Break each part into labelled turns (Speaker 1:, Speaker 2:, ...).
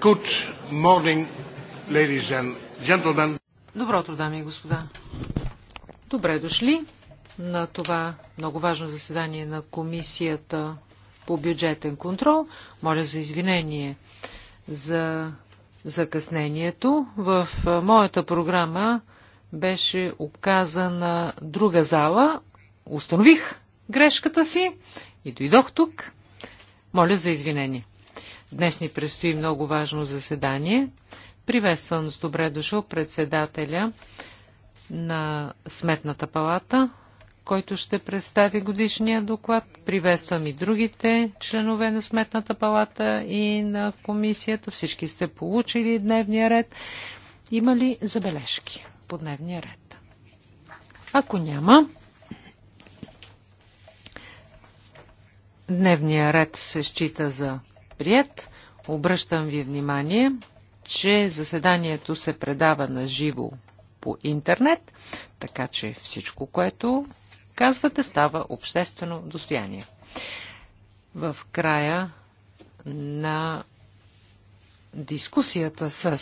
Speaker 1: Good morning,
Speaker 2: ladies and gentlemen.
Speaker 1: Добро утро, дами и господа. Добре дошли на това много важно заседание на Комисията по бюджетен контрол. Моля за извинение за закъснението. В моята програма беше оказана друга зала. Установих грешката си и дойдох тук. Моля за извинение. Днес ни предстои много важно заседание. Приветствам с добре дошъл председателя на Сметната палата, който ще представи годишния доклад. Приветствам и другите членове на Сметната палата и на комисията. Всички сте получили дневния ред. Има ли забележки по дневния ред? Ако няма, дневния ред се счита за прият. Обръщам ви внимание, че заседанието се предава на живо по интернет, така че всичко, което казвате, става обществено достояние. В края на дискусията с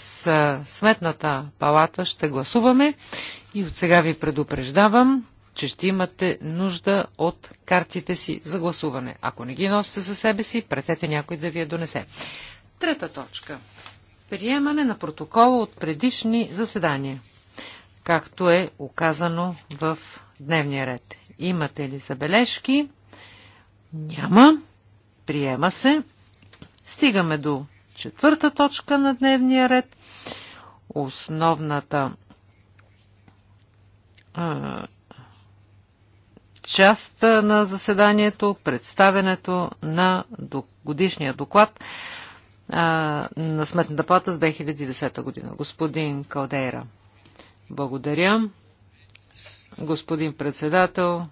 Speaker 1: Сметната палата ще гласуваме и от сега ви предупреждавам, че ще имате нужда от картите си за гласуване. Ако не ги носите със себе си, претете някой да ви я донесе. Трета точка. Приемане на протокола от предишни заседания, както е указано в дневния ред. Имате ли забележки? Няма. Приема се. Стигаме до четвърта точка на дневния ред. Основната част на заседанието, представенето на годишния доклад на Сметната плата с 2010 година. Господин Калдейра, благодаря. Господин председател,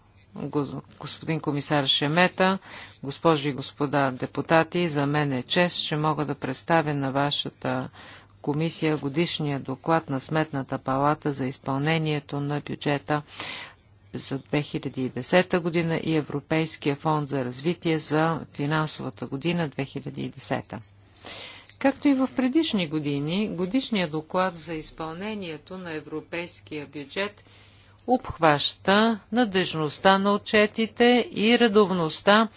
Speaker 1: господин комисар Шемета, госпожи и господа депутати, за мен е чест, че мога да представя на вашата комисия годишния доклад на Сметната палата за изпълнението на бюджета за 2010 година и Европейския фонд за развитие за финансовата година 2010. Както и в предишни години, годишният доклад за изпълнението на европейския бюджет обхваща надежността на отчетите и редовността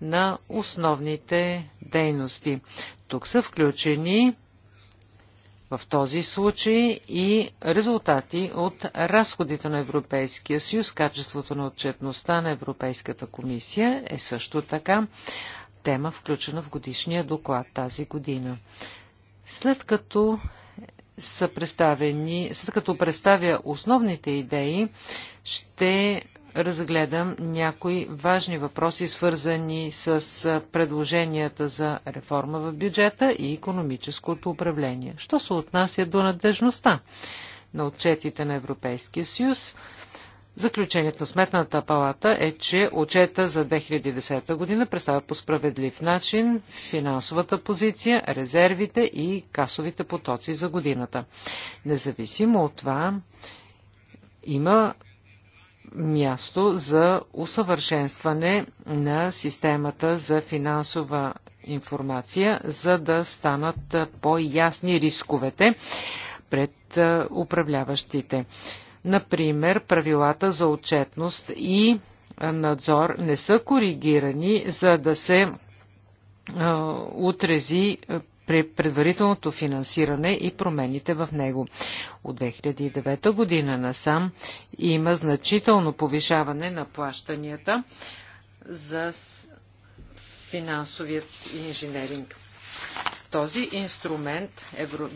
Speaker 1: на основните дейности. Тук са включени в този случай и резултати от разходите на Европейския съюз, качеството на отчетността на Европейската комисия е също така тема, включена в годишния доклад тази година. След като са представени, след като представя основните идеи, ще разгледам някои важни въпроси, свързани с предложенията за реформа в бюджета и економическото управление. Що се отнася до надежността на отчетите на Европейския съюз, Заключението на Сметната палата е, че отчета за 2010 година представя по справедлив начин финансовата позиция, резервите и касовите потоци за годината. Независимо от това, има място за усъвършенстване на системата за финансова информация, за да станат по-ясни рисковете пред управляващите. Например, правилата за отчетност и надзор не са коригирани, за да се отрези при предварителното финансиране и промените в него. От 2009 година насам има значително повишаване на плащанията за финансовият инженеринг. Този инструмент,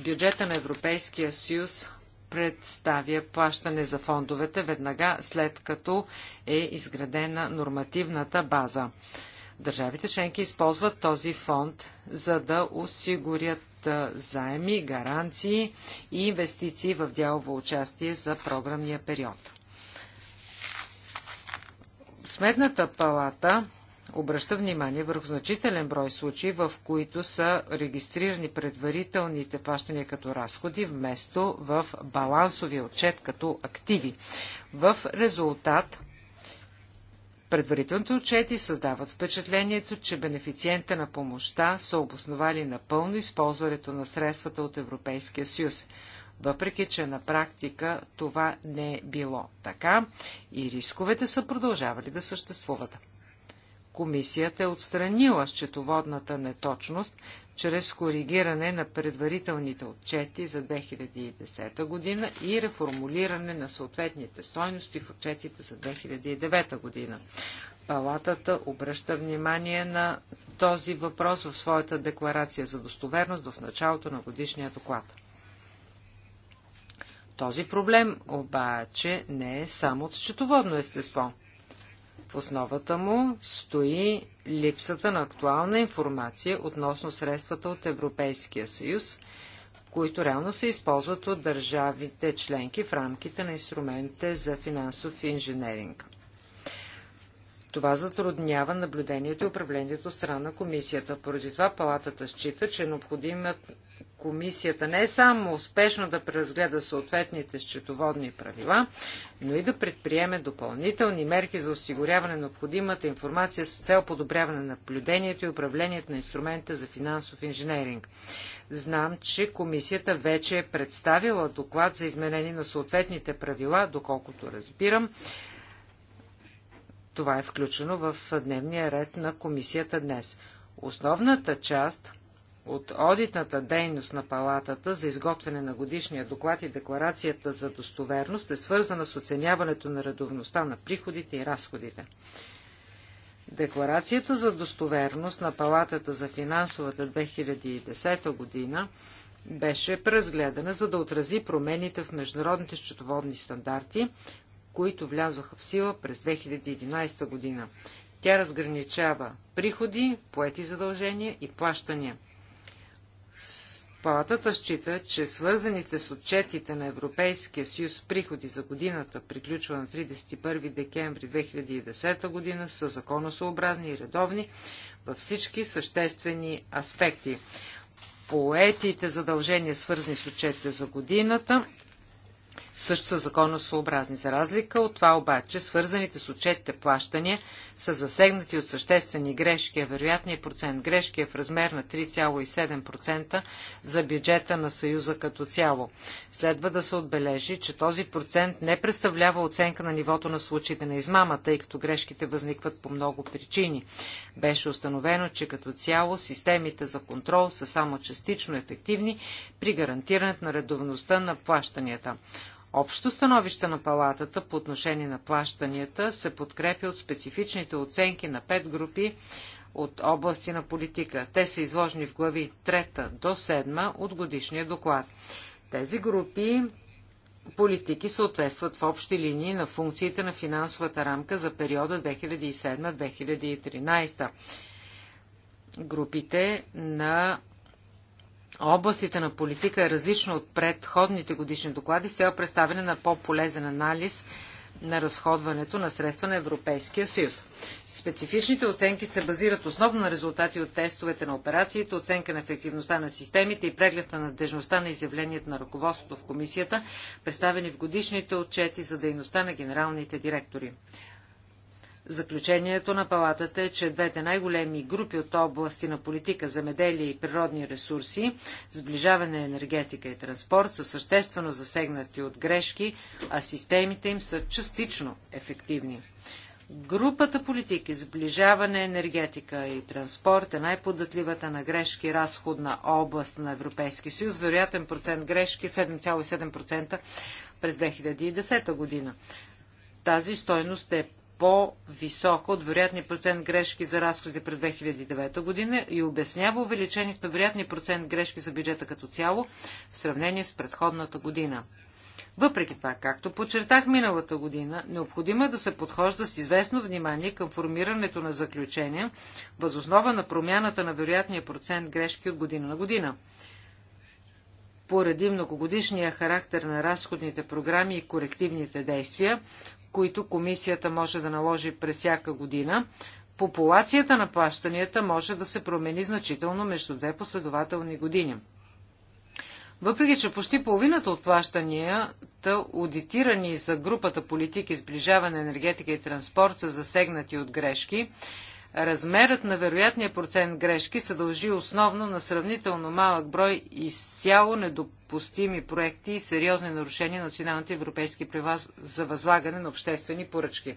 Speaker 1: бюджета на Европейския съюз, представя плащане за фондовете веднага след като е изградена нормативната база. Държавите членки използват този фонд, за да осигурят заеми, гаранции и инвестиции в дялово участие за програмния период. Сметната палата обръща внимание върху значителен брой случаи, в които са регистрирани предварителните плащания като разходи, вместо в балансовия отчет като активи. В резултат Предварителните отчети създават впечатлението, че бенефициента на помощта са обосновали напълно използването на средствата от Европейския съюз, въпреки че на практика това не е било така и рисковете са продължавали да съществуват. Комисията е отстранила счетоводната неточност, чрез коригиране на предварителните отчети за 2010 година и реформулиране на съответните стойности в отчетите за 2009 година. Палатата обръща внимание на този въпрос в своята декларация за достоверност в началото на годишния доклад. Този проблем обаче не е само от счетоводно естество – в основата му стои липсата на актуална информация относно средствата от Европейския съюз, които реално се използват от държавите членки в рамките на инструментите за финансов инженеринг. Това затруднява наблюдението и управлението страна на комисията. Поради това палатата счита, че е необходима комисията не е само успешно да преразгледа съответните счетоводни правила, но и да предприеме допълнителни мерки за осигуряване на необходимата информация с цел подобряване на наблюдението и управлението на инструмента за финансов инженеринг. Знам, че комисията вече е представила доклад за изменение на съответните правила, доколкото разбирам. Това е включено в дневния ред на комисията днес. Основната част от одитната дейност на палатата за изготвяне на годишния доклад и декларацията за достоверност е свързана с оценяването на редовността на приходите и разходите. Декларацията за достоверност на Палатата за финансовата 2010 година беше преразгледана, за да отрази промените в международните счетоводни стандарти, които влязоха в сила през 2011 година. Тя разграничава приходи, поети задължения и плащания. Палатата счита, че свързаните с отчетите на Европейския съюз приходи за годината, приключва на 31 декември 2010 година, са законосообразни и редовни във всички съществени аспекти. Поетите задължения, свързани с отчетите за годината, също са законосъобразни. За разлика от това обаче, свързаните с отчетите плащания са засегнати от съществени грешки, а вероятният процент грешки е в размер на 3,7% за бюджета на Съюза като цяло. Следва да се отбележи, че този процент не представлява оценка на нивото на случаите на измама, тъй като грешките възникват по много причини. Беше установено, че като цяло системите за контрол са само частично ефективни при гарантирането на редовността на плащанията. Общо становище на палатата по отношение на плащанията се подкрепя от специфичните оценки на пет групи от области на политика. Те са изложени в глави 3 до 7 от годишния доклад. Тези групи политики съответстват в общи линии на функциите на финансовата рамка за периода 2007-2013. Групите на областите на политика е различно от предходните годишни доклади с цел представяне на по-полезен анализ на разходването на средства на Европейския съюз. Специфичните оценки се базират основно на резултати от тестовете на операциите, оценка на ефективността на системите и преглед на надежността на изявлението на ръководството в комисията, представени в годишните отчети за дейността на генералните директори. Заключението на палатата е, че двете най-големи групи от области на политика, замеделие и природни ресурси, сближаване, енергетика и транспорт, са съществено засегнати от грешки, а системите им са частично ефективни. Групата политики сближаване, енергетика и транспорт е най-податливата на грешки разходна област на Европейски съюз. Вероятен процент грешки 7,7% през 2010 година. Тази стойност е по-висока от вероятния процент грешки за разходите през 2009 година и обяснява увеличението на вероятния процент грешки за бюджета като цяло в сравнение с предходната година. Въпреки това, както подчертах миналата година, необходимо е да се подхожда с известно внимание към формирането на заключения възоснова на промяната на вероятния процент грешки от година на година. Поради многогодишния характер на разходните програми и корективните действия, които комисията може да наложи през всяка година, популацията на плащанията може да се промени значително между две последователни години. Въпреки, че почти половината от плащанията, аудитирани за групата политики сближаване, енергетика и транспорт, са засегнати от грешки, Размерът на вероятния процент грешки се дължи основно на сравнително малък брой изцяло недопустими проекти и сериозни нарушения на националните европейски права за възлагане на обществени поръчки.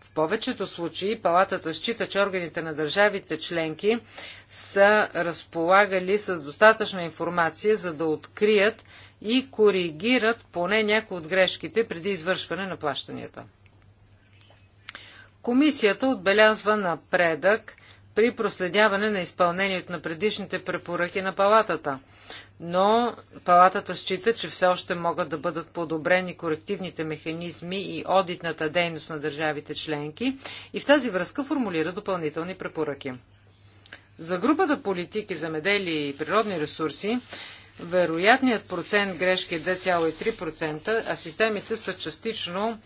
Speaker 1: В повечето случаи палатата счита, че органите на държавите членки са разполагали с достатъчна информация, за да открият и коригират поне някои от грешките преди извършване на плащанията. Комисията отбелязва напредък при проследяване на изпълнението на предишните препоръки на палатата, но палатата счита, че все още могат да бъдат подобрени корективните механизми и одитната дейност на държавите членки и в тази връзка формулира допълнителни препоръки. За групата политики, за медели и природни ресурси, вероятният процент грешки е 2,3%, а системите са частично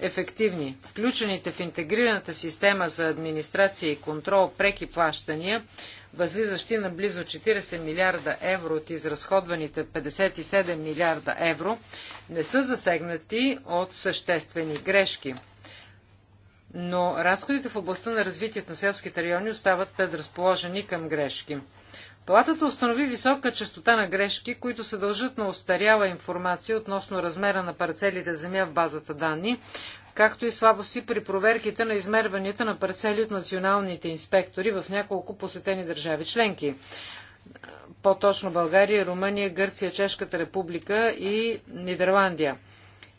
Speaker 1: ефективни. Включените в интегрираната система за администрация и контрол преки плащания, възлизащи на близо 40 милиарда евро от изразходваните 57 милиарда евро, не са засегнати от съществени грешки. Но разходите в областта на развитието на селските райони остават предразположени към грешки. Палатата установи висока частота на грешки, които се дължат на устарява информация относно размера на парцелите земя в базата данни, както и слабости при проверките на измерванията на парцели от националните инспектори в няколко посетени държави членки. По-точно България, Румъния, Гърция, Чешката република и Нидерландия.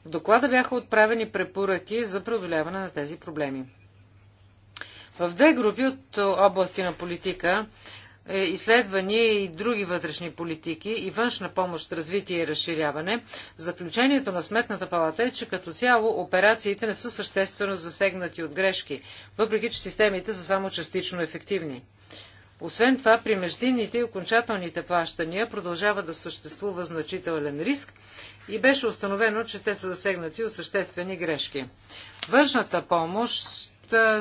Speaker 1: В доклада бяха отправени препоръки за преодоляване на тези проблеми. В две групи от области на политика е, изследвания и други вътрешни политики и външна помощ, развитие и разширяване, заключението на Сметната палата е, че като цяло операциите не са съществено засегнати от грешки, въпреки че системите са само частично ефективни. Освен това, при междинните и окончателните плащания продължава да съществува значителен риск и беше установено, че те са засегнати от съществени грешки. Външната помощ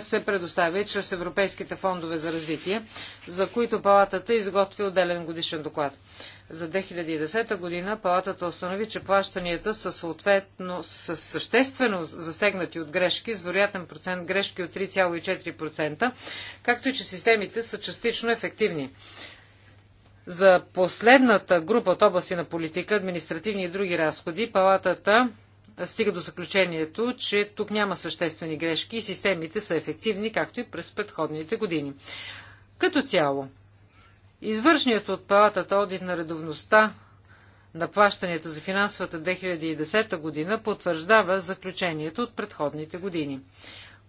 Speaker 1: се предоставя чрез европейските фондове за развитие, за които палатата изготви отделен годишен доклад. За 2010 година палатата установи, че плащанията са съответно са съществено засегнати от грешки, с вероятен процент грешки от 3,4%, както и че системите са частично ефективни. За последната група от области на политика, административни и други разходи, палатата стига до заключението, че тук няма съществени грешки и системите са ефективни, както и през предходните години. Като цяло, извършният от палатата одит на редовността на плащанията за финансовата 2010 година потвърждава заключението от предходните години.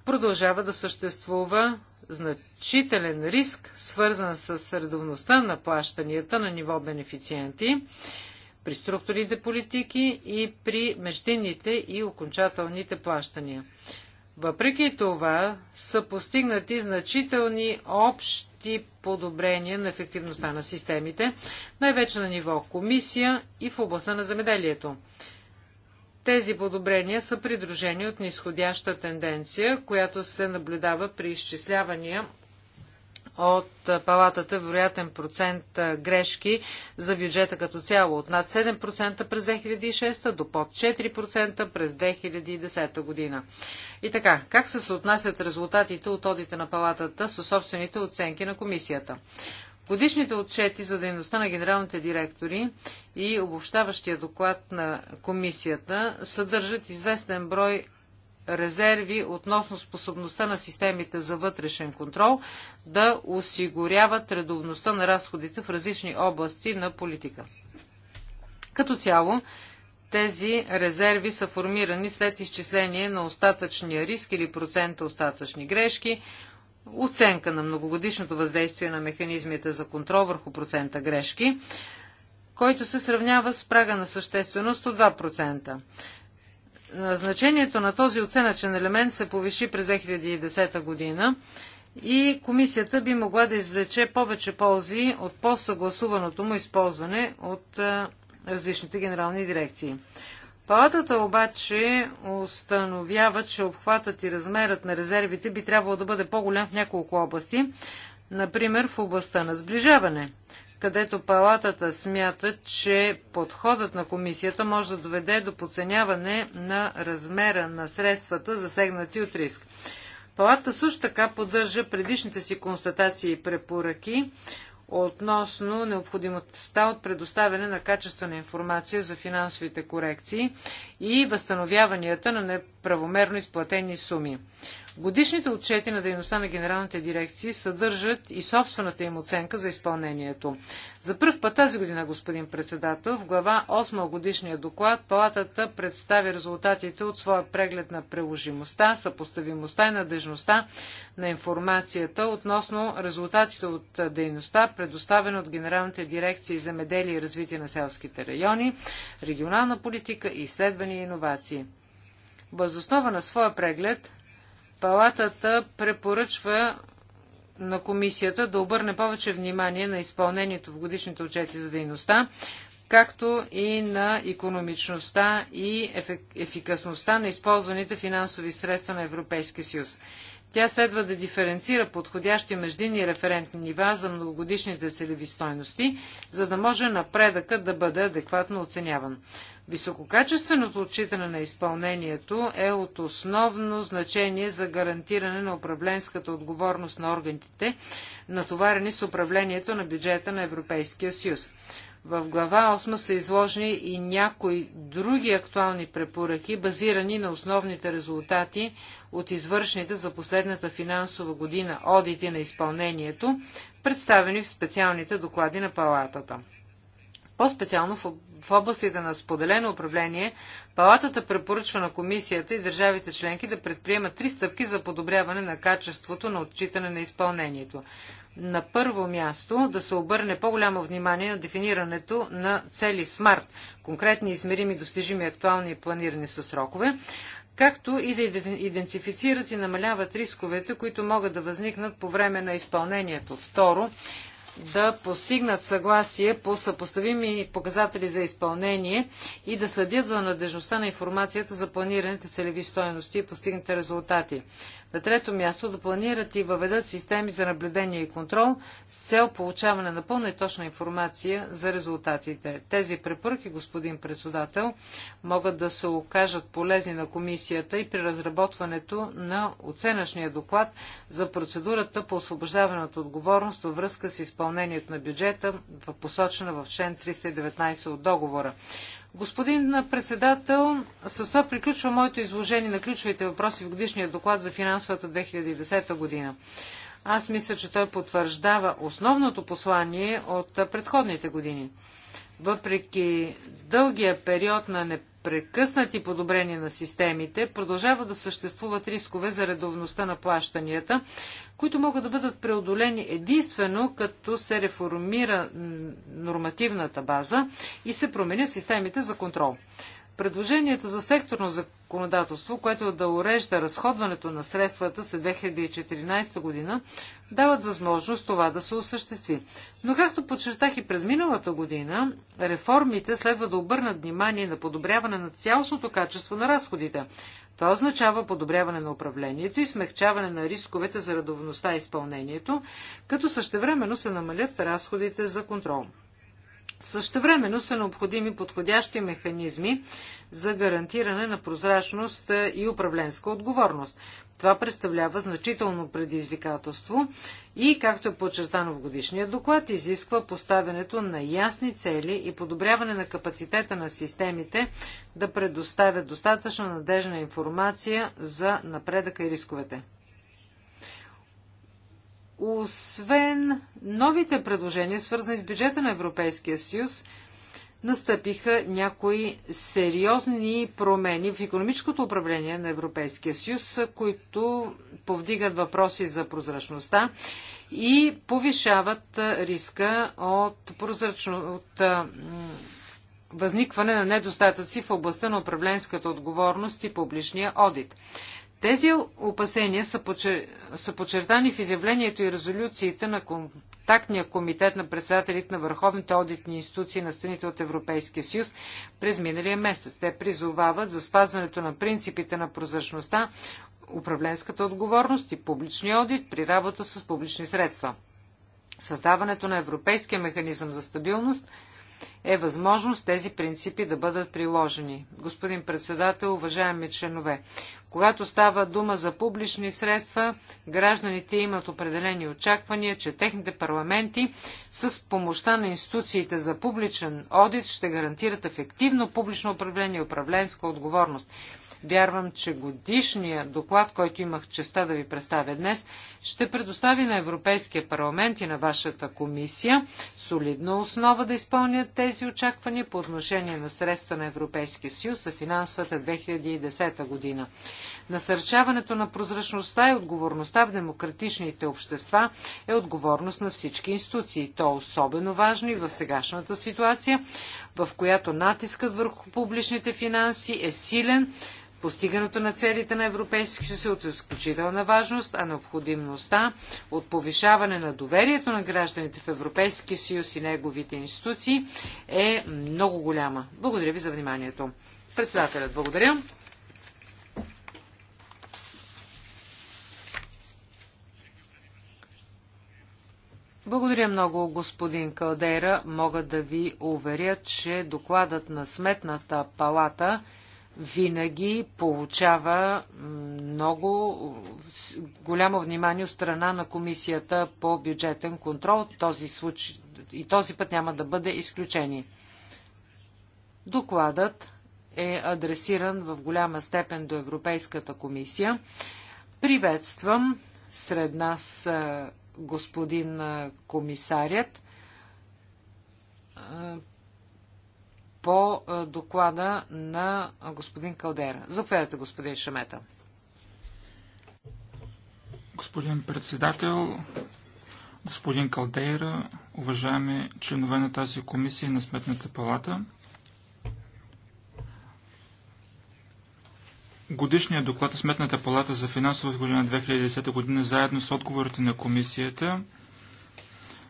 Speaker 1: Продължава да съществува значителен риск, свързан с редовността на плащанията на ниво бенефициенти при структурните политики и при междинните и окончателните плащания. Въпреки това са постигнати значителни общи подобрения на ефективността на системите, най-вече на ниво комисия и в областта на земеделието. Тези подобрения са придружени от нисходяща тенденция, която се наблюдава при изчислявания от палатата вероятен процент грешки за бюджета като цяло от над 7% през 2006 до под 4% през 2010 година. И така, как се съотнасят резултатите от одите на палатата с собствените оценки на комисията? Годишните отчети за дейността на генералните директори и обобщаващия доклад на комисията съдържат известен брой резерви относно способността на системите за вътрешен контрол да осигуряват редовността на разходите в различни области на политика. Като цяло, тези резерви са формирани след изчисление на остатъчния риск или процента остатъчни грешки, оценка на многогодишното въздействие на механизмите за контрол върху процента грешки, който се сравнява с прага на същественост от 2%. Значението на този оценъчен елемент се повиши през 2010 година и комисията би могла да извлече повече ползи от по-съгласуваното му използване от е, различните генерални дирекции. Палатата обаче установява, че обхватът и размерът на резервите би трябвало да бъде по-голям в няколко области, например в областта на сближаване където палатата смята, че подходът на комисията може да доведе до подценяване на размера на средствата, засегнати от риск. Палата също така поддържа предишните си констатации и препоръки относно необходимостта от предоставяне на качествена информация за финансовите корекции и възстановяванията на неправомерно изплатени суми. Годишните отчети на дейността на генералните дирекции съдържат и собствената им оценка за изпълнението. За първ път тази година, господин председател, в глава 8 годишния доклад палатата представи резултатите от своя преглед на приложимостта, съпоставимостта и надежността на информацията относно резултатите от дейността, предоставена от генералните дирекции за медели и развитие на селските райони, регионална политика и изследвания изследвания и иновации. Възоснова на своя преглед, палатата препоръчва на комисията да обърне повече внимание на изпълнението в годишните отчети за дейността, както и на економичността и ефик... ефикасността на използваните финансови средства на Европейския съюз. Тя следва да диференцира подходящи междинни референтни нива за многогодишните целеви стойности, за да може напредъкът да бъде адекватно оценяван. Висококачественото отчитане на изпълнението е от основно значение за гарантиране на управленската отговорност на органите, натоварени с управлението на бюджета на Европейския съюз. В глава 8 са изложени и някои други актуални препоръки, базирани на основните резултати от извършните за последната финансова година одити на изпълнението, представени в специалните доклади на палатата. По-специално в в областите на споделено управление, палатата препоръчва на комисията и държавите членки да предприемат три стъпки за подобряване на качеството на отчитане на изпълнението. На първо място да се обърне по-голямо внимание на дефинирането на цели смарт, конкретни измерими, достижими, актуални и планирани със срокове, както и да идентифицират и намаляват рисковете, които могат да възникнат по време на изпълнението. Второ, да постигнат съгласие по съпоставими показатели за изпълнение и да следят за надежността на информацията за планираните целеви стоености и постигнатите резултати. На трето място да планират и въведат системи за наблюдение и контрол с цел получаване на пълна и точна информация за резултатите. Тези препоръки, господин председател, могат да се окажат полезни на комисията и при разработването на оценъчния доклад за процедурата по освобождаване от отговорност във връзка с изпълнението на бюджета, посочена в член 319 от договора. Господин председател, с това приключва моето изложение на ключовите въпроси в годишния доклад за финансовата 2010 година. Аз мисля, че той потвърждава основното послание от предходните години. Въпреки дългия период на Прекъснати подобрения на системите, продължават да съществуват рискове за редовността на плащанията, които могат да бъдат преодолени единствено като се реформира нормативната база и се променят системите за контрол. Предложението за секторно законодателство, което да урежда разходването на средствата след 2014 година, дават възможност това да се осъществи. Но както подчертах и през миналата година, реформите следва да обърнат внимание на подобряване на цялостното качество на разходите. Това означава подобряване на управлението и смягчаване на рисковете за редовността и изпълнението, като същевременно се намалят разходите за контрол. Също времено са необходими подходящи механизми за гарантиране на прозрачност и управленска отговорност. Това представлява значително предизвикателство и, както е подчертано в годишния доклад, изисква поставянето на ясни цели и подобряване на капацитета на системите да предоставят достатъчно надежна информация за напредъка и рисковете. Освен новите предложения, свързани с бюджета на Европейския съюз, настъпиха някои сериозни промени в економическото управление на Европейския съюз, които повдигат въпроси за прозрачността и повишават риска от, прозрачно, от възникване на недостатъци в областта на управленската отговорност и публичния одит. Тези опасения са, почер... са подчертани в изявлението и резолюциите на контактния комитет на председателите на върховните одитни институции на страните от Европейския съюз през миналия месец. Те призовават за спазването на принципите на прозрачността, управленската отговорност и публичния одит при работа с публични средства. Създаването на Европейския механизъм за стабилност е възможност тези принципи да бъдат приложени. Господин председател, уважаеми членове, когато става дума за публични средства, гражданите имат определени очаквания, че техните парламенти с помощта на институциите за публичен одит ще гарантират ефективно публично управление и управленска отговорност. Вярвам, че годишният доклад, който имах честа да ви представя днес, ще предостави на Европейския парламент и на вашата комисия солидна основа да изпълнят тези очаквания по отношение на средства на Европейския съюз за финансовата 2010 година. Насърчаването на прозрачността и отговорността в демократичните общества е отговорност на всички институции. То е особено важно и в сегашната ситуация, в която натискът върху публичните финанси е силен, Постигането на целите на Европейския съюз е от изключителна важност, а необходимостта от повишаване на доверието на гражданите в Европейския съюз и неговите институции е много голяма. Благодаря ви за вниманието. Председателят, благодаря. Благодаря много, господин Калдейра. Мога да ви уверя, че докладът на Сметната палата винаги получава много голямо внимание от страна на Комисията по бюджетен контрол. Този случай, и този път няма да бъде изключение. Докладът е адресиран в голяма степен до Европейската комисия. Приветствам сред нас господин комисарят по доклада на господин Калдера. Заповядайте, господин Шамета.
Speaker 2: Господин председател, господин Калдейра, уважаеми членове на тази комисия на Сметната палата, Годишният доклад на Сметната палата за финансовата година 2010 година заедно с отговорите на комисията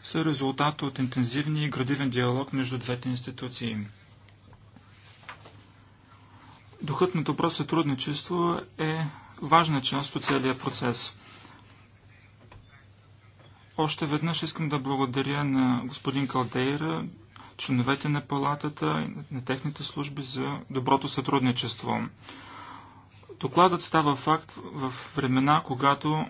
Speaker 2: са резултат от интензивния и градивен диалог между двете институции – Духът на добро сътрудничество е важна част от целия процес. Още веднъж искам да благодаря на господин Калдейра, членовете на палатата и на техните служби за доброто сътрудничество. Докладът става факт в времена, когато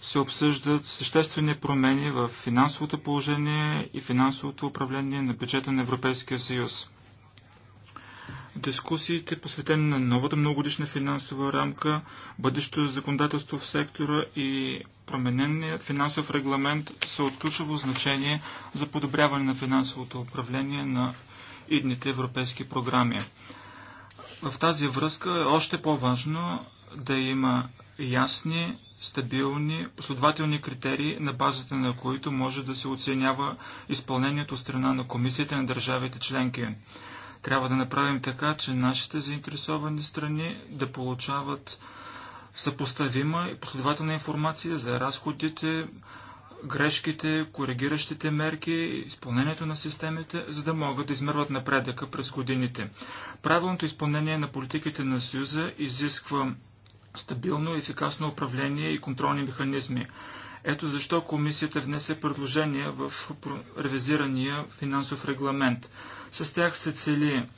Speaker 2: се обсъждат съществени промени в финансовото положение и финансовото управление на бюджета на Европейския съюз дискусиите, посветени на новата многогодишна финансова рамка, бъдещето законодателство в сектора и промененият финансов регламент са от ключово значение за подобряване на финансовото управление на идните европейски програми. В тази връзка е още по-важно да има ясни, стабилни, последователни критерии, на базата на които може да се оценява изпълнението от страна на комисията на държавите членки. Трябва да направим така, че нашите заинтересовани страни да получават съпоставима и последователна информация за разходите, грешките, коригиращите мерки, изпълнението на системите, за да могат да измерват напредъка през годините. Правилното изпълнение на политиките на Съюза изисква стабилно и ефикасно управление и контролни механизми. Ето защо комисията внесе предложения в ревизирания финансов регламент. С тях се цели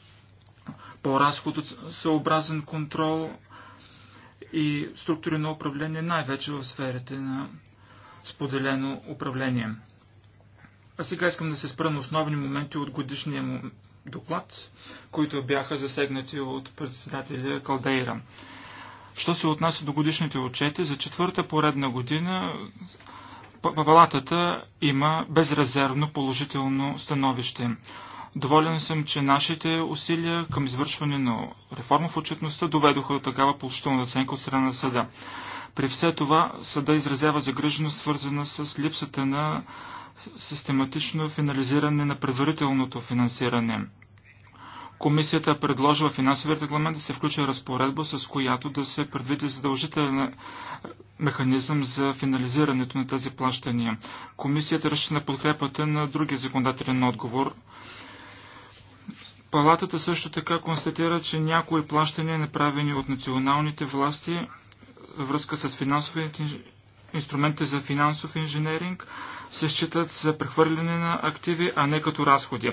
Speaker 2: по-разходосъобразен контрол и структури на управление, най-вече в сферите на споделено управление. А сега искам да се спра на основни моменти от годишния му доклад, които бяха засегнати от председателя Калдейра. Що се отнася до годишните отчети, за четвърта поредна година палатата има безрезервно положително становище. Доволен съм, че нашите усилия към извършване на реформа в отчетността доведоха до такава положителна оценка от страна на съда. При все това съда изразява загриженост, свързана с липсата на систематично финализиране на предварителното финансиране. Комисията предложи в финансовия регламент да се включи разпоредба, с която да се предвиди задължителен механизъм за финализирането на тези плащания. Комисията реши на подкрепата на другия законодателен отговор. Палатата също така констатира, че някои плащания, направени от националните власти връзка с финансовите инструменти за финансов инженеринг, се считат за прехвърляне на активи, а не като разходи.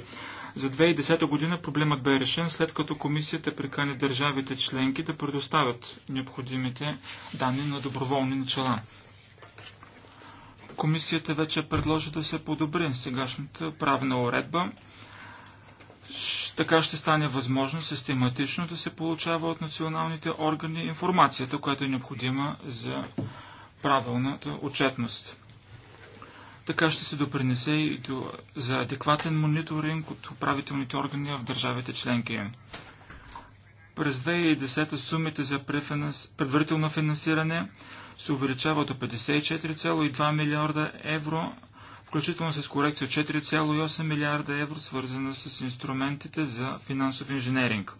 Speaker 2: За 2010 година проблемът бе решен след като комисията прикани държавите членки да предоставят необходимите данни на доброволни начала. Комисията вече предложи да се подобри сегашната правна уредба. Така ще стане възможно систематично да се получава от националните органи информацията, която е необходима за правилната отчетност. Така ще се допринесе и до, за адекватен мониторинг от управителните органи в държавите членки. През 2010 сумите за предварително финансиране се увеличава до 54,2 милиарда евро, включително с корекция от 4,8 милиарда евро, свързана с инструментите за финансов инженеринг.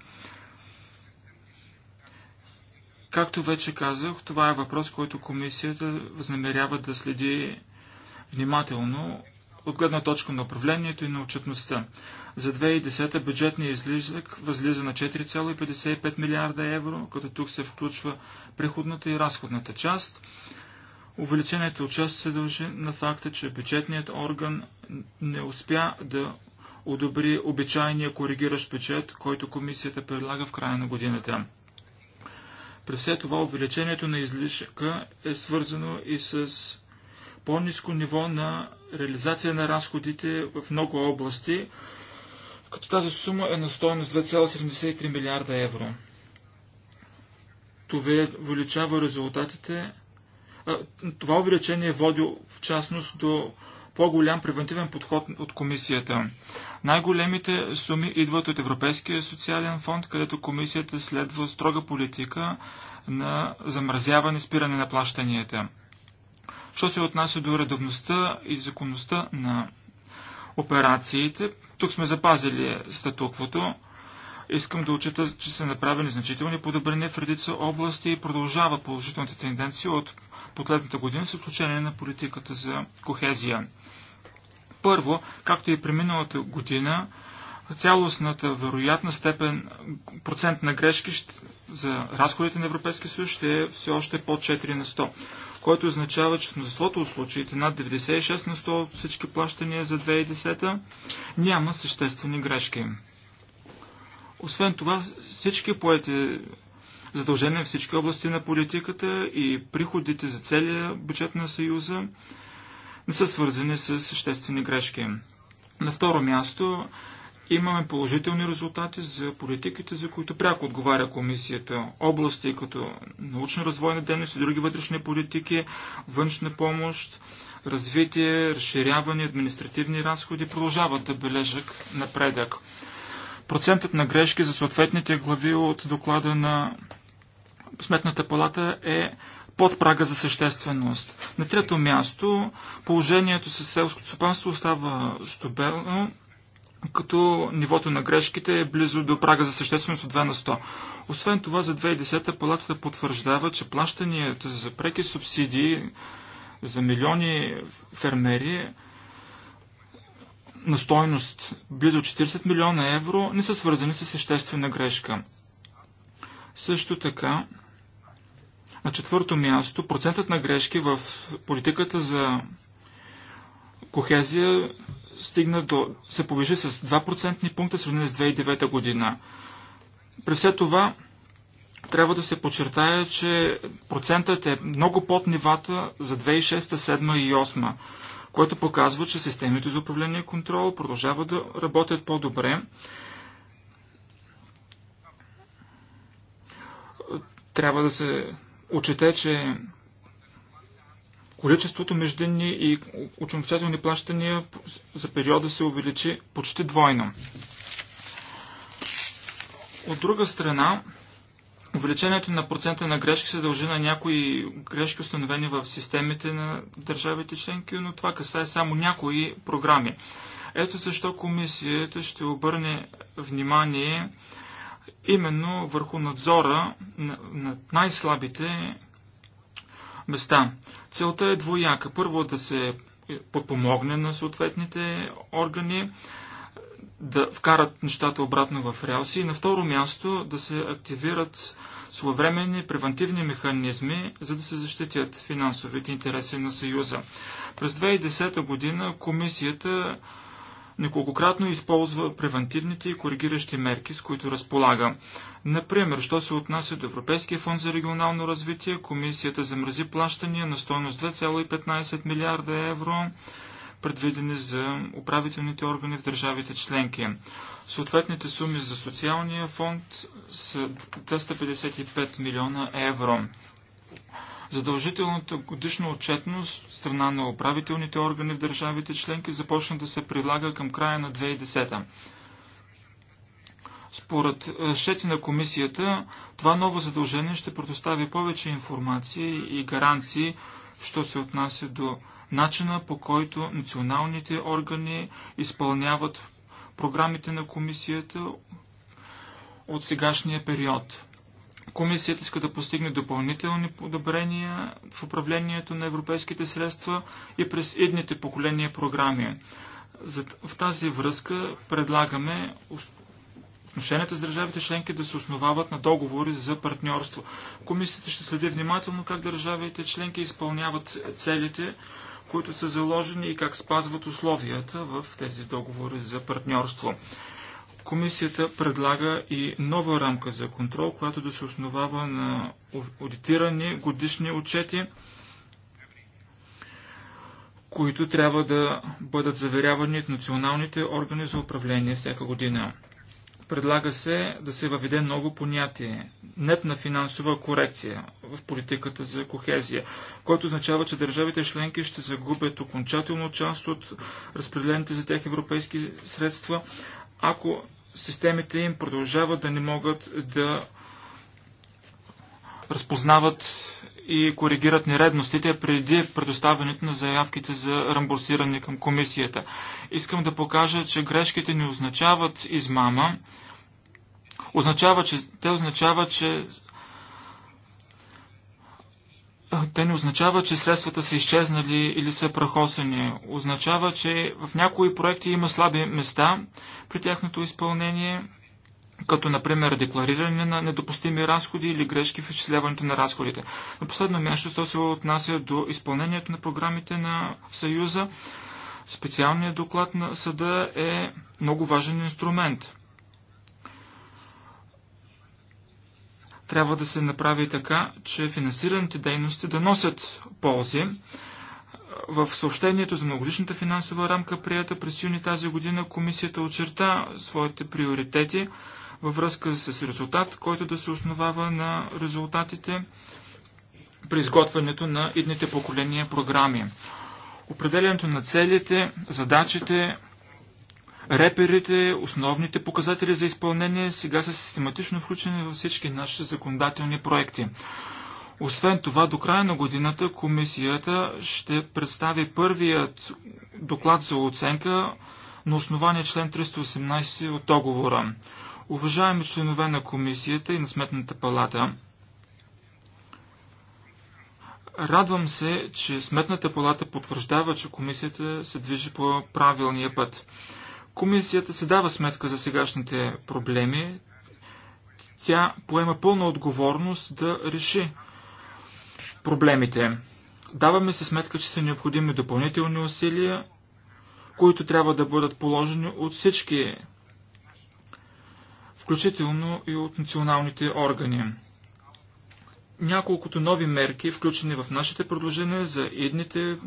Speaker 2: Както вече казах, това е въпрос, който комисията възнамерява да следи внимателно от гледна точка на управлението и на отчетността. За 2010 бюджетния излизък възлиза на 4,55 милиарда евро, като тук се включва преходната и разходната част. Увеличението от част се дължи на факта, че бюджетният орган не успя да одобри обичайния коригиращ бюджет, който комисията предлага в края на годината. При все това увеличението на излишъка е свързано и с по-низко ниво на реализация на разходите в много области, като тази сума е на стоеност 2,73 милиарда евро. Това увеличава резултатите. Това увеличение води в частност до по-голям превентивен подход от комисията. Най-големите суми идват от Европейския социален фонд, където комисията следва строга политика на замразяване, спиране на плащанията. Що се отнася до редовността и законността на операциите, тук сме запазили статуквото. Искам да отчита, че са направени значителни подобрения в редица области и продължава положителната тенденция от последната година с отключение на политиката за кохезия. Първо, както и при миналата година, цялостната вероятна степен процент на грешки за разходите на Европейския съюз ще е все още по 4 на 100 което означава, че в множеството от случаите над 96 на 100 от всички плащания за 2010 няма съществени грешки. Освен това, всички поети задължения в всички области на политиката и приходите за целия бюджет на Съюза не са свързани с съществени грешки. На второ място, Имаме положителни резултати за политиките, за които пряко отговаря комисията. Области като научно-развойна дейност и други вътрешни политики, външна помощ, развитие, разширяване, административни разходи продължават да бележат напредък. Процентът на грешки за съответните глави от доклада на Сметната палата е под прага за същественост. На трето място положението със селското стопанство остава стабилно като нивото на грешките е близо до прага за същественост от 2 на 100. Освен това, за 2010 та палатата потвърждава, че плащанията за преки субсидии за милиони фермери на стойност близо 40 милиона евро не са свързани с съществена грешка. Също така, на четвърто място, процентът на грешки в политиката за кохезия стигна до, се повиши с 2% пункта, сравнено с 2009 година. При все това, трябва да се подчертая, че процентът е много под нивата за 2006, 2007 и 2008, което показва, че системите за управление и контрол продължават да работят по-добре. Трябва да се отчете, че количеството междинни и ученописателни плащания за периода се увеличи почти двойно. От друга страна, увеличението на процента на грешки се дължи на някои грешки, установени в системите на държавите членки, но това касае само някои програми. Ето защо комисията ще обърне внимание именно върху надзора на най-слабите места. Целта е двояка. Първо да се подпомогне на съответните органи, да вкарат нещата обратно в релси и на второ място да се активират своевременни превентивни механизми, за да се защитят финансовите интереси на Съюза. През 2010 година комисията неколкократно използва превентивните и коригиращи мерки, с които разполага. Например, що се отнася до Европейския фонд за регионално развитие, комисията замрази плащания на стоеност 2,15 милиарда евро, предвидени за управителните органи в държавите членки. Съответните суми за социалния фонд са 255 милиона евро. Задължителната годишна отчетност страна на управителните органи в държавите членки започна да се прилага към края на 2010 -та. Според е, шети на комисията, това ново задължение ще предостави повече информация и гаранции, що се отнася до начина по който националните органи изпълняват програмите на комисията от сегашния период. Комисията иска да постигне допълнителни подобрения в управлението на европейските средства и през едните поколения програми. В тази връзка предлагаме Отношенията с държавите членки да се основават на договори за партньорство. Комисията ще следи внимателно как държавите членки изпълняват целите, които са заложени и как спазват условията в тези договори за партньорство. Комисията предлага и нова рамка за контрол, която да се основава на аудитирани годишни отчети, които трябва да бъдат заверявани от националните органи за управление всяка година. Предлага се да се въведе ново понятие – нетна финансова корекция в политиката за кохезия, което означава, че държавите членки ще загубят окончателно част от разпределените за тях европейски средства, ако системите им продължават да не могат да разпознават и коригират нередностите преди предоставянето на заявките за рамбурсиране към комисията. Искам да покажа, че грешките не означават измама, означава, че, те означават, че те не означава, че средствата са изчезнали или са прахосани. Означава, че в някои проекти има слаби места при тяхното изпълнение – като например деклариране на недопустими разходи или грешки в изчисляването на разходите. На последно място, то се отнася до изпълнението на програмите на Съюза. Специалният доклад на съда е много важен инструмент. Трябва да се направи така, че финансираните дейности да носят ползи. В съобщението за многогодишната финансова рамка, прията през юни тази година, комисията очерта своите приоритети – във връзка с резултат, който да се основава на резултатите при изготвянето на идните поколения програми. Определенето на целите, задачите, реперите, основните показатели за изпълнение сега са систематично включени във всички наши законодателни проекти. Освен това, до края на годината комисията ще представи първият доклад за оценка на основание член 318 от договора. Уважаеми членове на комисията и на Сметната палата, радвам се, че Сметната палата потвърждава, че комисията се движи по правилния път. Комисията се дава сметка за сегашните проблеми. Тя поема пълна отговорност да реши проблемите. Даваме се сметка, че са необходими допълнителни усилия, които трябва да бъдат положени от всички включително и от националните органи. Няколкото нови мерки, включени в нашите предложения за едните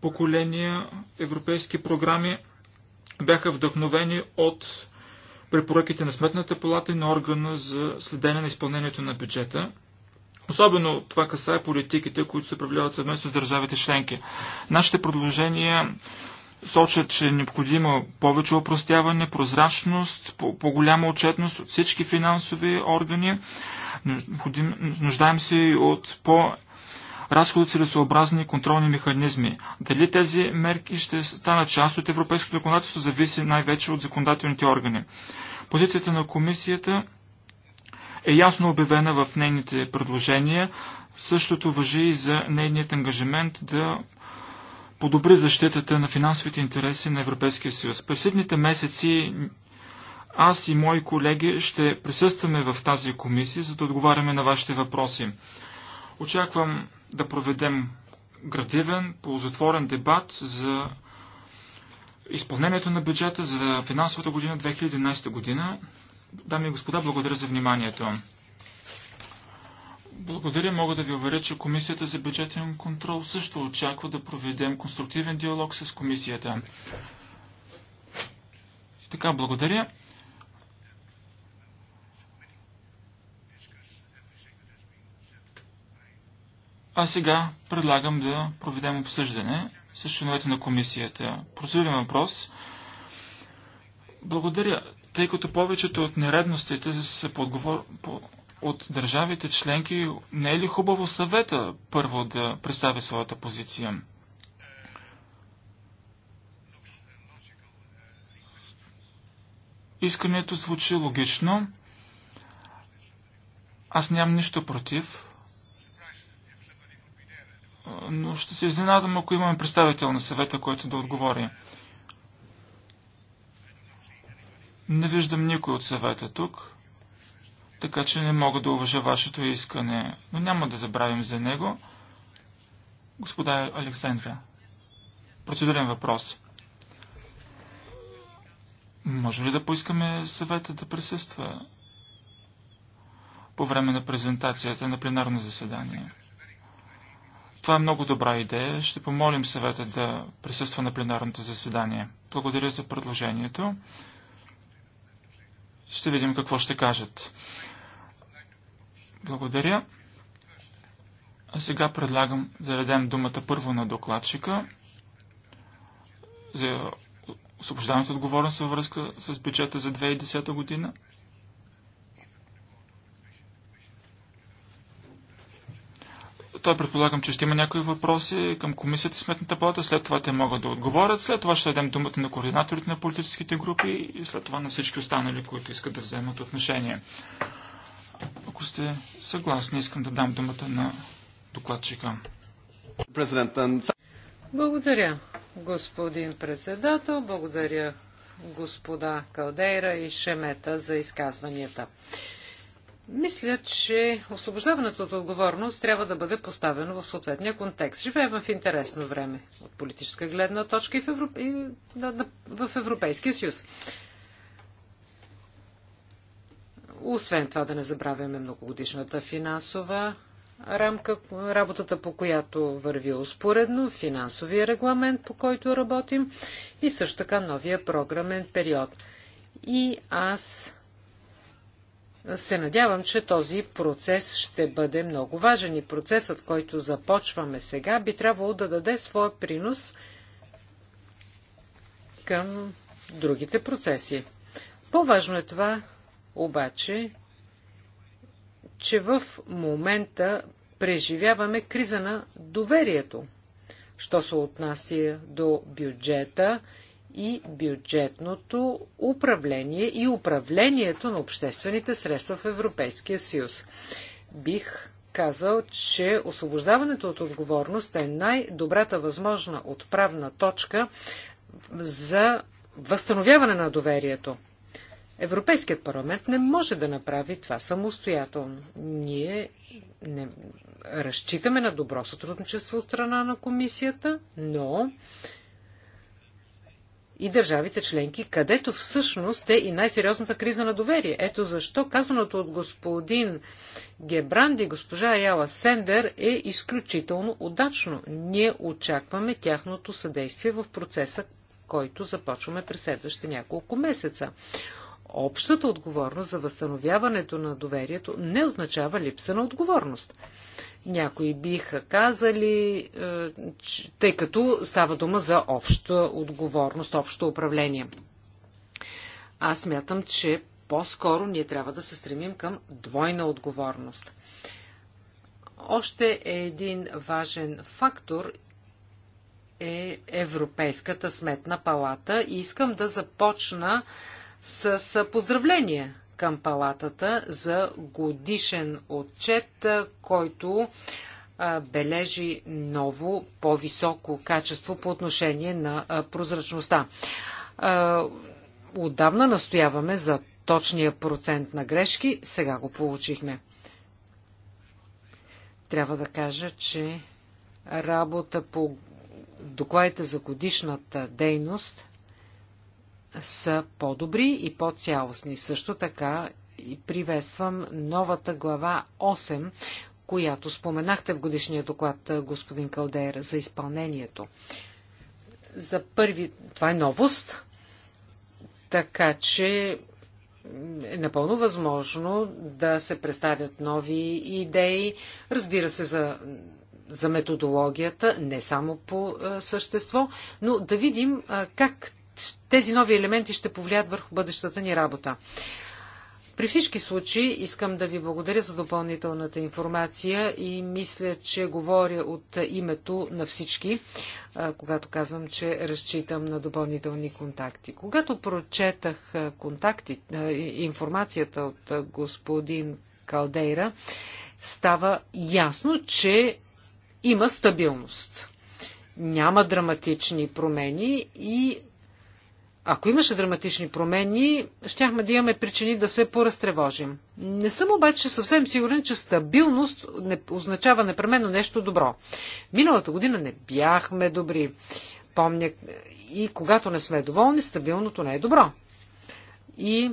Speaker 2: поколения европейски програми, бяха вдъхновени от препоръките на Сметната палата и на органа за следение на изпълнението на бюджета. Особено това касае политиките, които се управляват съвместно с държавите членки. Нашите предложения сочат, че е необходимо повече опростяване, прозрачност, по-голяма по отчетност от всички финансови органи. Нуждаем се и от по- целесообразни контролни механизми. Дали тези мерки ще станат част от европейското законодателство, зависи най-вече от законодателните органи. Позицията на комисията е ясно обявена в нейните предложения. Същото въжи и за нейният ангажимент да подобри защитата на финансовите интереси на Европейския съюз. През следните месеци аз и мои колеги ще присъстваме в тази комисия, за да отговаряме на вашите въпроси. Очаквам да проведем градивен, ползотворен дебат за изпълнението на бюджета за финансовата година 2011 година. Дами и господа, благодаря за вниманието. Благодаря. Мога да ви уверя, че Комисията за бюджетен контрол също очаква да проведем конструктивен диалог с Комисията. И така, благодаря. А сега предлагам да проведем обсъждане с членовете на комисията. Процедурен въпрос. Благодаря. Тъй като повечето от нередностите са подговор... по от държавите членки, не е ли хубаво съвета първо да представи своята позиция? Искането звучи логично. Аз нямам нищо против. Но ще се изненадам, ако имаме представител на съвета, който да отговори. Не виждам никой от съвета тук така че не мога да уважа вашето искане, но няма да забравим за него. Господа Александра, процедурен въпрос. Може ли да поискаме съвета да присъства по време на презентацията на пленарно заседание? Това е много добра идея. Ще помолим съвета да присъства на пленарното заседание. Благодаря за предложението. Ще видим какво ще кажат. Благодаря. А сега предлагам да дадем думата първо на докладчика за освобождаването отговорност във връзка с бюджета за 2010 година. Той предполагам, че ще има някои въпроси към комисията и сметната палата, след това те могат да отговорят, след това ще дадем думата на координаторите на политическите групи и след това на всички останали, които искат да вземат отношение. Ако сте съгласни, искам да дам думата на докладчика.
Speaker 1: Благодаря, господин председател. Благодаря, господа Калдейра и Шемета за изказванията. Мисля, че освобождаването от отговорност трябва да бъде поставено в съответния контекст. Живеем в интересно време от политическа гледна точка и в, Европ... и, в Европейския съюз. Освен това да не забравяме многогодишната финансова рамка, работата по която върви успоредно, финансовия регламент, по който работим и също така новия програмен период. И аз се надявам, че този процес ще бъде много важен и процесът, който започваме сега, би трябвало да даде своя принос към другите процеси. По-важно е това, обаче, че в момента преживяваме криза на доверието, що се отнася до бюджета и бюджетното управление и управлението на обществените средства в Европейския съюз. Бих казал, че освобождаването от отговорност е най-добрата възможна отправна точка за възстановяване на доверието. Европейският парламент не може да направи това самостоятелно. Ние не разчитаме на добро сътрудничество от страна на комисията, но и държавите членки, където всъщност е и най-сериозната криза на доверие. Ето защо казаното от господин Гебранди и госпожа Яла Сендер е изключително удачно. Ние очакваме тяхното съдействие в процеса, който започваме през следващите няколко месеца общата отговорност за възстановяването на доверието не означава липса на отговорност. Някои биха казали, е, тъй като става дума за обща отговорност, общо управление. Аз мятам, че по-скоро ние трябва да се стремим към двойна отговорност. Още един важен фактор е Европейската сметна палата. И искам да започна с поздравления към палатата за годишен отчет, който бележи ново, по-високо качество по отношение на прозрачността. Отдавна настояваме за точния процент на грешки, сега го получихме. Трябва да кажа, че работа по докладите за годишната дейност – са по-добри и по-цялостни. Също така и приветствам новата глава 8, която споменахте в годишния доклад, господин Калдер, за изпълнението. За първи... Това е новост, така че е напълно възможно да се представят нови идеи, разбира се, за, за методологията, не само по същество, но да видим как тези нови елементи ще повлият върху бъдещата ни работа. При всички случаи искам да ви благодаря за допълнителната информация и мисля, че говоря от името на всички, когато казвам, че разчитам на допълнителни контакти. Когато прочетах контакти, информацията от господин Калдейра, става ясно, че има стабилност. Няма драматични промени и ако имаше драматични промени, щяхме да имаме причини да се поразтревожим. Не съм обаче съвсем сигурен, че стабилност не означава непременно нещо добро. Миналата година не бяхме добри. Помня, и когато не сме доволни, стабилното не е добро. И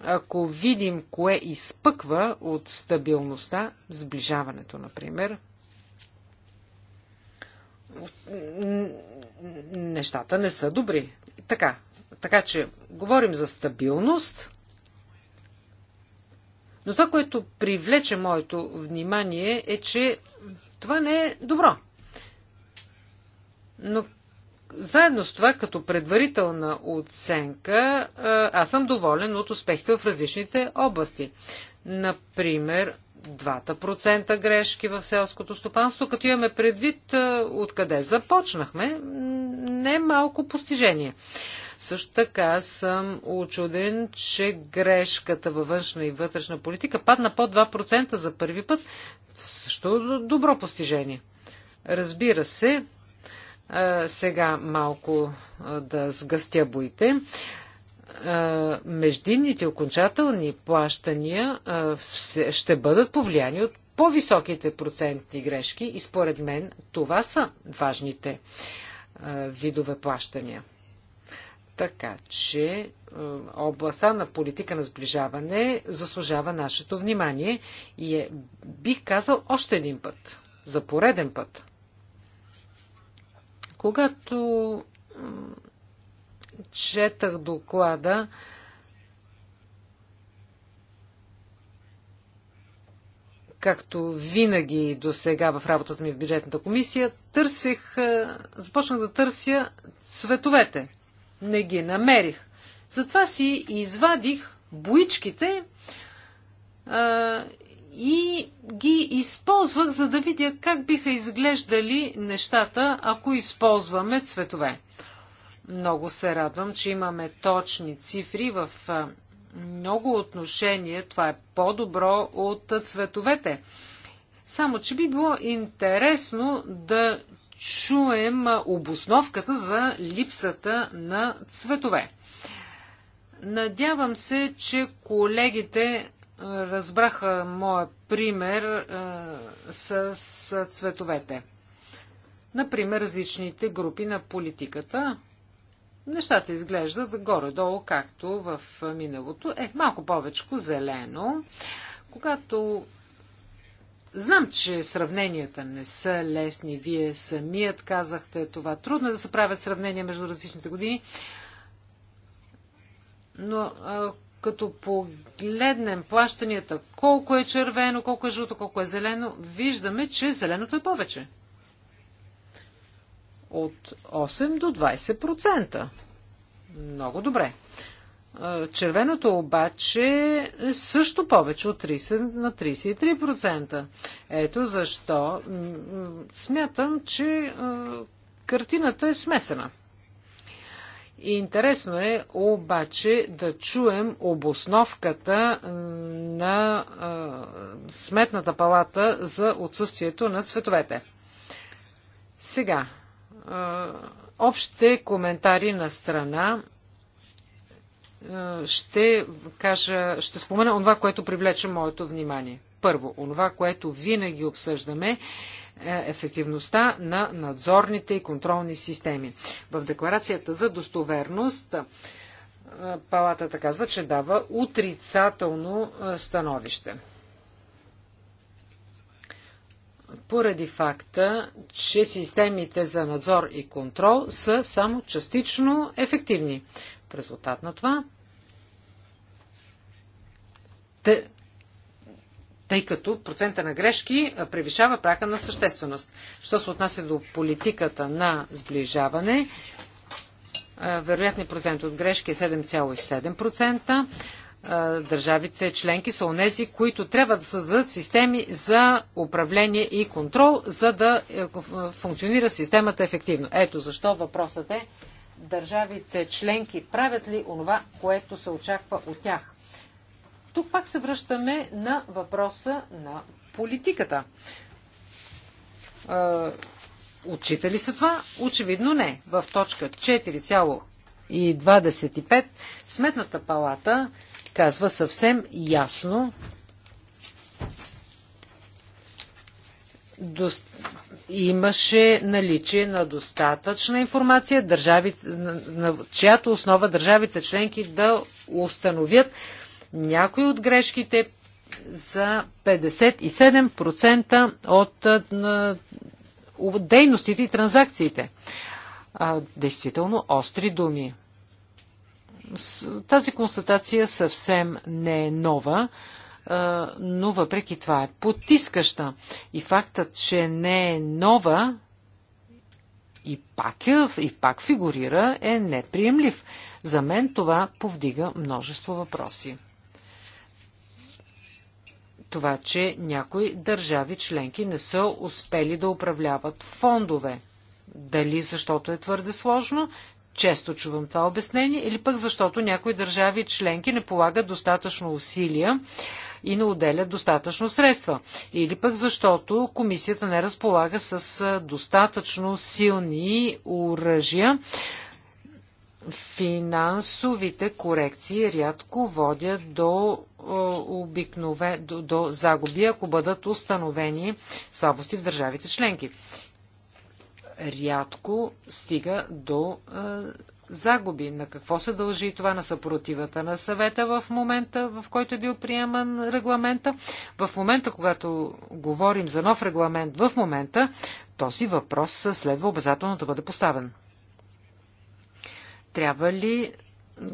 Speaker 1: ако видим кое изпъква от стабилността, сближаването, например, нещата не са добри. Така, така че говорим за стабилност, но това, което привлече моето внимание е, че това не е добро. Но заедно с това, като предварителна оценка, аз съм доволен от успехите в различните области. Например, 2% грешки в селското стопанство, като имаме предвид откъде започнахме, не малко постижение. Също така съм очуден, че грешката във външна и вътрешна политика падна по 2% за първи път. Също е добро постижение. Разбира се, сега малко да сгъстя боите междинните окончателни плащания ще бъдат повлияни от по-високите процентни грешки и според мен това са важните видове плащания. Така че областта на политика на сближаване заслужава нашето внимание и е, бих казал, още един път, за пореден път. Когато четах доклада, както винаги до сега в работата ми в бюджетната комисия, търсих, е, започнах да търся цветовете. Не ги намерих. Затова си извадих боичките а, е, и ги използвах, за да видя как биха изглеждали нещата, ако използваме цветове. Много се радвам, че имаме точни цифри в много отношения. Това е по-добро от цветовете. Само, че би било интересно да чуем обосновката за липсата на цветове. Надявам се, че колегите разбраха моя пример с цветовете. Например, различните групи на политиката нещата изглеждат горе-долу както в миналото. Е, малко повече зелено. Когато Знам, че сравненията не са лесни. Вие самият казахте това. Трудно е да се правят сравнения между различните години. Но а, като погледнем плащанията, колко е червено, колко е жълто, колко е зелено, виждаме, че зеленото е повече от 8 до 20%. Много добре. Червеното обаче е също повече от 30 на 33%. Ето защо смятам, че картината е смесена. Интересно е обаче да чуем обосновката на Сметната палата за отсъствието на цветовете. Сега, общите коментари на страна ще кажа, ще спомена онова, което привлече моето внимание. Първо, онова, което винаги обсъждаме, е ефективността на надзорните и контролни системи. В декларацията за достоверност палатата казва, че дава отрицателно становище поради факта, че системите за надзор и контрол са само частично ефективни. В резултат на това, тъй като процента на грешки превишава прака на същественост. Що се отнася до политиката на сближаване, вероятният процент от грешки е 7,7%, държавите членки са онези, които трябва да създадат системи за управление и контрол, за да е, функционира системата ефективно. Ето защо въпросът е държавите членки правят ли онова, което се очаква от тях. Тук пак се връщаме на въпроса на политиката. Отчита ли се това? Очевидно не. В точка 4,25 Сметната палата казва съвсем ясно, имаше наличие на достатъчна информация, държавите, на, на чиято основа държавите членки да установят някои от грешките за 57% от на, дейностите и транзакциите. А, действително остри думи. Тази констатация съвсем не е нова, но въпреки това е потискаща. И фактът, че не е нова и пак, е, и пак фигурира, е неприемлив. За мен това повдига множество въпроси това, че някои държави членки не са успели да управляват фондове. Дали защото е твърде сложно, често чувам това обяснение, или пък защото някои държави членки не полагат достатъчно усилия и не отделят достатъчно средства. Или пък защото комисията не разполага с достатъчно силни оръжия. Финансовите корекции рядко водят до, обикнове, до, до загуби, ако бъдат установени слабости в държавите членки рядко стига до а, загуби. На какво се дължи това? На съпротивата на съвета в момента, в който е бил приеман регламента. В момента, когато говорим за нов регламент, в момента този въпрос следва обязателно да бъде поставен. Трябва ли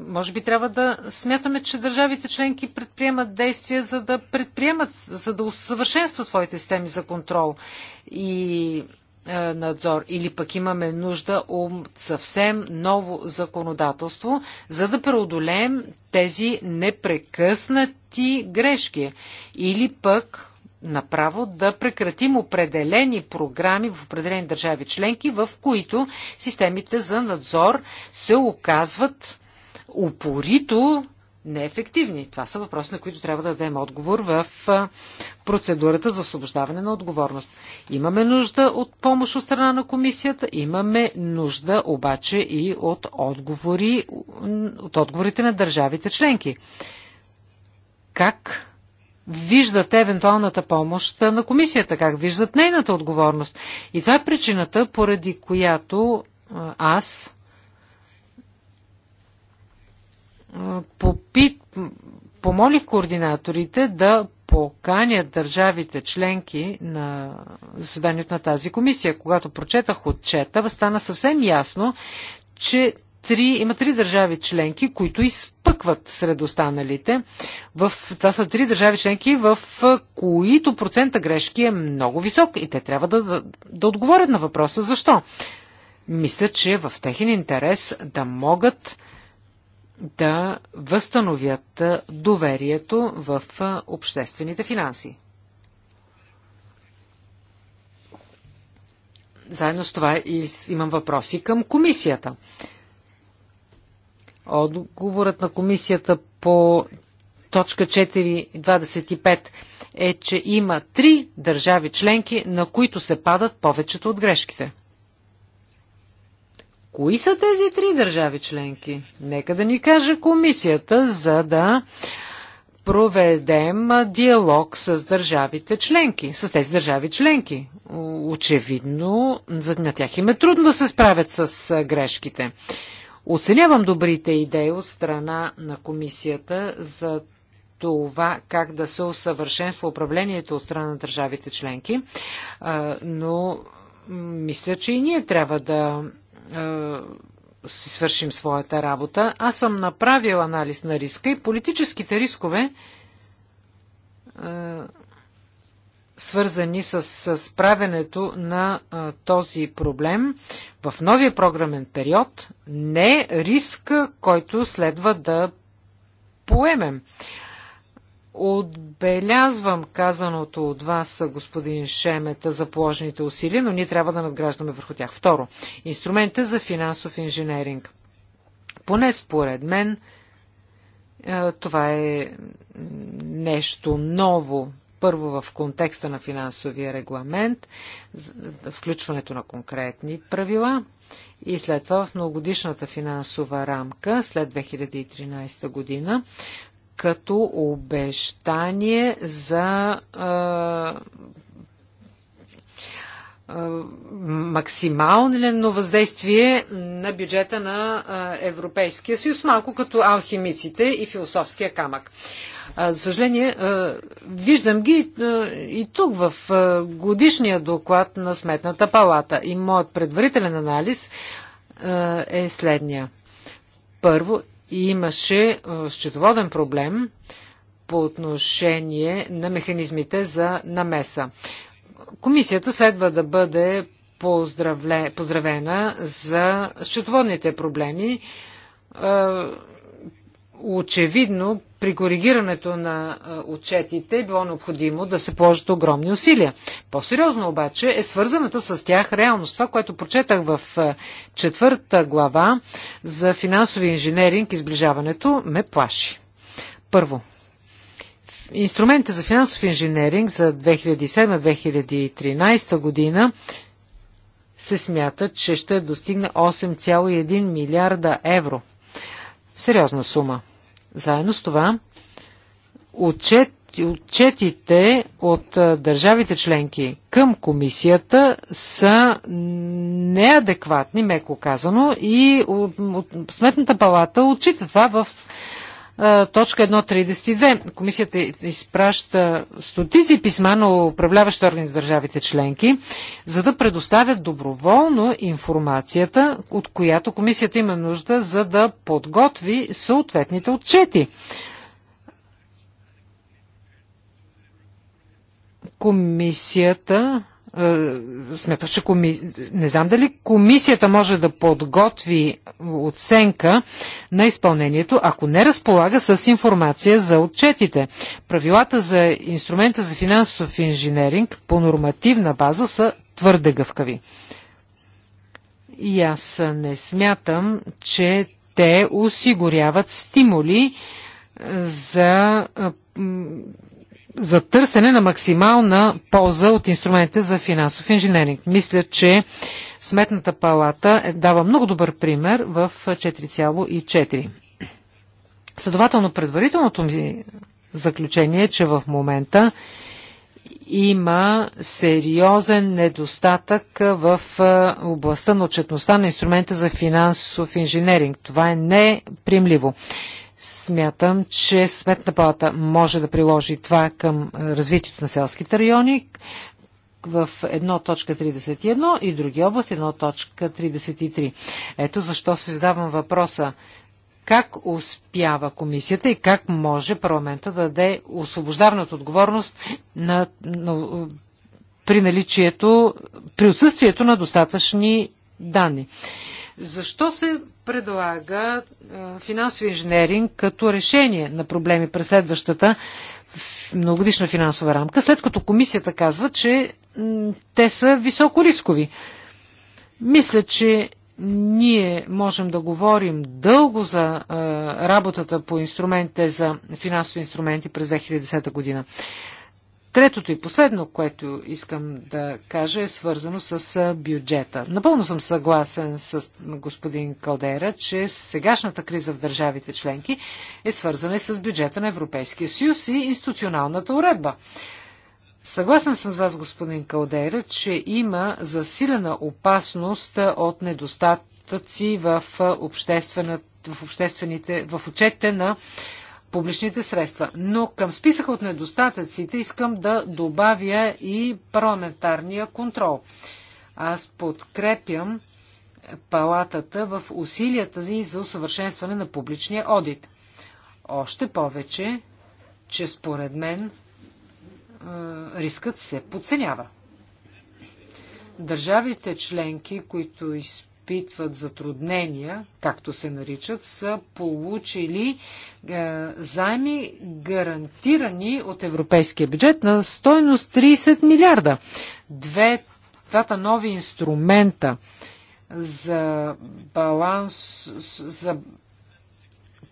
Speaker 1: може би трябва да смятаме, че държавите членки предприемат действия, за да предприемат, за да усъвършенстват своите системи за контрол. И е, надзор или пък имаме нужда от съвсем ново законодателство, за да преодолеем тези непрекъснати грешки. Или пък направо да прекратим определени програми в определени държави членки, в които системите за надзор се оказват упорито неефективни? Това са въпроси, на които трябва да дадем отговор в процедурата за освобождаване на отговорност. Имаме нужда от помощ от страна на комисията, имаме нужда обаче и от отговори, от отговорите на държавите членки. Как виждате евентуалната помощ на комисията, как виждат нейната отговорност. И това е причината, поради която аз попит, помолих координаторите да поканят държавите членки на заседанието на тази комисия. Когато прочетах отчета, стана съвсем ясно, че три, има три държави членки, които изпъкват сред останалите. В, това са три държави членки, в които процента грешки е много висок и те трябва да, да, да отговорят на въпроса защо. Мисля, че в техен интерес да могат да възстановят доверието в обществените финанси. Заедно с това имам въпроси към комисията. Отговорът на комисията по точка 4.25 е, че има три държави членки, на които се падат повечето от грешките. Кои са тези три държави членки? Нека да ни каже комисията, за да проведем диалог с държавите членки, с тези държави членки. Очевидно, на тях им е трудно да се справят с грешките. Оценявам добрите идеи от страна на комисията за това как да се усъвършенства управлението от страна на държавите членки, но мисля, че и ние трябва да е, си свършим своята работа. Аз съм направил анализ на риска и политическите рискове, е, свързани с справенето на е, този проблем в новия програмен период, не риск, който следва да поемем. Отбелязвам казаното от вас, господин Шемета, за положените усилия, но ние трябва да надграждаме върху тях. Второ, инструмента за финансов инженеринг. Поне според мен, е, това е нещо ново. Първо в контекста на финансовия регламент, включването на конкретни правила и след това в многогодишната финансова рамка след 2013 година, като обещание за максимално въздействие на бюджета на Европейския съюз, малко като алхимиците и философския камък. За съжаление, виждам ги и тук в годишния доклад на Сметната палата. И моят предварителен анализ е следния. Първо, имаше счетоводен проблем по отношение на механизмите за намеса. Комисията следва да бъде поздравле, поздравена за счетоводните проблеми. Очевидно, при коригирането на отчетите е било необходимо да се положат огромни усилия. По-сериозно обаче е свързаната с тях реалност. Това, което прочетах в четвърта глава за финансови инженеринг и сближаването, ме плаши. Първо, инструментите за финансов инженеринг за 2007-2013 година се смята, че ще достигне 8,1 милиарда евро. Сериозна сума. Заедно с това, отчет, отчетите от държавите членки към комисията са неадекватни, меко казано, и от, от, Сметната палата отчита това в точка 1.32. Комисията изпраща стотици писма на управляващи органи на държавите членки, за да предоставят доброволно информацията, от която комисията има нужда, за да подготви съответните отчети. Комисията е, че коми... не знам дали комисията може да подготви оценка на изпълнението, ако не разполага с информация за отчетите. Правилата за инструмента за финансов инженеринг по нормативна база са твърде гъвкави. И аз не смятам, че те осигуряват стимули за е, за търсене на максимална полза от инструментите за финансов инженеринг. Мисля, че Сметната палата е- дава много добър пример в 4,4. Следователно, предварителното ми заключение е, че в момента има сериозен недостатък в областта на отчетността на инструмента за финансов инженеринг. Това е неприемливо. Смятам, че Сметна палата може да приложи това към развитието на селските райони в 1.31 и други области 1.33. Ето защо се задавам въпроса как успява комисията и как може парламента да даде освобождаване от отговорност на, на, при наличието, при отсъствието на достатъчни данни. Защо се предлага финансови инженеринг като решение на проблеми през следващата многодишна финансова рамка, след като комисията казва, че те са високо рискови? Мисля, че ние можем да говорим дълго за работата по инструментите за финансови инструменти през 2010 година. Третото и последно, което искам да кажа, е свързано с бюджета. Напълно съм съгласен с господин Калдера, че сегашната криза в държавите членки е свързана и с бюджета на Европейския съюз и институционалната уредба. Съгласен съм с вас, господин Калдера, че има засилена опасност от недостатъци в, в обществените, в отчетите на публичните средства. Но към списъка от недостатъците искам да добавя и парламентарния контрол. Аз подкрепям палатата в усилията си за усъвършенстване на публичния одит. Още повече, че според мен е, рискът се подценява. Държавите членки, които изпълняват изпитват затруднения, както се наричат, са получили е, заеми гарантирани от европейския бюджет на стойност 30 милиарда. Две, двата нови инструмента за баланс, за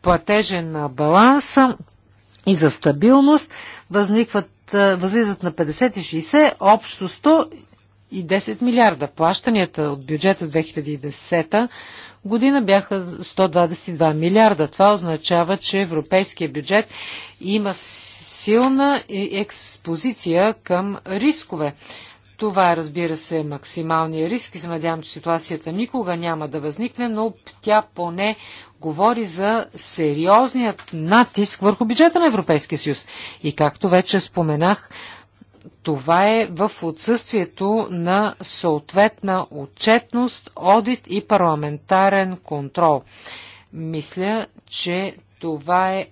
Speaker 1: платежен на баланса и за стабилност възникват, е, възлизат на 50 и 60, общо 100 и 10 милиарда. Плащанията от бюджета 2010 година бяха 122 милиарда. Това означава, че европейския бюджет има силна експозиция към рискове. Това е, разбира се, е максималния риск и се надявам, че ситуацията никога няма да възникне, но тя поне говори за сериозният натиск върху бюджета на Европейския съюз. И както вече споменах, това е в отсъствието на съответна отчетност, одит и парламентарен контрол. Мисля, че това е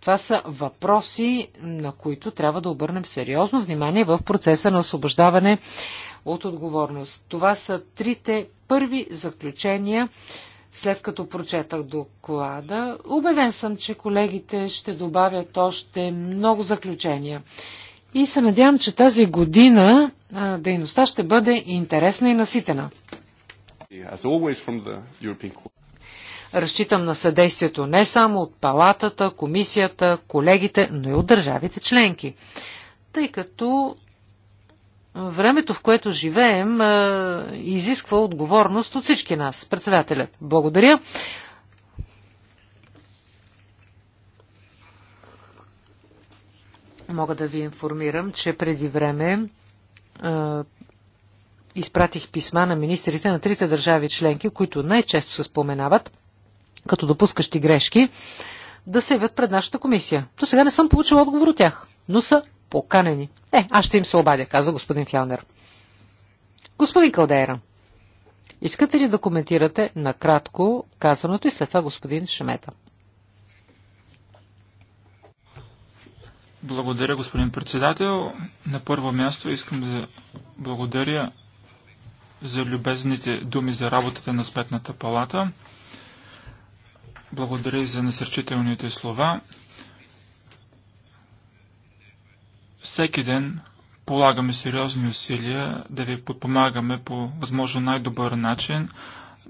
Speaker 1: това са въпроси, на които трябва да обърнем сериозно внимание в процеса на освобождаване от отговорност. Това са трите първи заключения, след като прочетах доклада. Убеден съм, че колегите ще добавят още много заключения. И се надявам, че тази година а, дейността ще бъде интересна и наситена. Разчитам на съдействието не само от палатата, комисията, колегите, но и от държавите членки. Тъй като времето, в което живеем, изисква отговорност от всички нас. Председателят, благодаря. мога да ви информирам, че преди време а, изпратих писма на министрите на трите държави членки, които най-често се споменават, като допускащи грешки, да се явят пред нашата комисия. До сега не съм получил отговор от тях, но са поканени. Е, аз ще им се обадя, каза господин Фялнер. Господин Калдейра, искате ли да коментирате накратко казаното и след това господин Шемета?
Speaker 2: Благодаря, господин председател. На първо място искам да благодаря за любезните думи за работата на Сметната палата. Благодаря и за насърчителните слова. Всеки ден полагаме сериозни усилия да ви подпомагаме по възможно най-добър начин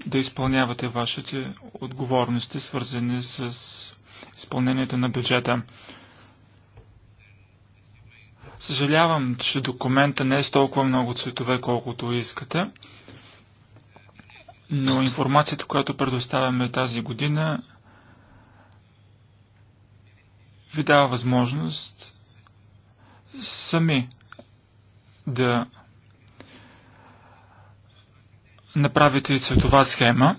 Speaker 2: да изпълнявате вашите отговорности, свързани с изпълнението на бюджета. Съжалявам, че документа не е с толкова много цветове, колкото искате, но информацията, която предоставяме тази година, ви дава възможност сами да направите цветова схема.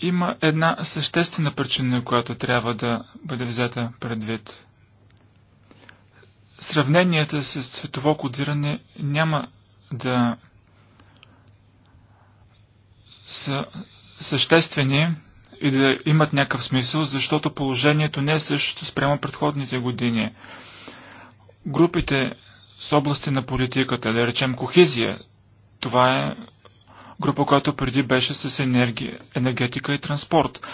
Speaker 2: Има една съществена причина, която трябва да бъде взета предвид. Сравненията с цветово кодиране няма да са съществени и да имат някакъв смисъл, защото положението не е същото спрямо предходните години. Групите с области на политиката, да речем кохизия, това е група, която преди беше с енергия, енергетика и транспорт.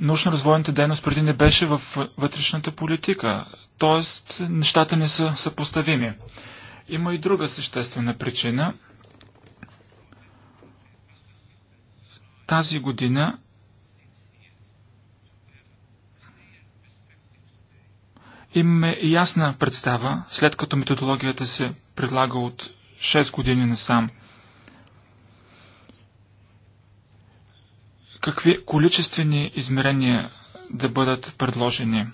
Speaker 2: Научно-развойната дейност преди не беше в вътрешната политика, т.е. нещата не са съпоставими. Има и друга съществена причина. Тази година имаме ясна представа, след като методологията се предлага от 6 години насам – какви количествени измерения да бъдат предложени.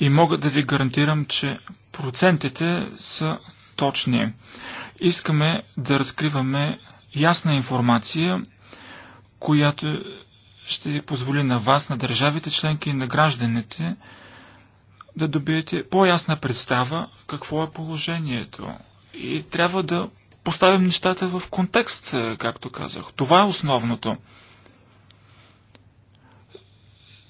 Speaker 2: И мога да ви гарантирам, че процентите са точни. Искаме да разкриваме ясна информация, която ще позволи на вас, на държавите членки и на гражданите да добиете по-ясна представа какво е положението. И трябва да поставим нещата в контекст, е, както казах. Това е основното.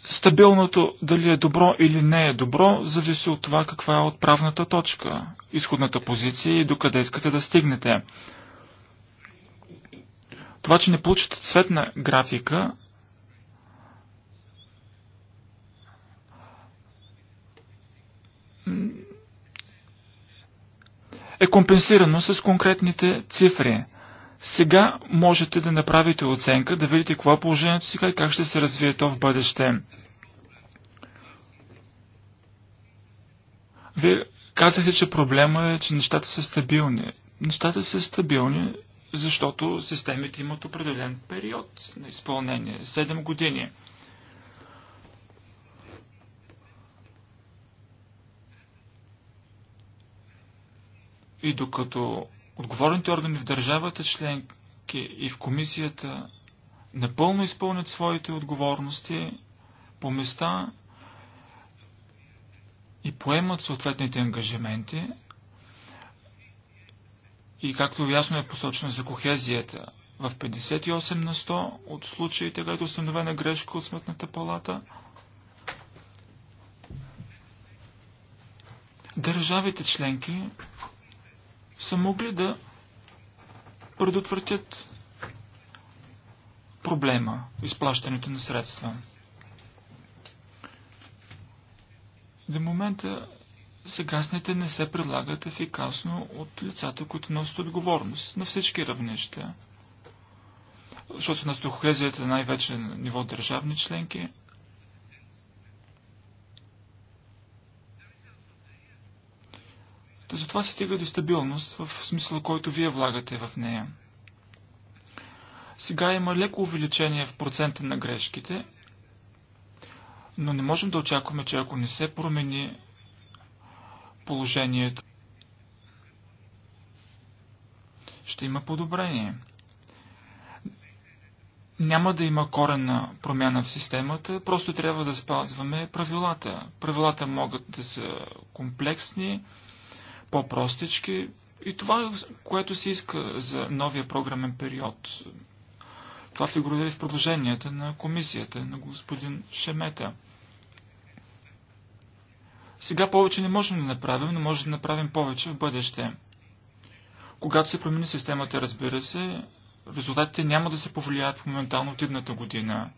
Speaker 2: Стабилното дали е добро или не е добро, зависи от това каква е отправната точка, изходната позиция и докъде искате да стигнете. Това, че не получите цветна графика, е компенсирано с конкретните цифри. Сега можете да направите оценка, да видите какво е положението сега и как ще се развие то в бъдеще. Вие казахте, че проблема е, че нещата са стабилни. Нещата са стабилни, защото системите имат определен период на изпълнение 7 години. И докато отговорните органи в държавата членки и в комисията напълно изпълнят своите отговорности по места и поемат съответните ангажименти, и както ясно е посочено за кохезията, в 58 на 100 от случаите, където е установена грешка от сметната палата, държавите членки са могли да предотвратят проблема, изплащането на средства. До момента сегасните не се предлагат ефикасно от лицата, които носят отговорност на всички равнища. Защото на кохезията е най-вече на ниво държавни членки – Та затова се стига до стабилност в смисъла, който вие влагате в нея. Сега има леко увеличение в процента на грешките, но не можем да очакваме, че ако не се промени положението, ще има подобрение. Няма да има корена промяна в системата, просто трябва да спазваме правилата. Правилата могат да са комплексни, по-простички. И това, което се иска за новия програмен период, това фигурира и в продълженията на комисията, на господин Шемета. Сега повече не можем да направим, но може да направим повече в бъдеще. Когато се промени системата, разбира се, резултатите няма да се повлияят моментално от едната година.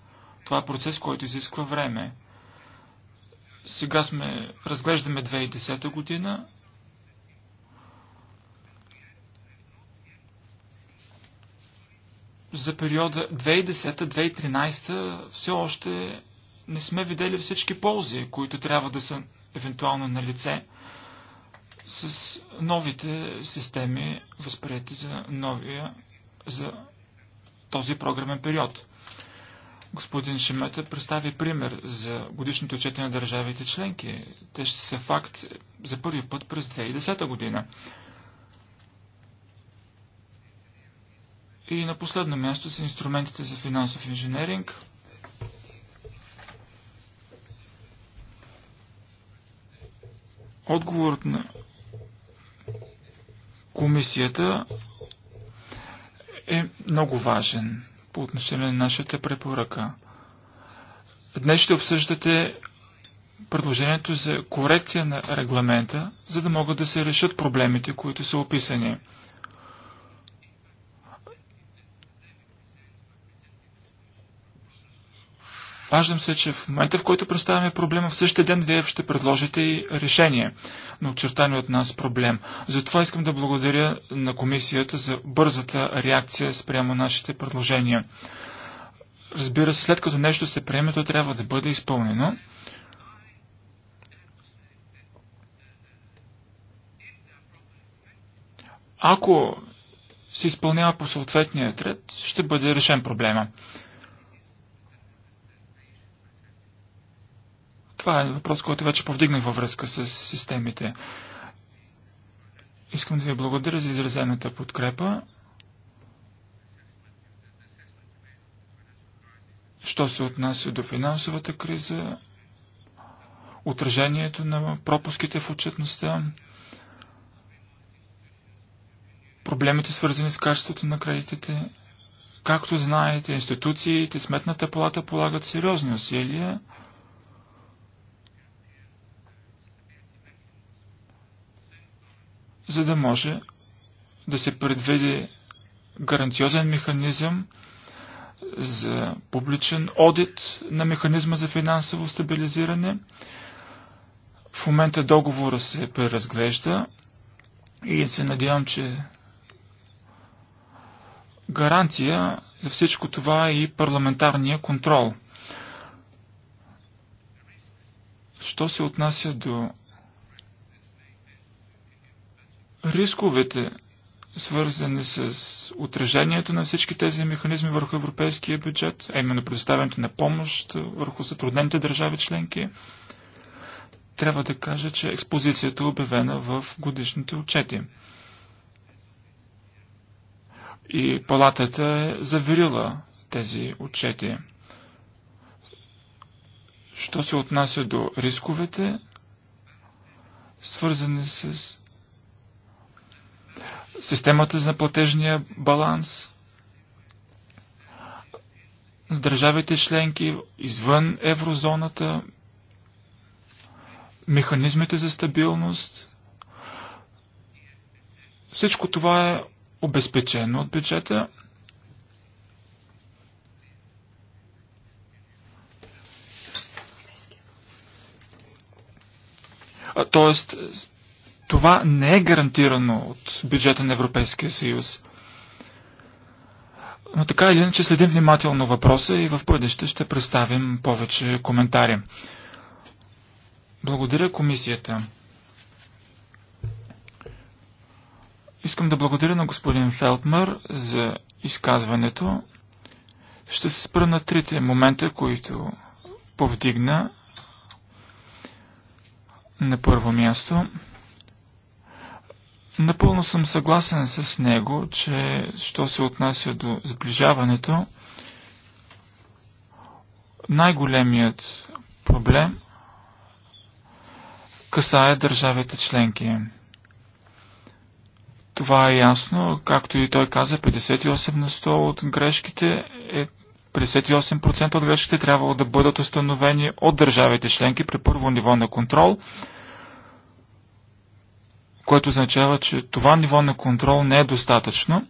Speaker 2: Това е процес, който изисква време. Сега сме, разглеждаме 2010 година, за периода 2010-2013 все още не сме видели всички ползи, които трябва да са евентуално на лице с новите системи, възприяти за новия, за този програмен период. Господин Шемета представи пример за годишното отчетение на държавите членки. Те ще са факт за първи път през 2010 година. И на последно място са инструментите за финансов инженеринг. Отговорът на комисията е много важен по отношение на нашата препоръка. Днес ще обсъждате предложението за корекция на регламента, за да могат да се решат проблемите, които са описани. Обаждам се, че в момента, в който представяме проблема, в същия ден вие ще предложите и решение на очертани от нас проблем. Затова искам да благодаря на комисията за бързата реакция спрямо нашите предложения. Разбира се, след като нещо се приеме, то трябва да бъде изпълнено. Ако се изпълнява по съответния ред, ще бъде решен проблема. Това е въпрос, който вече повдигнах във връзка с системите. Искам да ви благодаря за изразената подкрепа. Що се отнася до финансовата криза, отражението на пропуските в отчетността, проблемите свързани с качеството на кредитите. Както знаете, институциите, сметната палата полагат сериозни усилия – за да може да се предвиди гаранциозен механизъм за публичен одит на механизма за финансово стабилизиране. В момента договора се преразглежда и се надявам, че гаранция за всичко това е и парламентарния контрол. Що се отнася до рисковете, свързани с отражението на всички тези механизми върху европейския бюджет, а именно предоставянето на помощ върху сътруднените държави членки, трябва да кажа, че експозицията е обявена в годишните отчети. И палатата е заверила тези отчети. Що се отнася до рисковете, свързани с системата за платежния баланс на държавите членки извън еврозоната, механизмите за стабилност. Всичко това е обезпечено от бюджета. Тоест, това не е гарантирано от бюджета на Европейския съюз. Но така или иначе следим внимателно въпроса и в бъдеще ще представим повече коментари. Благодаря комисията. Искам да благодаря на господин Фелтмър за изказването. Ще се спра на трите момента, които повдигна на първо място – Напълно съм съгласен с него, че що се отнася до сближаването, най-големият проблем касае държавите членки. Това е ясно, както и той каза, 58 на 100 от грешките е 58% от грешките трябвало да бъдат установени от държавите членки при първо ниво на контрол – което означава, че това ниво на контрол не е достатъчно.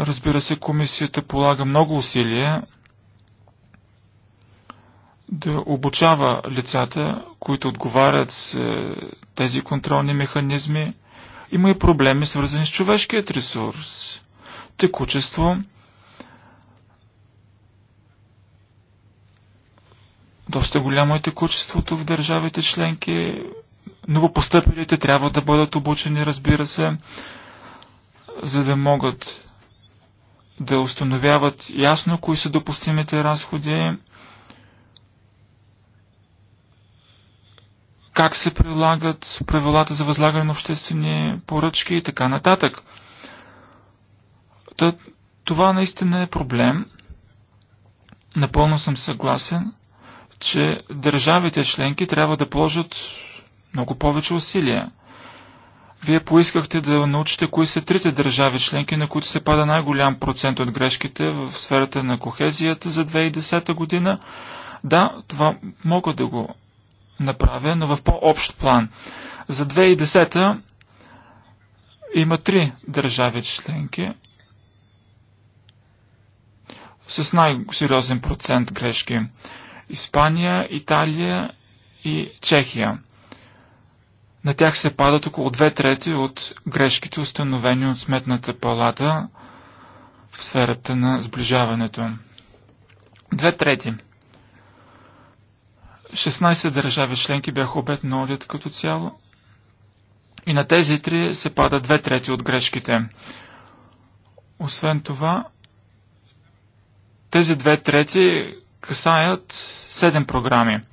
Speaker 2: Разбира се, комисията полага много усилия да обучава лицата, които отговарят с е, тези контролни механизми. Има и проблеми, свързани с човешкият ресурс, текучество, доста голямо е текучеството в държавите членки новопостъпилите трябва да бъдат обучени, разбира се, за да могат да установяват ясно кои са допустимите разходи, как се прилагат правилата за възлагане на обществени поръчки и така нататък. Та, това наистина е проблем. Напълно съм съгласен, че държавите членки трябва да положат много повече усилия. Вие поискахте да научите кои са трите държави членки, на които се пада най-голям процент от грешките в сферата на кохезията за 2010 година. Да, това мога да го направя, но в по-общ план. За 2010 има три държави членки с най-сериозен процент грешки. Испания, Италия и Чехия – на тях се падат около две трети от грешките, установени от Сметната палата в сферата на сближаването. Две трети. 16 държави членки бяха обед на одит като цяло и на тези три се пада две трети от грешките. Освен това, тези две трети касаят 7 програми –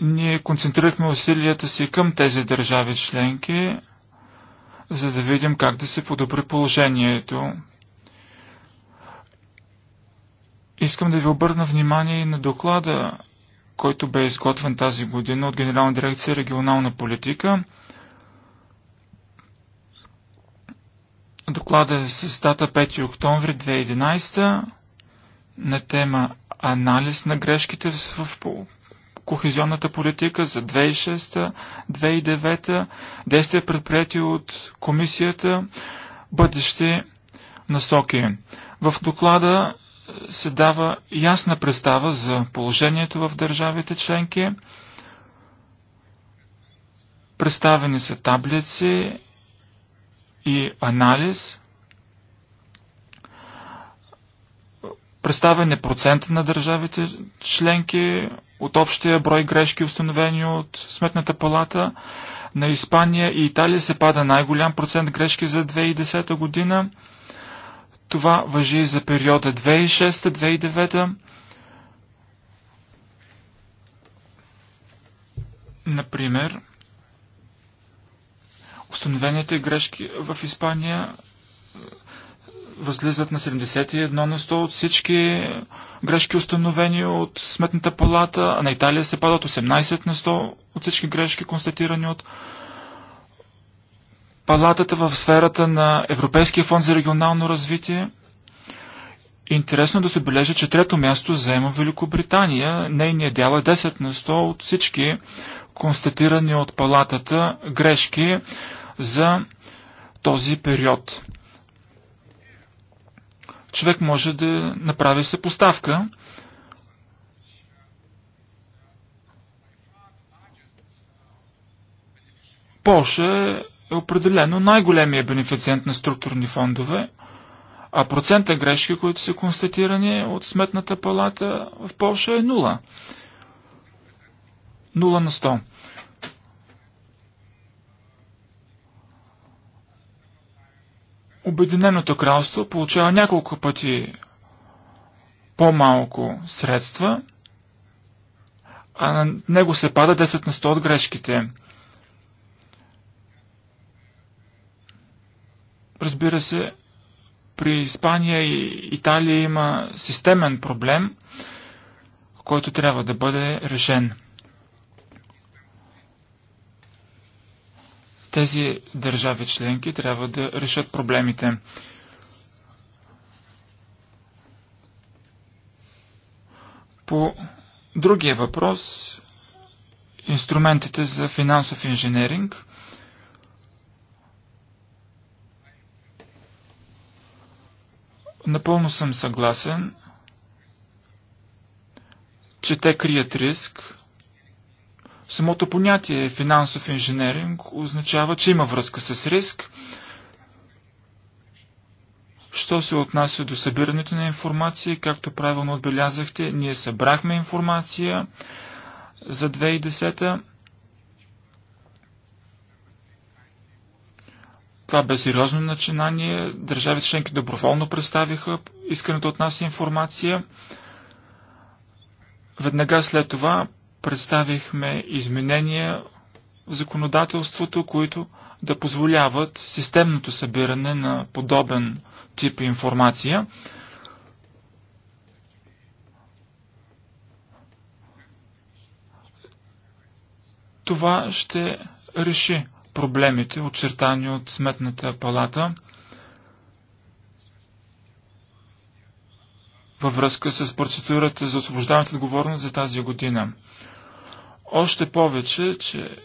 Speaker 2: Ние концентрирахме усилията си към тези държави членки, за да видим как да се подобри положението. Искам да ви обърна внимание и на доклада, който бе изготвен тази година от Генерална дирекция регионална политика. Доклада е с дата 5 октомври 2011 на тема Анализ на грешките в кохезионната политика за 2006-2009, действия предприяти от комисията, бъдещи насоки. В доклада се дава ясна представа за положението в държавите членки. Представени са таблици и анализ Представен е процент на държавите членки от общия брой грешки, установени от Сметната палата. На Испания и Италия се пада най-голям процент грешки за 2010 година. Това въжи и за периода 2006-2009. Например, установените грешки в Испания възлизат на 71 на 100 от всички грешки установени от Сметната палата, а на Италия се падат 18 на 100 от всички грешки констатирани от палатата в сферата на Европейския фонд за регионално развитие. Интересно да се бележи, че трето място заема Великобритания. Нейният дял е 10 на 100 от всички констатирани от палатата грешки за този период човек може да направи съпоставка. Полша е определено най-големия бенефициент на структурни фондове, а процента грешки, които са констатирани от Сметната палата в Польша е 0. 0 на 100. Обединеното кралство получава няколко пъти по-малко средства, а на него се пада 10 на 100 от грешките. Разбира се, при Испания и Италия има системен проблем, който трябва да бъде решен. Тези държави членки трябва да решат проблемите. По другия въпрос, инструментите за финансов инженеринг, напълно съм съгласен, че те крият риск Самото понятие финансов инженеринг означава, че има връзка с риск. Що се отнася до събирането на информация, както правилно отбелязахте, ние събрахме информация за 2010 Това бе сериозно начинание. Държавите членки доброволно представиха исканата от нас информация. Веднага след това представихме изменения в законодателството, които да позволяват системното събиране на подобен тип информация. Това ще реши проблемите, очертани от Сметната палата – във връзка с процедурата за освобождаването отговорност за тази година. Още повече, че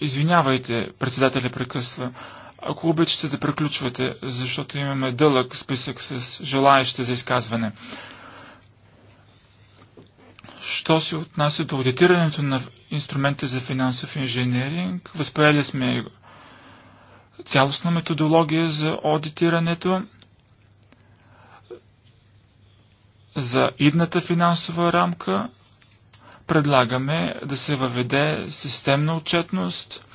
Speaker 2: Извинявайте, председателя прекъсва. Ако обичате да преключвате, защото имаме дълъг списък с желаящи за изказване. Що се отнася до аудитирането на инструмента за финансов инженеринг, възприели сме цялостна методология за аудитирането. За идната финансова рамка предлагаме да се въведе системна отчетност,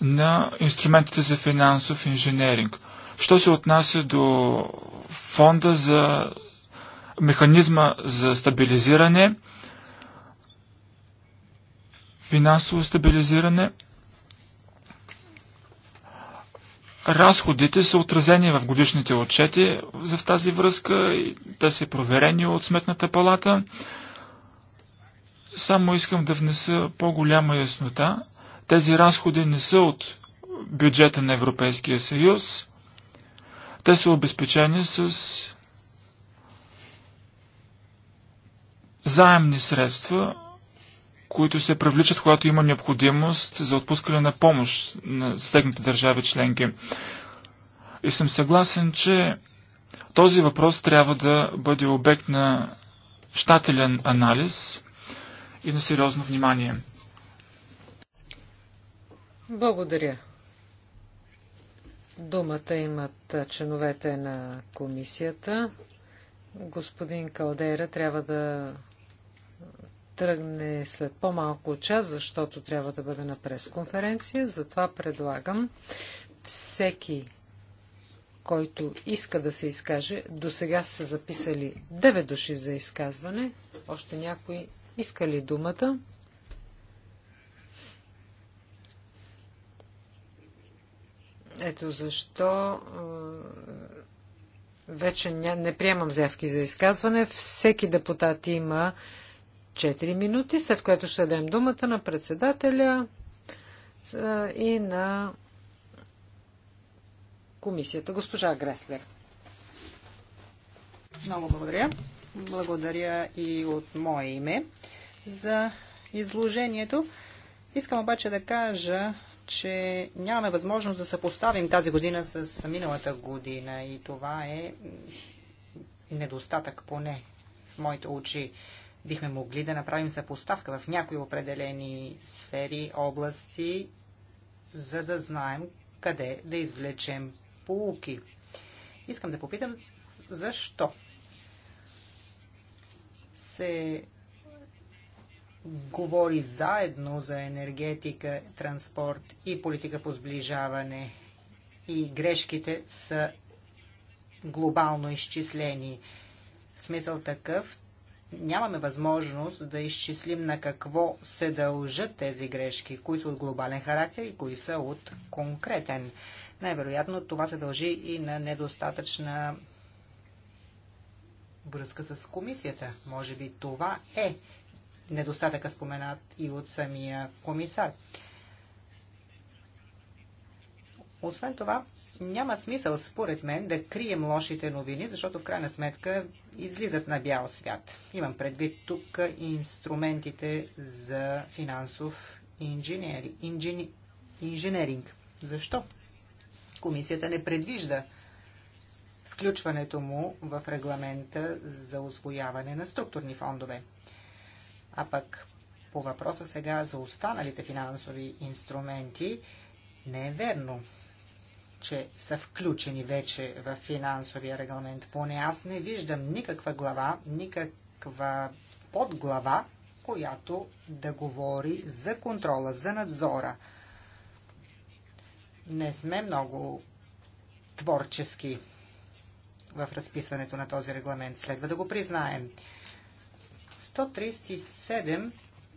Speaker 2: на инструментите за финансов инженеринг. Що се отнася до фонда за механизма за стабилизиране, финансово стабилизиране – Разходите са отразени в годишните отчети в тази връзка и те са проверени от Сметната палата. Само искам да внеса по-голяма яснота. Тези разходи не са от бюджета на Европейския съюз. Те са обезпечени с заемни средства които се привличат, когато има необходимост за отпускане на помощ на засегнати държави членки. И съм съгласен, че този въпрос трябва да бъде обект на щателен анализ и на сериозно внимание.
Speaker 1: Благодаря. Думата имат членовете на комисията. Господин Калдейра трябва да тръгне след по-малко час, защото трябва да бъде на пресконференция. Затова предлагам всеки, който иска да се изкаже, до сега са записали 9 души за изказване. Още някой иска ли думата? Ето защо е, вече не приемам заявки за изказване. Всеки депутат има 4 минути, след което ще дадем думата на председателя и на комисията.
Speaker 3: Госпожа Греслер. Много благодаря. Благодаря и от мое име за изложението. Искам обаче да кажа, че нямаме възможност да съпоставим тази година с миналата година и това е недостатък поне в моите очи. Бихме могли да направим съпоставка в някои определени сфери, области, за да знаем къде да извлечем полуки. Искам да попитам защо се говори заедно за енергетика, транспорт и политика по сближаване и грешките са глобално изчислени. В Смисъл такъв, нямаме възможност да изчислим на какво се дължат тези грешки, кои са от глобален характер и кои са от конкретен. Най-вероятно това се дължи и на недостатъчна връзка с комисията. Може би това е недостатъка споменат и от самия комисар. Освен това, няма смисъл, според мен, да крием лошите новини, защото в крайна сметка излизат на бял свят. Имам предвид тук инструментите за финансов инженери, инженеринг. Защо? Комисията не предвижда включването му в регламента за освояване на структурни фондове. А пък по въпроса сега за останалите финансови инструменти не е верно че са включени вече в финансовия регламент. Поне аз не виждам никаква глава, никаква подглава, която да говори за контрола, за надзора. Не сме много творчески в разписването на този регламент. Следва да го признаем. 137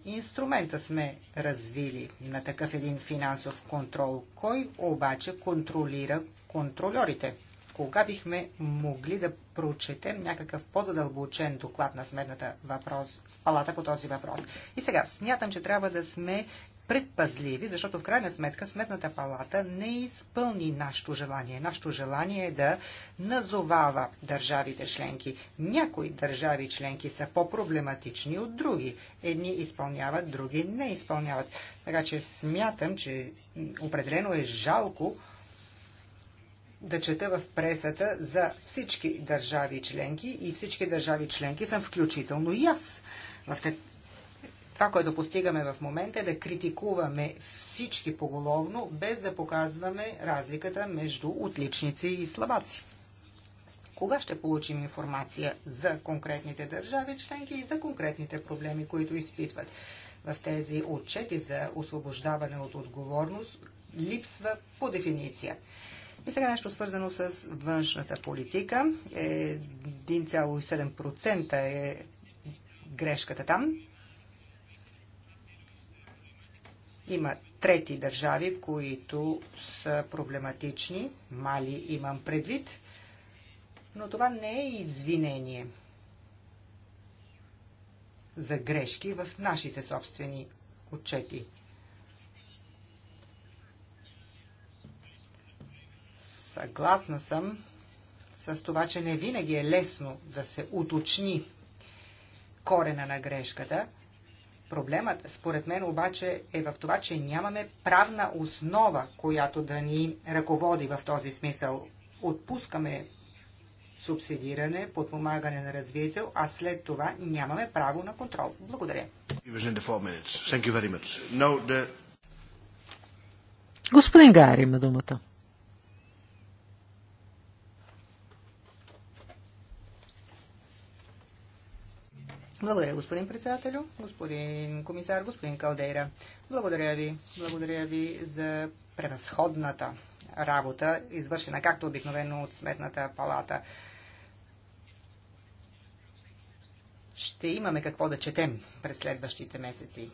Speaker 3: инструмента сме развили на такъв един финансов контрол. Кой обаче контролира контролерите? Кога бихме могли да прочетем някакъв по-задълбочен доклад на сметната въпрос, палата по този въпрос? И сега, смятам, че трябва да сме предпазливи, защото в крайна сметка Сметната палата не изпълни нашето желание. Нашето желание е да назовава държавите членки. Някои държави членки са по-проблематични от други. Едни изпълняват, други не изпълняват. Така че смятам, че определено е жалко да чета в пресата за всички държави членки и всички държави членки съм включително и аз в това, което постигаме в момента е да критикуваме всички поголовно, без да показваме разликата между отличници и слабаци. Кога ще получим информация за конкретните държави членки и за конкретните проблеми, които изпитват? В тези отчети за освобождаване от отговорност липсва по дефиниция. И сега нещо свързано с външната политика. 1,7% е грешката там. Има трети държави, които са проблематични, мали имам предвид, но това не е извинение за грешки в нашите собствени отчети. Съгласна съм с това, че не винаги е лесно да се уточни корена на грешката – Проблемът, според мен, обаче е в това, че нямаме правна основа, която да ни ръководи в този смисъл. Отпускаме субсидиране, подпомагане на развитие, а след това нямаме право на контрол. Благодаря.
Speaker 1: Господин Гари има думата.
Speaker 3: Благодаря, господин председателю, господин комисар, господин Калдейра. Благодаря ви. Благодаря ви за превъзходната работа, извършена както обикновено от Сметната палата. Ще имаме какво да четем през следващите месеци.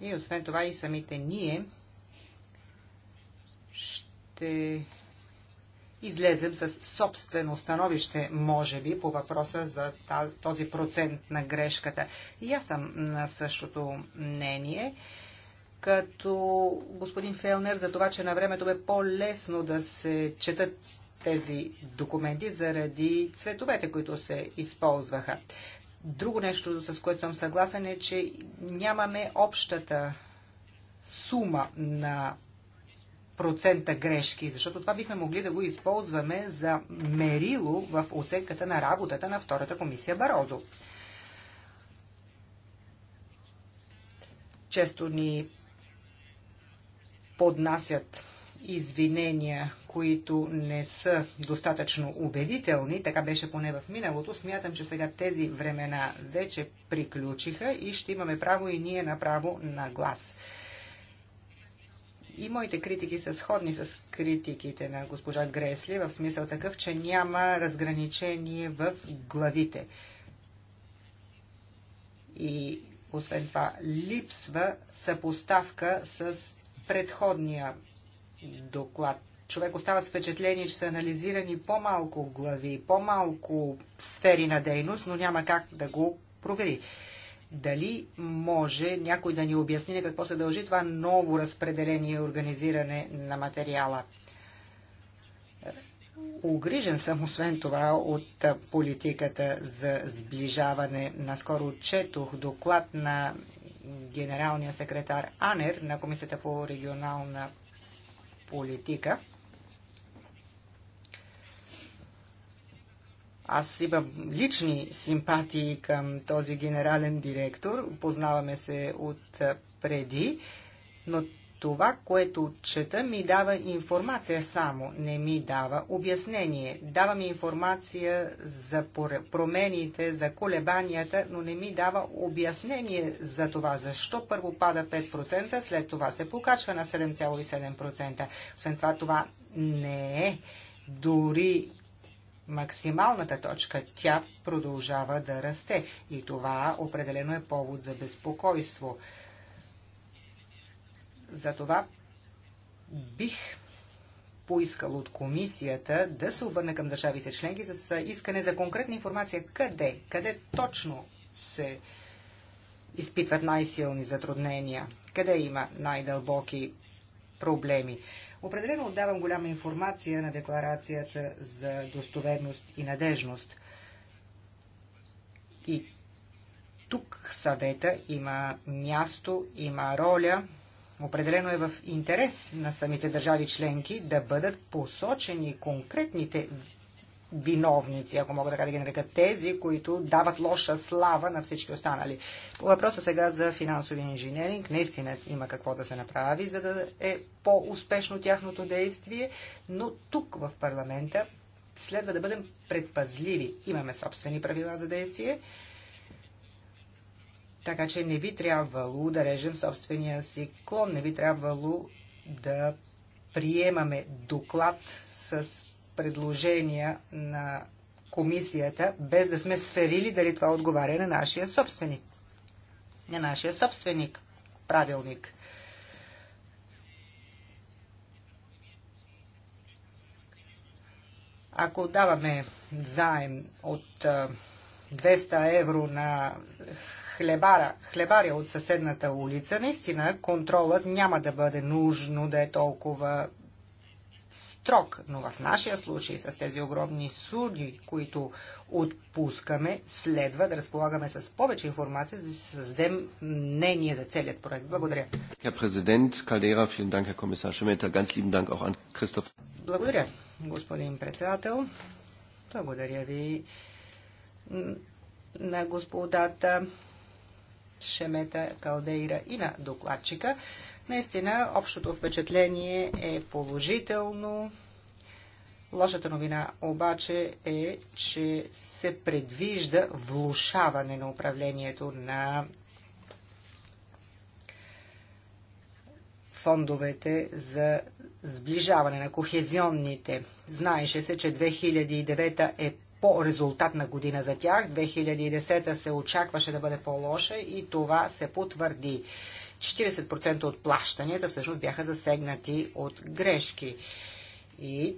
Speaker 3: И освен това и самите ние ще излезем с собствено становище, може би, по въпроса за този процент на грешката. И аз съм на същото мнение като господин Фелнер за това, че на времето бе по-лесно да се четат тези документи заради цветовете, които се използваха. Друго нещо, с което съм съгласен е, че нямаме общата сума на процента грешки, защото това бихме могли да го използваме за мерило в оценката на работата на втората комисия Барозо. Често ни поднасят извинения, които не са достатъчно убедителни, така беше поне в миналото, смятам, че сега тези времена вече приключиха и ще имаме право и ние направо на глас. И моите критики са сходни с критиките на госпожа Гресли, в смисъл такъв, че няма разграничение в главите. И освен това, липсва съпоставка с предходния доклад. Човек остава с впечатление, че са анализирани по-малко глави, по-малко сфери на дейност, но няма как да го провери. Дали може някой да ни обясни на какво се дължи това ново разпределение и организиране на материала? Огрижен съм, освен това, от политиката за сближаване. Наскоро четох доклад на генералния секретар Анер на Комисията по регионална политика – Аз имам лични симпатии към този генерален директор, познаваме се от преди, но това, което чета, ми дава информация само, не ми дава обяснение. Дава ми информация за промените, за колебанията, но не ми дава обяснение за това, защо първо пада 5%, след това се покачва на 7,7%. Освен това, това не е дори максималната точка. Тя продължава да расте и това определено е повод за безпокойство. Затова бих поискал от комисията да се обърне към държавите членки с искане за конкретна информация къде, къде точно се изпитват най-силни затруднения, къде има най-дълбоки проблеми. Определено отдавам голяма информация на декларацията за достоверност и надежност. И тук съвета има място, има роля. Определено е в интерес на самите държави членки да бъдат посочени конкретните виновници, ако мога така да ги нарека, тези, които дават лоша слава на всички останали. По въпроса сега за финансови инженеринг, наистина има какво да се направи, за да е по-успешно тяхното действие, но тук в парламента следва да бъдем предпазливи. Имаме собствени правила за действие, така че не би трябвало да режем собствения си клон, не би трябвало да приемаме доклад с предложения на комисията, без да сме сферили дали това отговаря на нашия собственик. На нашия собственик. Правилник. Ако даваме заем от 200 евро на хлебара, хлебаря от съседната улица, наистина контролът няма да бъде нужно да е толкова строг, но в нашия случай с тези огромни суди, които отпускаме, следва да разполагаме с повече информация, за да създадем мнение за целият проект. Благодаря. Благодаря, господин председател. Благодаря ви на господата Шемета Калдейра и на докладчика. Наистина, общото впечатление е положително. Лошата новина обаче е, че се предвижда влушаване на управлението на фондовете за сближаване на кохезионните. Знаеше се, че 2009 е по-резултатна година за тях. 2010 се очакваше да бъде по-лоша и това се потвърди. 40% от плащанията всъщност бяха засегнати от грешки. И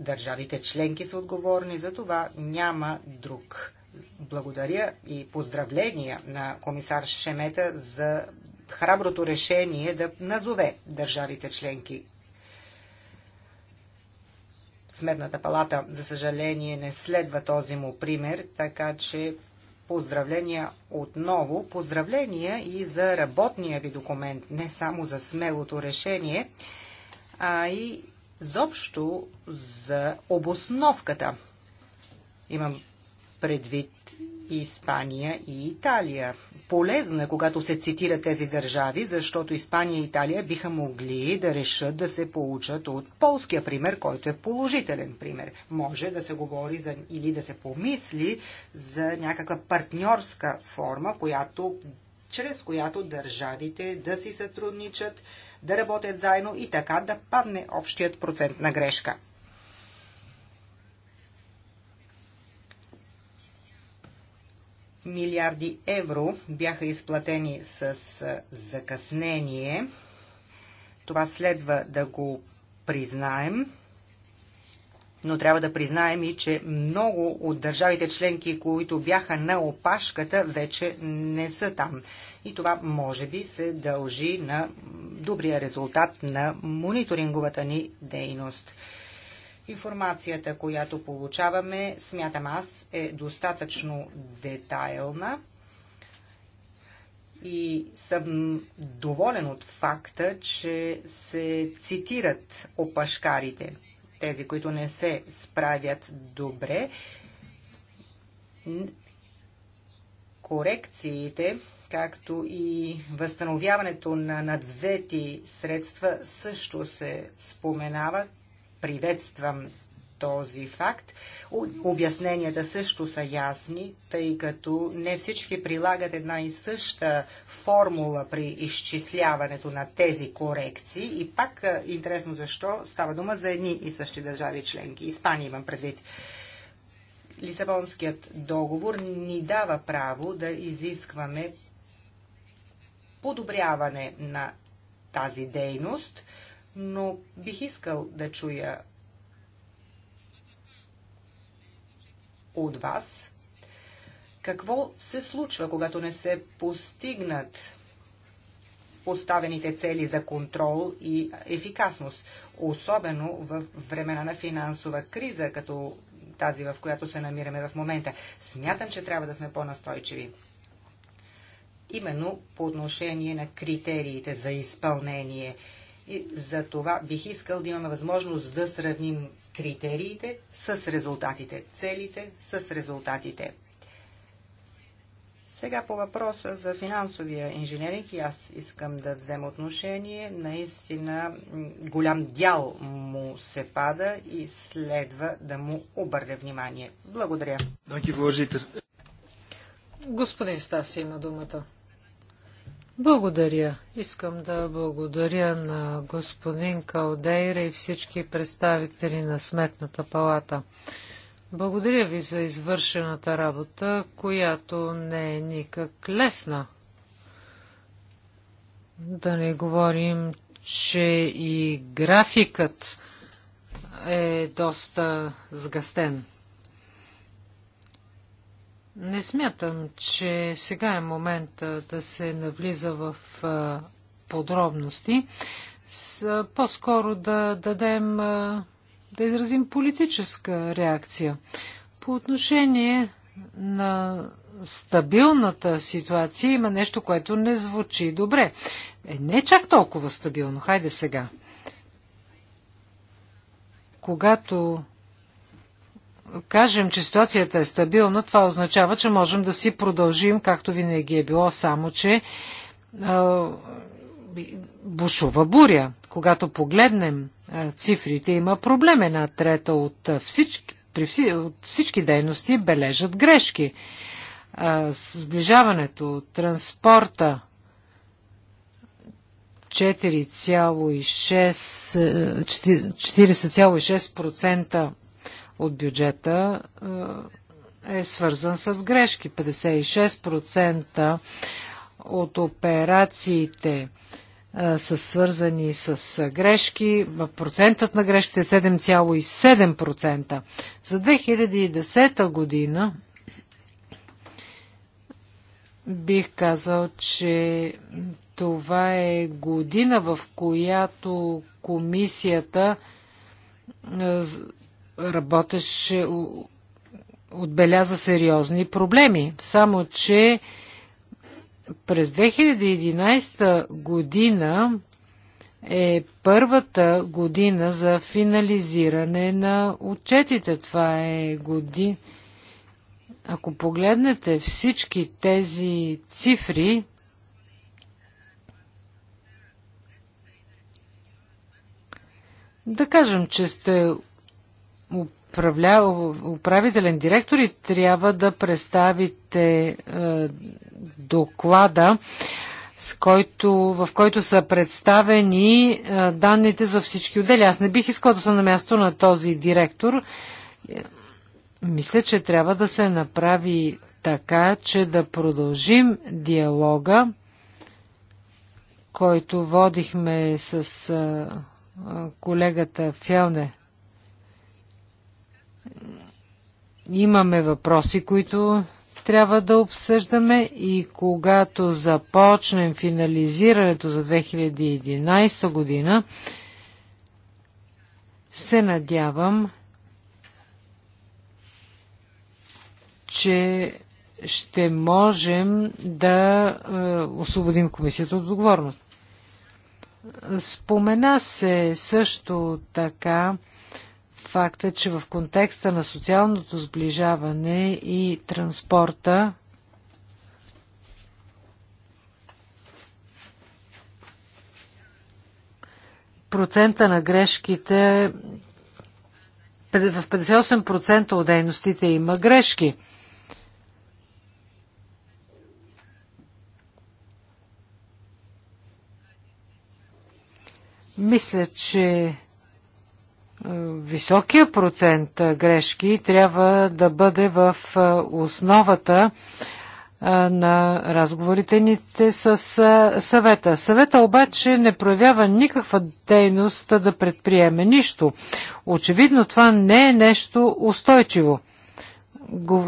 Speaker 3: държавите членки са отговорни, за това няма друг. Благодаря и поздравления на комисар Шемета за храброто решение да назове държавите членки. Сметната палата, за съжаление, не следва този му пример, така че Поздравления отново. Поздравления и за работния ви документ, не само за смелото решение, а и заобщо за обосновката. Имам предвид Испания и Италия полезно е, когато се цитират тези държави, защото Испания и Италия биха могли да решат да се получат от полския пример, който е положителен пример. Може да се говори за, или да се помисли за някаква партньорска форма, която, чрез която държавите да си сътрудничат, да работят заедно и така да падне общият процент на грешка. милиарди евро бяха изплатени с закъснение. Това следва да го признаем. Но трябва да признаем и, че много от държавите членки, които бяха на опашката, вече не са там. И това може би се дължи на добрия резултат на мониторинговата ни дейност. Информацията, която получаваме, смятам аз, е достатъчно детайлна и съм доволен от факта, че се цитират опашкарите, тези, които не се справят добре. Корекциите, както и възстановяването на надвзети средства също се споменават приветствам този факт. Обясненията също са ясни, тъй като не всички прилагат една и съща формула при изчисляването на тези корекции и пак е, интересно защо става дума за едни и същи държави членки. Испания имам предвид. Лисабонският договор ни дава право да изискваме подобряване на тази дейност – но бих искал да чуя от вас какво се случва, когато не се постигнат поставените цели за контрол и ефикасност, особено в времена на финансова криза, като тази, в която се намираме в момента. Смятам, че трябва да сме по-настойчиви. Именно по отношение на критериите за изпълнение – и за това бих искал да имаме възможност да сравним критериите с резултатите, целите с резултатите. Сега по въпроса за финансовия инженеринг и аз искам да взема отношение. Наистина голям дял му се пада и следва да му обърне внимание. Благодаря.
Speaker 1: Господин Стаси има думата. Благодаря. Искам да благодаря на господин Калдейра и всички представители на Сметната палата. Благодаря ви за извършената работа, която не е никак лесна. Да не говорим, че и графикът е доста сгъстен. Не смятам, че сега е момента да се навлиза в подробности. По-скоро да дадем, да изразим политическа реакция. По отношение на стабилната ситуация има нещо, което не звучи добре. Е, не е чак толкова стабилно. Хайде сега. Когато кажем, че ситуацията е стабилна, това означава, че можем да си продължим, както винаги е било, само че бушува буря. Когато погледнем цифрите, има проблем. Една трета от всички, при вси, от всички дейности бележат грешки. Сближаването, транспорта, 40,6% от бюджета е, е свързан с грешки. 56% от операциите е, са свързани с грешки. Процентът на грешките е 7,7%. За 2010 година бих казал, че това е година, в която комисията е, работеше, отбеляза сериозни проблеми. Само, че през 2011 година е първата година за финализиране на отчетите. Това е година. Ако погледнете всички тези цифри, да кажем, че сте управля, управителен директор и трябва да представите е, доклада, с който, в който са представени е, данните за всички отдели. Аз не бих искал да съм на място на този директор. Мисля, че трябва да се направи така, че да продължим диалога, който водихме с е, е, колегата Фелне имаме въпроси, които трябва да обсъждаме и когато започнем финализирането за 2011 година, се надявам, че ще можем да е, освободим комисията от отговорност. Спомена се също така факта, че в контекста на социалното сближаване и транспорта процента на грешките в 58% от дейностите има грешки. Мисля, че е, високия процент е, грешки трябва да бъде в е, основата на разговорите ни с съвета. Съвета обаче не проявява никаква дейност да предприеме нищо. Очевидно това не е нещо устойчиво.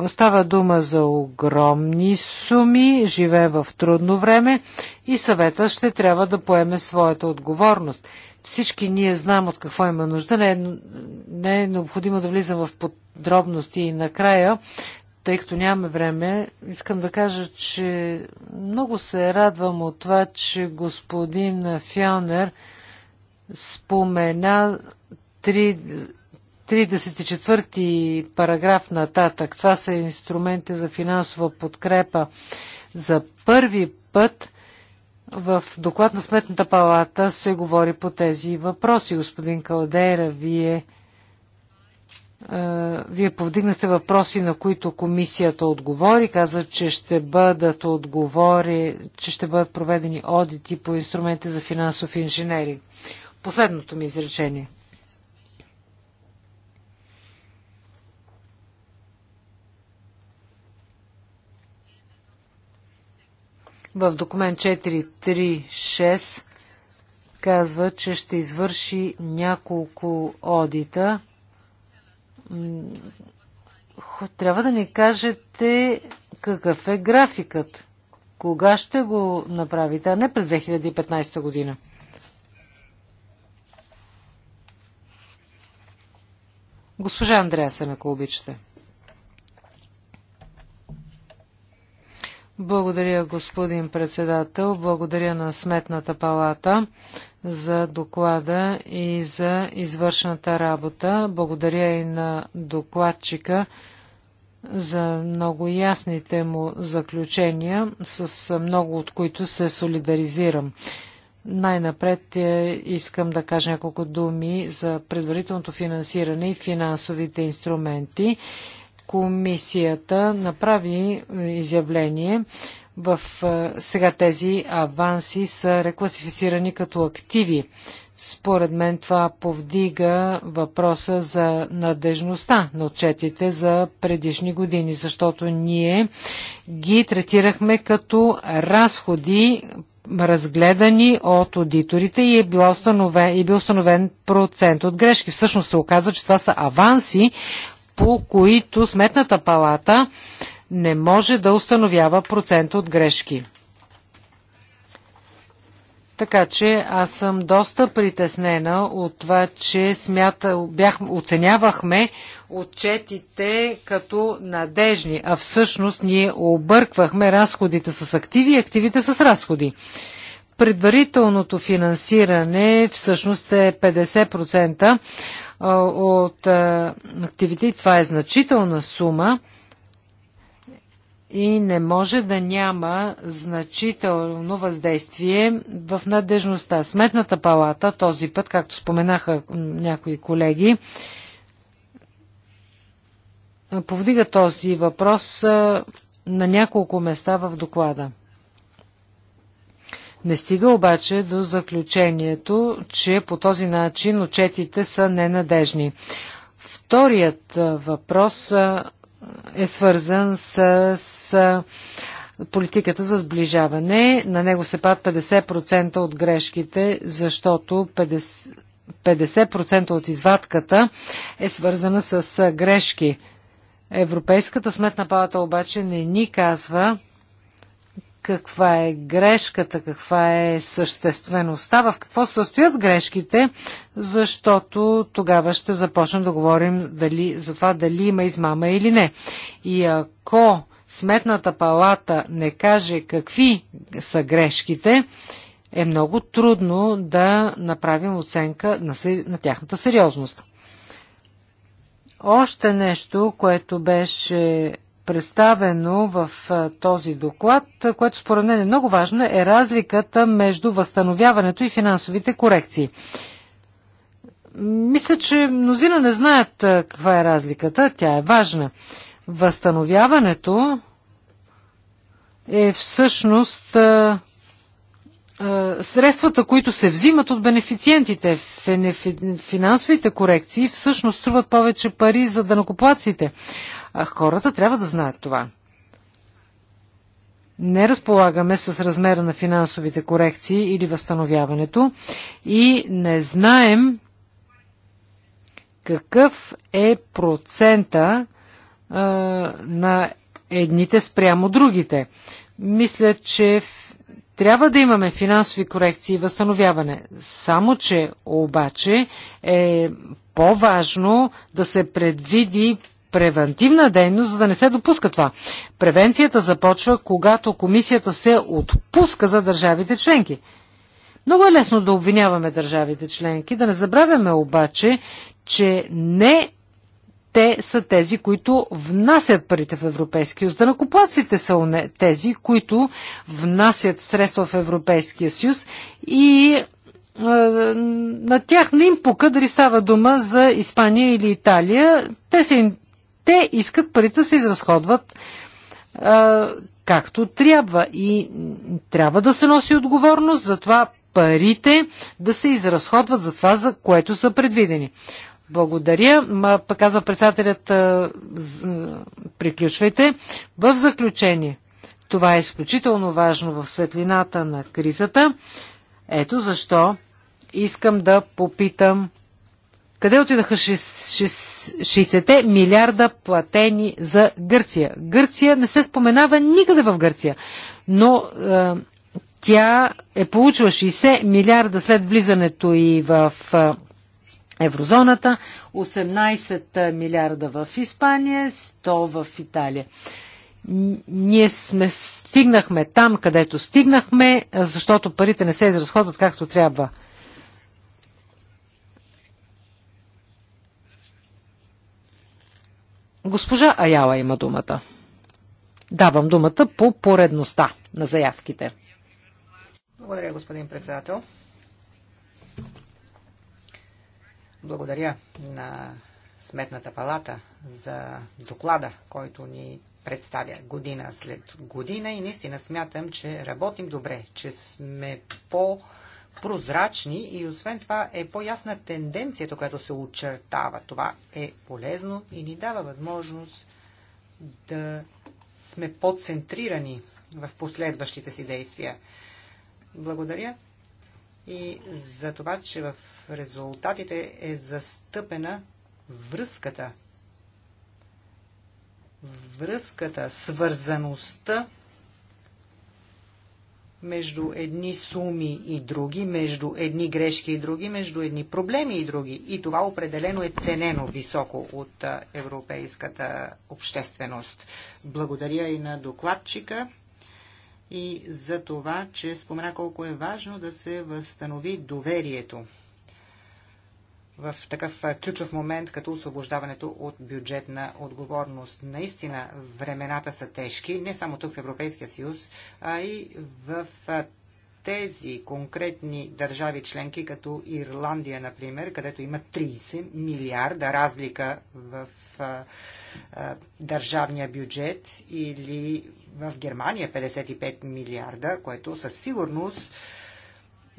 Speaker 1: Става дума за огромни суми, живее в трудно време и съвета ще трябва да поеме своята отговорност. Всички ние знаем от какво има нужда. Не е, не е необходимо да влизам в подробности и накрая, тъй като нямаме време, искам да кажа, че много се радвам от това, че господин Фионер спомена 34 параграф нататък. Това са инструменти за финансова подкрепа. За първи път в доклад на Сметната палата се говори по тези въпроси. Господин Калдейра, вие, е, вие повдигнахте въпроси, на които комисията отговори. Каза, че ще бъдат отговори, че ще бъдат проведени одити по инструменти за финансов инженеринг. Последното ми изречение – в документ 436 казва, че ще извърши няколко одита. Трябва да ни кажете какъв е графикът. Кога ще го направите, а не през 2015 година. Госпожа Андреасен, ако обичате. Благодаря, господин председател. Благодаря на Сметната палата за доклада и за извършната работа. Благодаря и на докладчика за много ясните му заключения, с много от които се солидаризирам. Най-напред е, искам да кажа няколко думи за предварителното финансиране и финансовите инструменти комисията направи изявление в сега тези аванси са рекласифицирани като активи. Според мен това повдига въпроса за надежността на отчетите за предишни години, защото ние ги третирахме като разходи, разгледани от аудиторите и е, било установен, е бил установен процент от грешки. Всъщност се оказва, че това са аванси, по които Сметната палата не може да установява процент от грешки. Така че аз съм доста притеснена от това, че смята, бях, оценявахме отчетите като надежни, а всъщност ние обърквахме разходите с активи и активите с разходи. Предварителното финансиране всъщност е 50% от активите. Това е значителна сума и не може да няма значително въздействие в надежността. Сметната палата този път, както споменаха някои колеги, повдига този въпрос на няколко места в доклада. Не стига обаче до заключението, че по този начин отчетите са ненадежни. Вторият въпрос е свързан с, с политиката за сближаване. На него се пад 50% от грешките, защото 50%, 50% от извадката е свързана с грешки. Европейската сметна палата обаче не ни казва каква е грешката, каква е съществеността, в какво състоят грешките, защото тогава ще започнем да говорим дали, за това дали има измама или не. И ако Сметната палата не каже какви са грешките, е много трудно да направим оценка на, на тяхната сериозност. Още нещо, което беше представено в този доклад, което според мен е много важно, е разликата между възстановяването и финансовите корекции. Мисля, че мнозина не знаят каква е разликата. Тя е важна. Възстановяването е всъщност средствата, които се взимат от бенефициентите, финансовите корекции, всъщност струват повече пари за данокоплаците. А хората трябва да знаят това. Не разполагаме с размера на финансовите корекции или възстановяването и не знаем какъв е процента а, на едните спрямо другите. Мисля, че в... трябва да имаме финансови корекции и възстановяване. Само, че обаче е по-важно да се предвиди превентивна дейност, за да не се допуска това. Превенцията започва, когато комисията се отпуска за държавите членки. Много е лесно да обвиняваме държавите членки, да не забравяме обаче, че не те са тези, които внасят парите в Европейския съюз. Данакоплаците са тези, които внасят средства в Европейския съюз и на тях не им пука дали става дума за Испания или Италия. Те са те искат парите да се изразходват а, както трябва и трябва да се носи отговорност за това парите да се изразходват за това, за което са предвидени. Благодаря. пък казва председателят, приключвайте. В заключение, това е изключително важно в светлината на кризата. Ето защо искам да попитам къде отидаха 60 милиарда платени за Гърция? Гърция не се споменава никъде в Гърция, но е, тя е получила 60 милиарда след влизането и в е, еврозоната, 18 е, милиарда в Испания, 100 в Италия ние сме стигнахме там, където стигнахме, е, защото парите не се изразходват както трябва. Госпожа Аяла има думата. Давам думата по поредността на заявките.
Speaker 3: Благодаря, господин председател. Благодаря на Сметната палата за доклада, който ни представя година след година и наистина смятам, че работим добре, че сме по- прозрачни и освен това е по-ясна тенденцията, която се очертава. Това е полезно и ни дава възможност да сме по-центрирани в последващите си действия. Благодаря и за това, че в резултатите е застъпена връзката. Връзката, свързаността между едни суми и други, между едни грешки и други, между едни проблеми и други. И това определено е ценено високо от европейската общественост. Благодаря и на докладчика и за това, че спомена колко е важно да се възстанови доверието в такъв ключов момент, като освобождаването от бюджетна отговорност. Наистина времената са тежки, не само тук в Европейския съюз, а и в тези конкретни държави членки, като Ирландия, например, където има 30 милиарда разлика в а, а, държавния бюджет или в Германия 55 милиарда, което със сигурност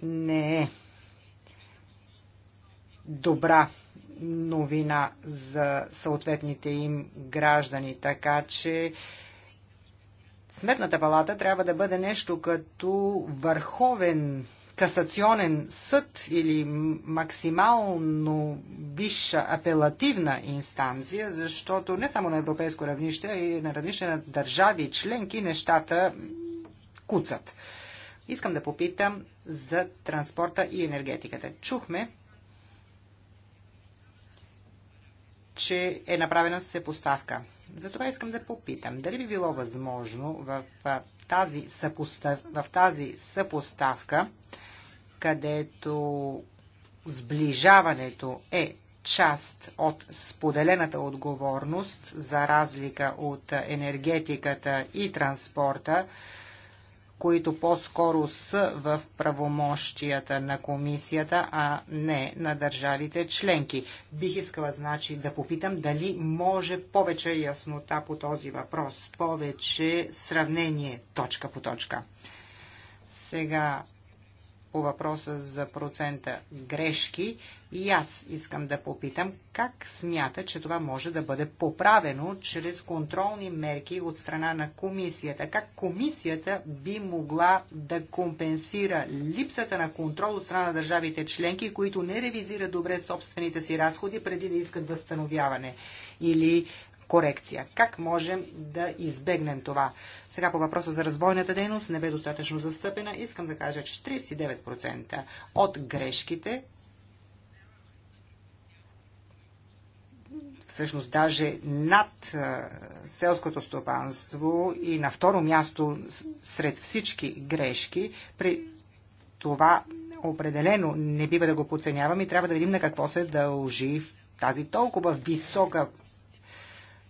Speaker 3: не е добра новина за съответните им граждани. Така че Сметната палата трябва да бъде нещо като върховен касационен съд или максимално висша апелативна инстанция, защото не само на европейско равнище, а и на равнище на държави членки нещата куцат. Искам да попитам за транспорта и енергетиката. Чухме че е направена съпоставка. Затова искам да попитам, дали би било възможно в тази, съпостав... в тази съпоставка, където сближаването е част от споделената отговорност, за разлика от енергетиката и транспорта, които по-скоро са в правомощията на комисията, а не на държавите членки. Бих искала, значи, да попитам дали може повече яснота по този въпрос, повече сравнение точка по точка. Сега по въпроса за процента грешки и аз искам да попитам как смята, че това може да бъде поправено чрез контролни мерки от страна на комисията. Как комисията би могла да компенсира липсата на контрол от страна на държавите членки, които не ревизират добре собствените си разходи преди да искат възстановяване или корекция. Как можем да избегнем това? Сега по въпроса за развойната дейност не бе достатъчно застъпена. Искам да кажа, че 39% от грешките всъщност даже над селското стопанство и на второ място сред всички грешки, при това определено не бива да го подценяваме и трябва да видим на какво се дължи тази толкова висока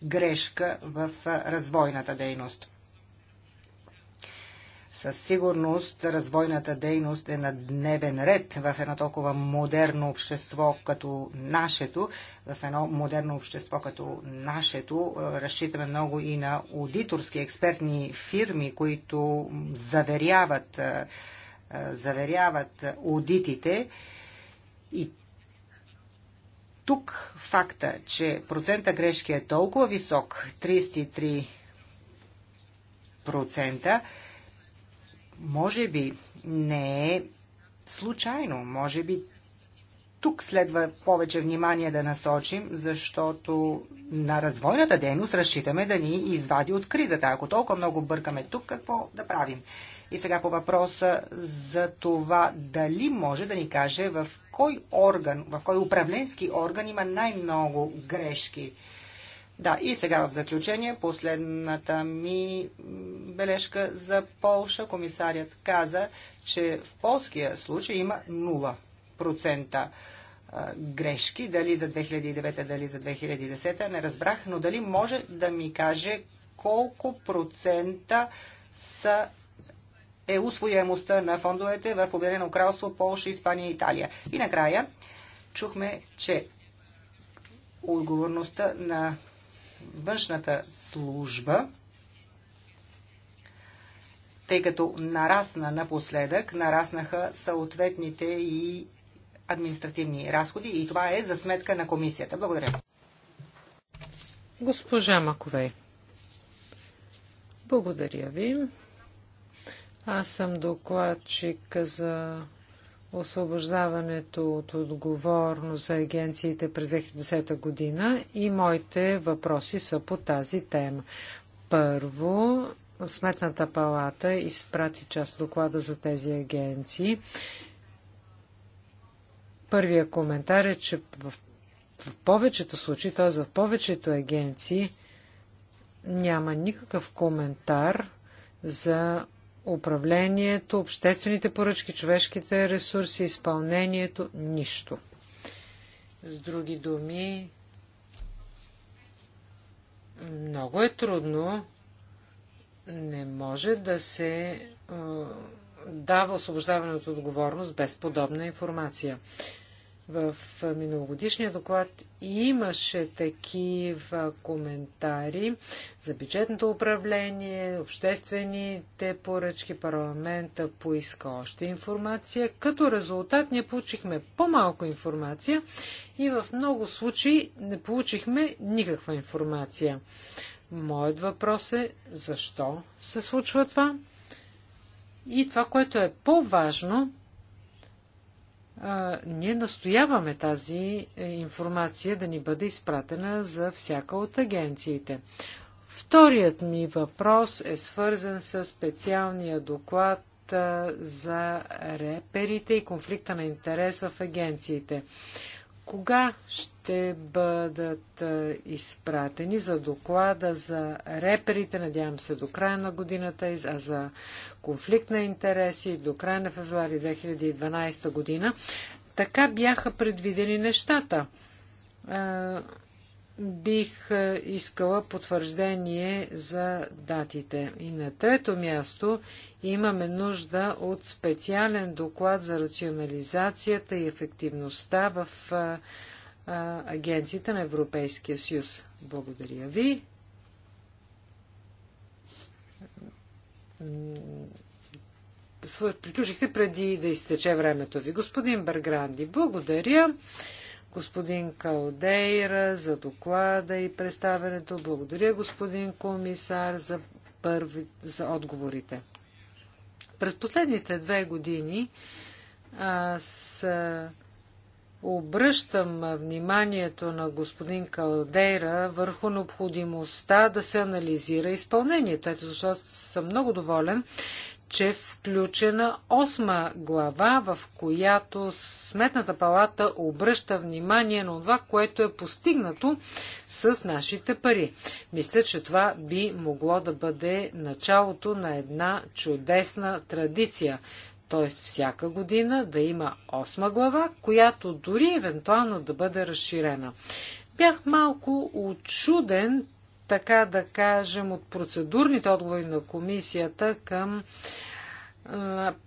Speaker 3: грешка в развойната дейност. Със сигурност развойната дейност е на дневен ред в едно толкова модерно общество като нашето. В едно модерно общество като нашето разчитаме много и на аудиторски експертни фирми, които заверяват, заверяват аудитите и тук факта, че процента грешки е толкова висок, 33%, може би не е случайно. Може би тук следва повече внимание да насочим, защото на развойната дейност разчитаме да ни извади от кризата. Ако толкова много бъркаме тук, какво да правим? И сега по въпроса за това дали може да ни каже в кой орган, в кой управленски орган има най-много грешки. Да, и сега в заключение последната ми бележка за Полша. Комисарият каза, че в полския случай има 0% грешки, дали за 2009, дали за 2010, не разбрах, но дали може да ми каже колко процента са е усвояемостта на фондовете в Обединено кралство, Полша, Испания и Италия. И накрая чухме, че отговорността на външната служба тъй като нарасна напоследък, нараснаха съответните и административни разходи и това е за сметка на комисията. Благодаря.
Speaker 1: Госпожа Маковей, благодаря ви. Аз съм докладчик за освобождаването от отговорност за агенциите през 2010 година и моите въпроси са по тази тема. Първо, Сметната палата изпрати част от доклада за тези агенции. Първия коментар е, че в, в повечето случаи, т.е. в повечето агенции, няма никакъв коментар за управлението, обществените поръчки, човешките ресурси, изпълнението, нищо. С други думи, много е трудно. Не може да се дава освобождаване от отговорност без подобна информация. В миналогодишния доклад имаше такива коментари за бюджетното управление, обществените поръчки, парламента поиска още информация. Като резултат ние получихме по-малко информация и в много случаи не получихме никаква информация. Моят въпрос е защо се случва това? И това, което е по-важно, ние настояваме тази е, информация да ни бъде изпратена за всяка от агенциите. Вторият ми въпрос е свързан с специалния доклад за реперите и конфликта на интерес в агенциите. Кога ще бъдат изпратени за доклада за реперите, надявам се до края на годината, а за конфликт на интереси до края на февруари 2012 година. Така бяха предвидени нещата бих е, искала потвърждение за датите. И на трето място имаме нужда от специален доклад за рационализацията и ефективността в е, е, агенцията на Европейския съюз. Благодаря ви. Приключихте преди да изтече времето ви. Господин Бергранди, благодаря господин Калдейра за доклада и представенето. Благодаря, господин комисар, за, първи, за отговорите. През последните две години аз обръщам вниманието на господин Калдейра върху необходимостта да се анализира изпълнението. Ето защо съм много доволен, че е включена осма глава, в която Сметната палата обръща внимание на това, което е постигнато с нашите пари. Мисля, че това би могло да бъде началото на една чудесна традиция. Т.е. всяка година да има осма глава, която дори евентуално да бъде разширена. Бях малко очуден, така да кажем, от процедурните отговори на комисията към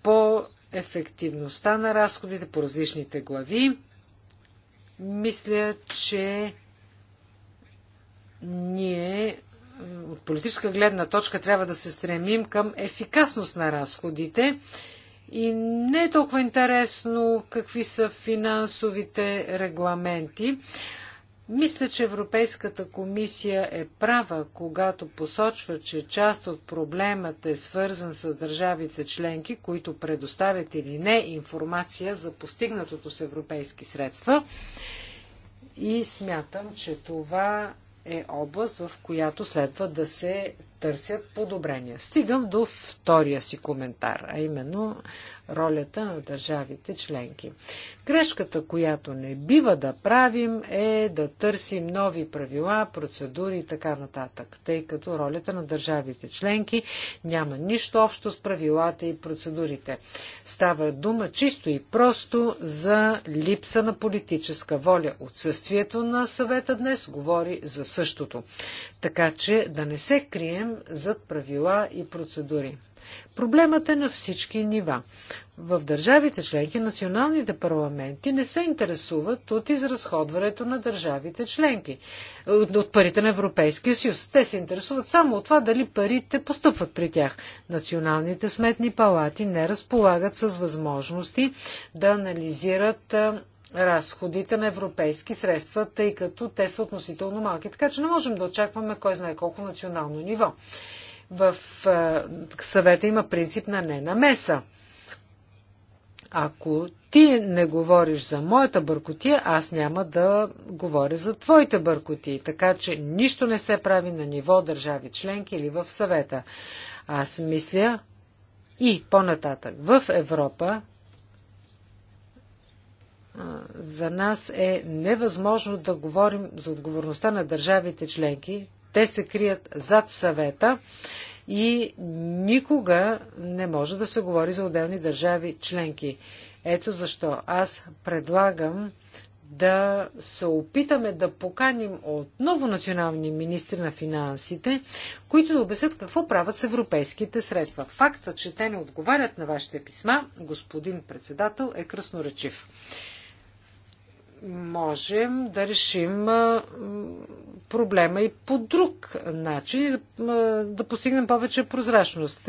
Speaker 1: по ефективността на разходите по различните глави. Мисля, че ние от политическа гледна точка трябва да се стремим към ефикасност на разходите и не е толкова интересно какви са финансовите регламенти. Мисля, че Европейската комисия е права, когато посочва, че част от проблемът е свързан с държавите членки, които предоставят или не информация за постигнатото с европейски средства. И смятам, че това е област, в която следва да се търсят подобрения. Стигам до втория си коментар, а именно ролята на държавите членки. Грешката, която не бива да правим, е да търсим нови правила, процедури и така нататък, тъй като ролята на държавите членки няма нищо общо с правилата и процедурите. Става дума чисто и просто за липса на политическа воля. Отсъствието на съвета днес говори за същото. Така че да не се крием зад правила и процедури. Проблемът е на всички нива. В държавите членки националните парламенти не се интересуват от изразходването на държавите членки, от парите на Европейския съюз. Те се интересуват само от това дали парите постъпват при тях. Националните сметни палати не разполагат с възможности да анализират разходите на европейски средства, тъй като те са относително малки. Така че не можем да очакваме кой знае колко национално ниво в съвета има принцип на ненамеса. Ако ти не говориш за моята бъркотия, аз няма да говоря за твоите бъркоти. Така че нищо не се прави на ниво държави членки или в съвета. Аз мисля и по-нататък. В Европа за нас е невъзможно да говорим за отговорността на държавите членки те се крият зад съвета и никога не може да се говори за отделни държави членки. Ето защо аз предлагам да се опитаме да поканим отново национални министри на финансите, които да обяснят какво правят с европейските средства. Фактът, че те не отговарят на вашите писма, господин председател, е красноречив можем да решим проблема и по друг начин, да постигнем повече прозрачност.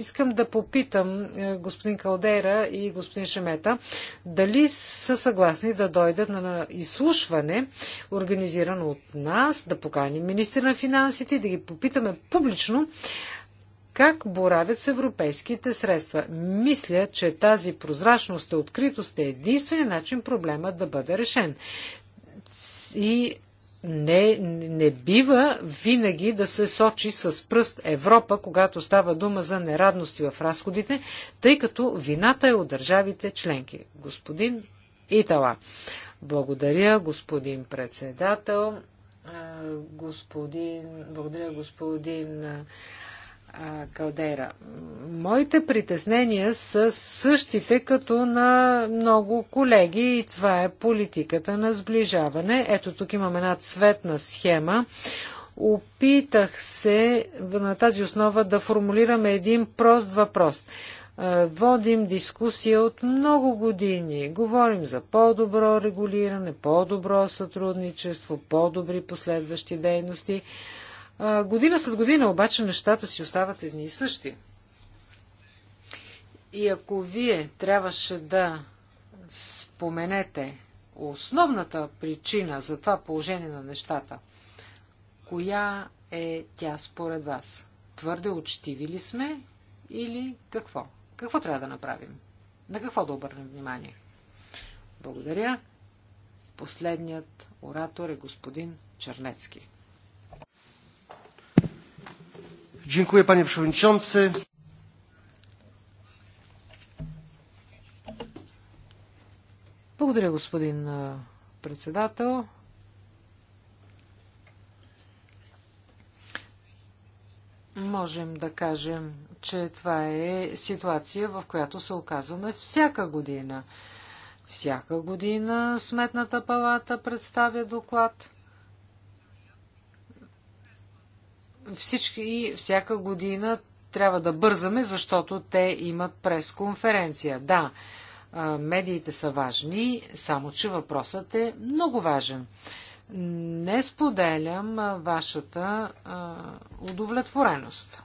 Speaker 1: Искам да попитам господин Калдейра и господин Шемета дали са съгласни да дойдат на изслушване, организирано от нас, да поканим министра на финансите и да ги попитаме публично как боравят с европейските средства. Мисля, че тази прозрачност и откритост е единствения начин проблема да бъде решен. И не, не бива винаги да се сочи с пръст Европа, когато става дума за нерадности в разходите, тъй като вината е от държавите членки. Господин Итала. Благодаря, господин председател. Господин, благодаря, господин Калдера, Моите притеснения са същите като на много колеги и това е политиката на сближаване. Ето тук имам една цветна схема. Опитах се на тази основа да формулираме един прост въпрос. Водим дискусия от много години. Говорим за по-добро регулиране, по-добро сътрудничество, по-добри последващи дейности. Година след година обаче нещата си остават едни и същи. И ако вие трябваше да споменете основната причина за това положение на нещата, коя е тя според вас? Твърде учтиви ли сме или какво? Какво трябва да направим? На какво да обърнем внимание? Благодаря. Последният оратор е господин Чернецки. Dziękuję panie przewodniczący. Благодаря, господин председател. Можем да кажем, че това е ситуация, в която се оказваме всяка година. Всяка година Сметната палата представя доклад всички всяка година трябва да бързаме, защото те имат пресконференция. Да, медиите са важни, само че въпросът е много важен. Не споделям вашата удовлетвореност.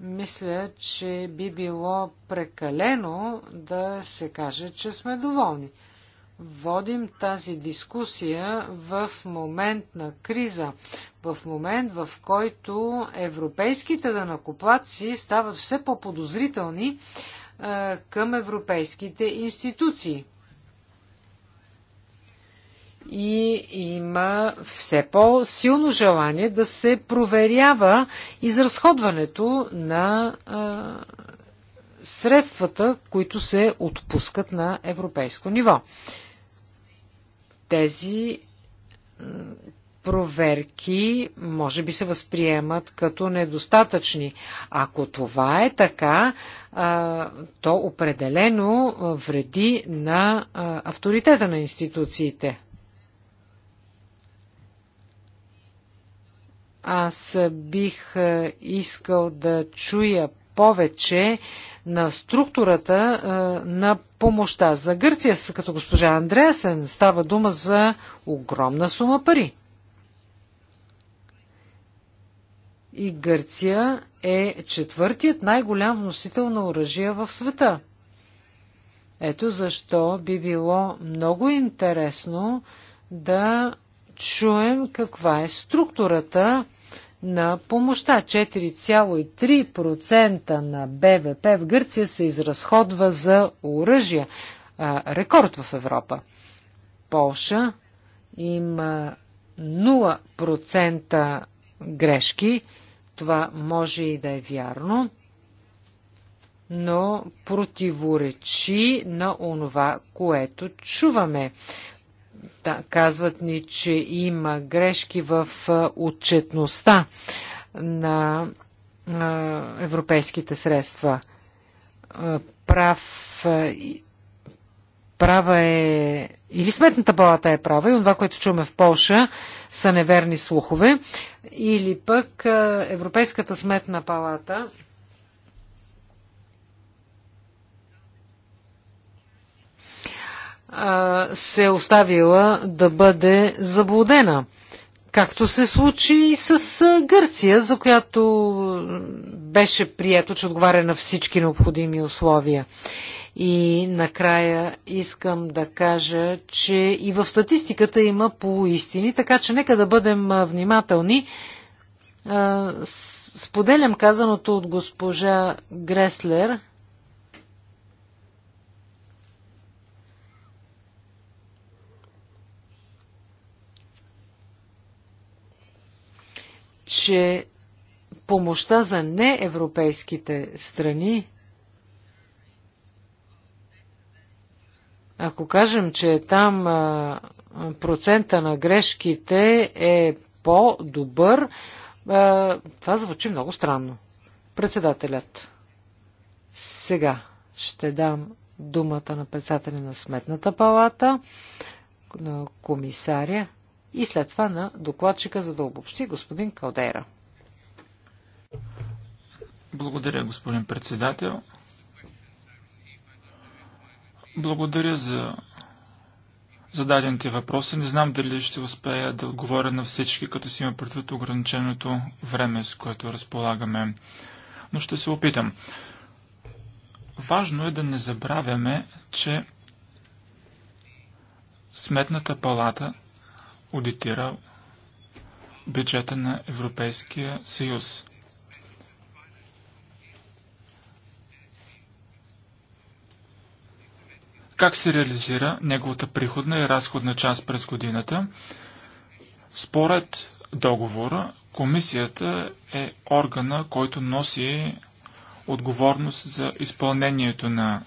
Speaker 1: Мисля, че би било прекалено да се каже, че сме доволни водим тази дискусия в момент на криза, в момент в който европейските данакоплаци стават все по-подозрителни е, към европейските институции. И има все по-силно желание да се проверява изразходването на е, средствата, които се отпускат на европейско ниво. Тези проверки може би се възприемат като недостатъчни. Ако това е така, то определено вреди на авторитета на институциите. Аз бих искал да чуя повече на структурата на помощта. За Гърция, като госпожа Андреасен, става дума за огромна сума пари. И Гърция е четвъртият най-голям вносител на оръжия в света. Ето защо би било много интересно да чуем каква е структурата на помощта. 4,3% на БВП в Гърция се изразходва за оръжия. Рекорд в Европа. Полша има 0% грешки. Това може и да е вярно, но противоречи на онова, което чуваме да, казват ни, че има грешки в отчетността на европейските средства. Прав, права е или сметната палата е права и това, което чуваме в Полша, са неверни слухове, или пък Европейската сметна палата а, се е оставила да бъде заблудена. Както се случи и с Гърция, за която беше прието, че отговаря на всички необходими условия. И накрая искам да кажа, че и в статистиката има полуистини, така че нека да бъдем внимателни. Споделям казаното от госпожа Греслер че помощта за неевропейските страни, ако кажем, че там процента на грешките е по-добър, това звучи много странно. Председателят. Сега ще дам думата на председателя на Сметната палата, на комисаря и след това на докладчика, за да обобщи господин Калдейра.
Speaker 2: Благодаря, господин председател. Благодаря за зададените въпроси. Не знам дали ще успея да отговоря на всички, като си има предвид ограниченото време, с което разполагаме. Но ще се опитам. Важно е да не забравяме, че Сметната палата – аудитира бюджета на Европейския съюз. Как се реализира неговата приходна и разходна част през годината? Според договора, комисията е органа, който носи отговорност за изпълнението на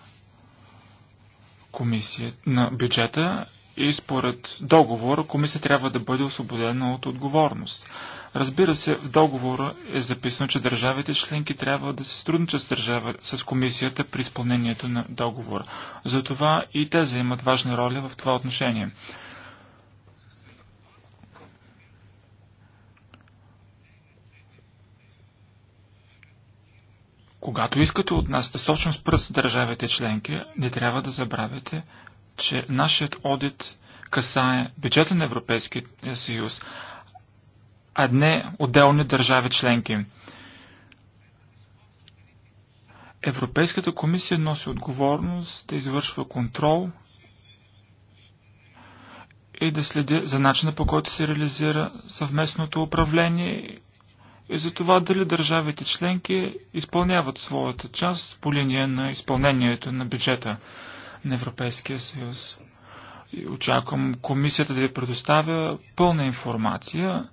Speaker 2: комисия, на бюджета и според договора комисия трябва да бъде освободена от отговорност. Разбира се, в договора е записано, че държавите членки трябва да се сътрудничат с, държава, с комисията при изпълнението на договора. Затова и те заемат важна роля в това отношение. Когато искате от нас да сочим с пръст държавите членки, не трябва да забравяте, че нашият одит касае бюджета на Европейския съюз, а не отделни държави членки. Европейската комисия носи отговорност да извършва контрол и да следи за начина по който се реализира съвместното управление и за това дали държавите членки изпълняват своята част по линия на изпълнението на бюджета на Европейския съюз. И очаквам комисията да ви предоставя пълна информация,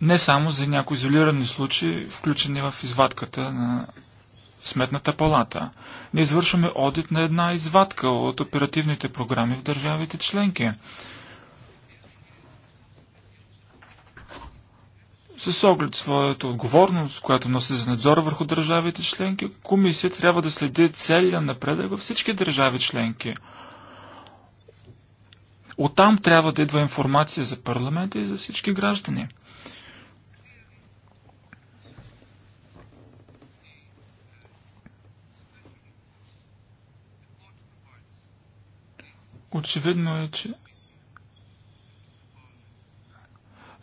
Speaker 2: не само за някои изолирани случаи, включени в извадката на Сметната палата. Ние извършваме одит на една извадка от оперативните програми в държавите членки. С оглед своята отговорност, която носи за надзора върху държавите членки, комисия трябва да следи целия напредък във всички държави членки. Оттам трябва да идва информация за парламента и за всички граждани. Очевидно е, че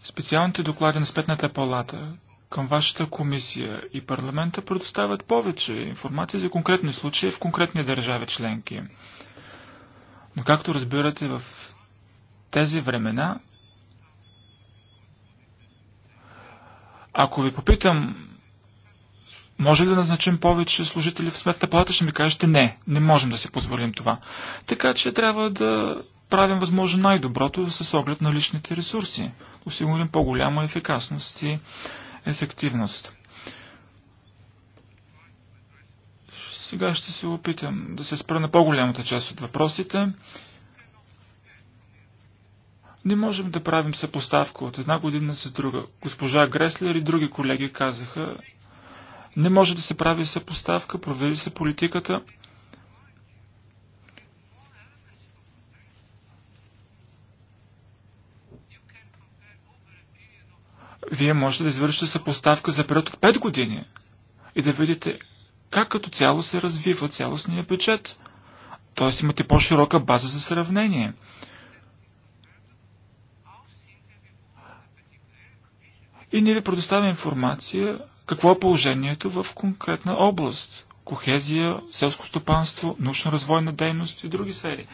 Speaker 2: Специалните доклади на Спетната палата към вашата комисия и парламента предоставят повече информация за конкретни случаи в конкретни държави членки. Но както разбирате, в тези времена, ако ви попитам, може ли да назначим повече служители в сметната палата, ще ми кажете не, не можем да си позволим това. Така че трябва да правим възможно най-доброто с оглед на личните ресурси. Осигурим по-голяма ефикасност и ефективност. Сега ще се опитам да се спра на по-голямата част от въпросите. Не можем да правим съпоставка от една година за друга. Госпожа Греслер и други колеги казаха, не може да се прави съпоставка, провери се политиката. вие можете да извършите съпоставка за период от 5 години и да видите как като цяло се развива цялостния бюджет. Тоест имате по-широка база за сравнение. И ние ви предоставя информация какво е положението в конкретна област. Кохезия, селско стопанство, научно-развойна дейност и други сфери.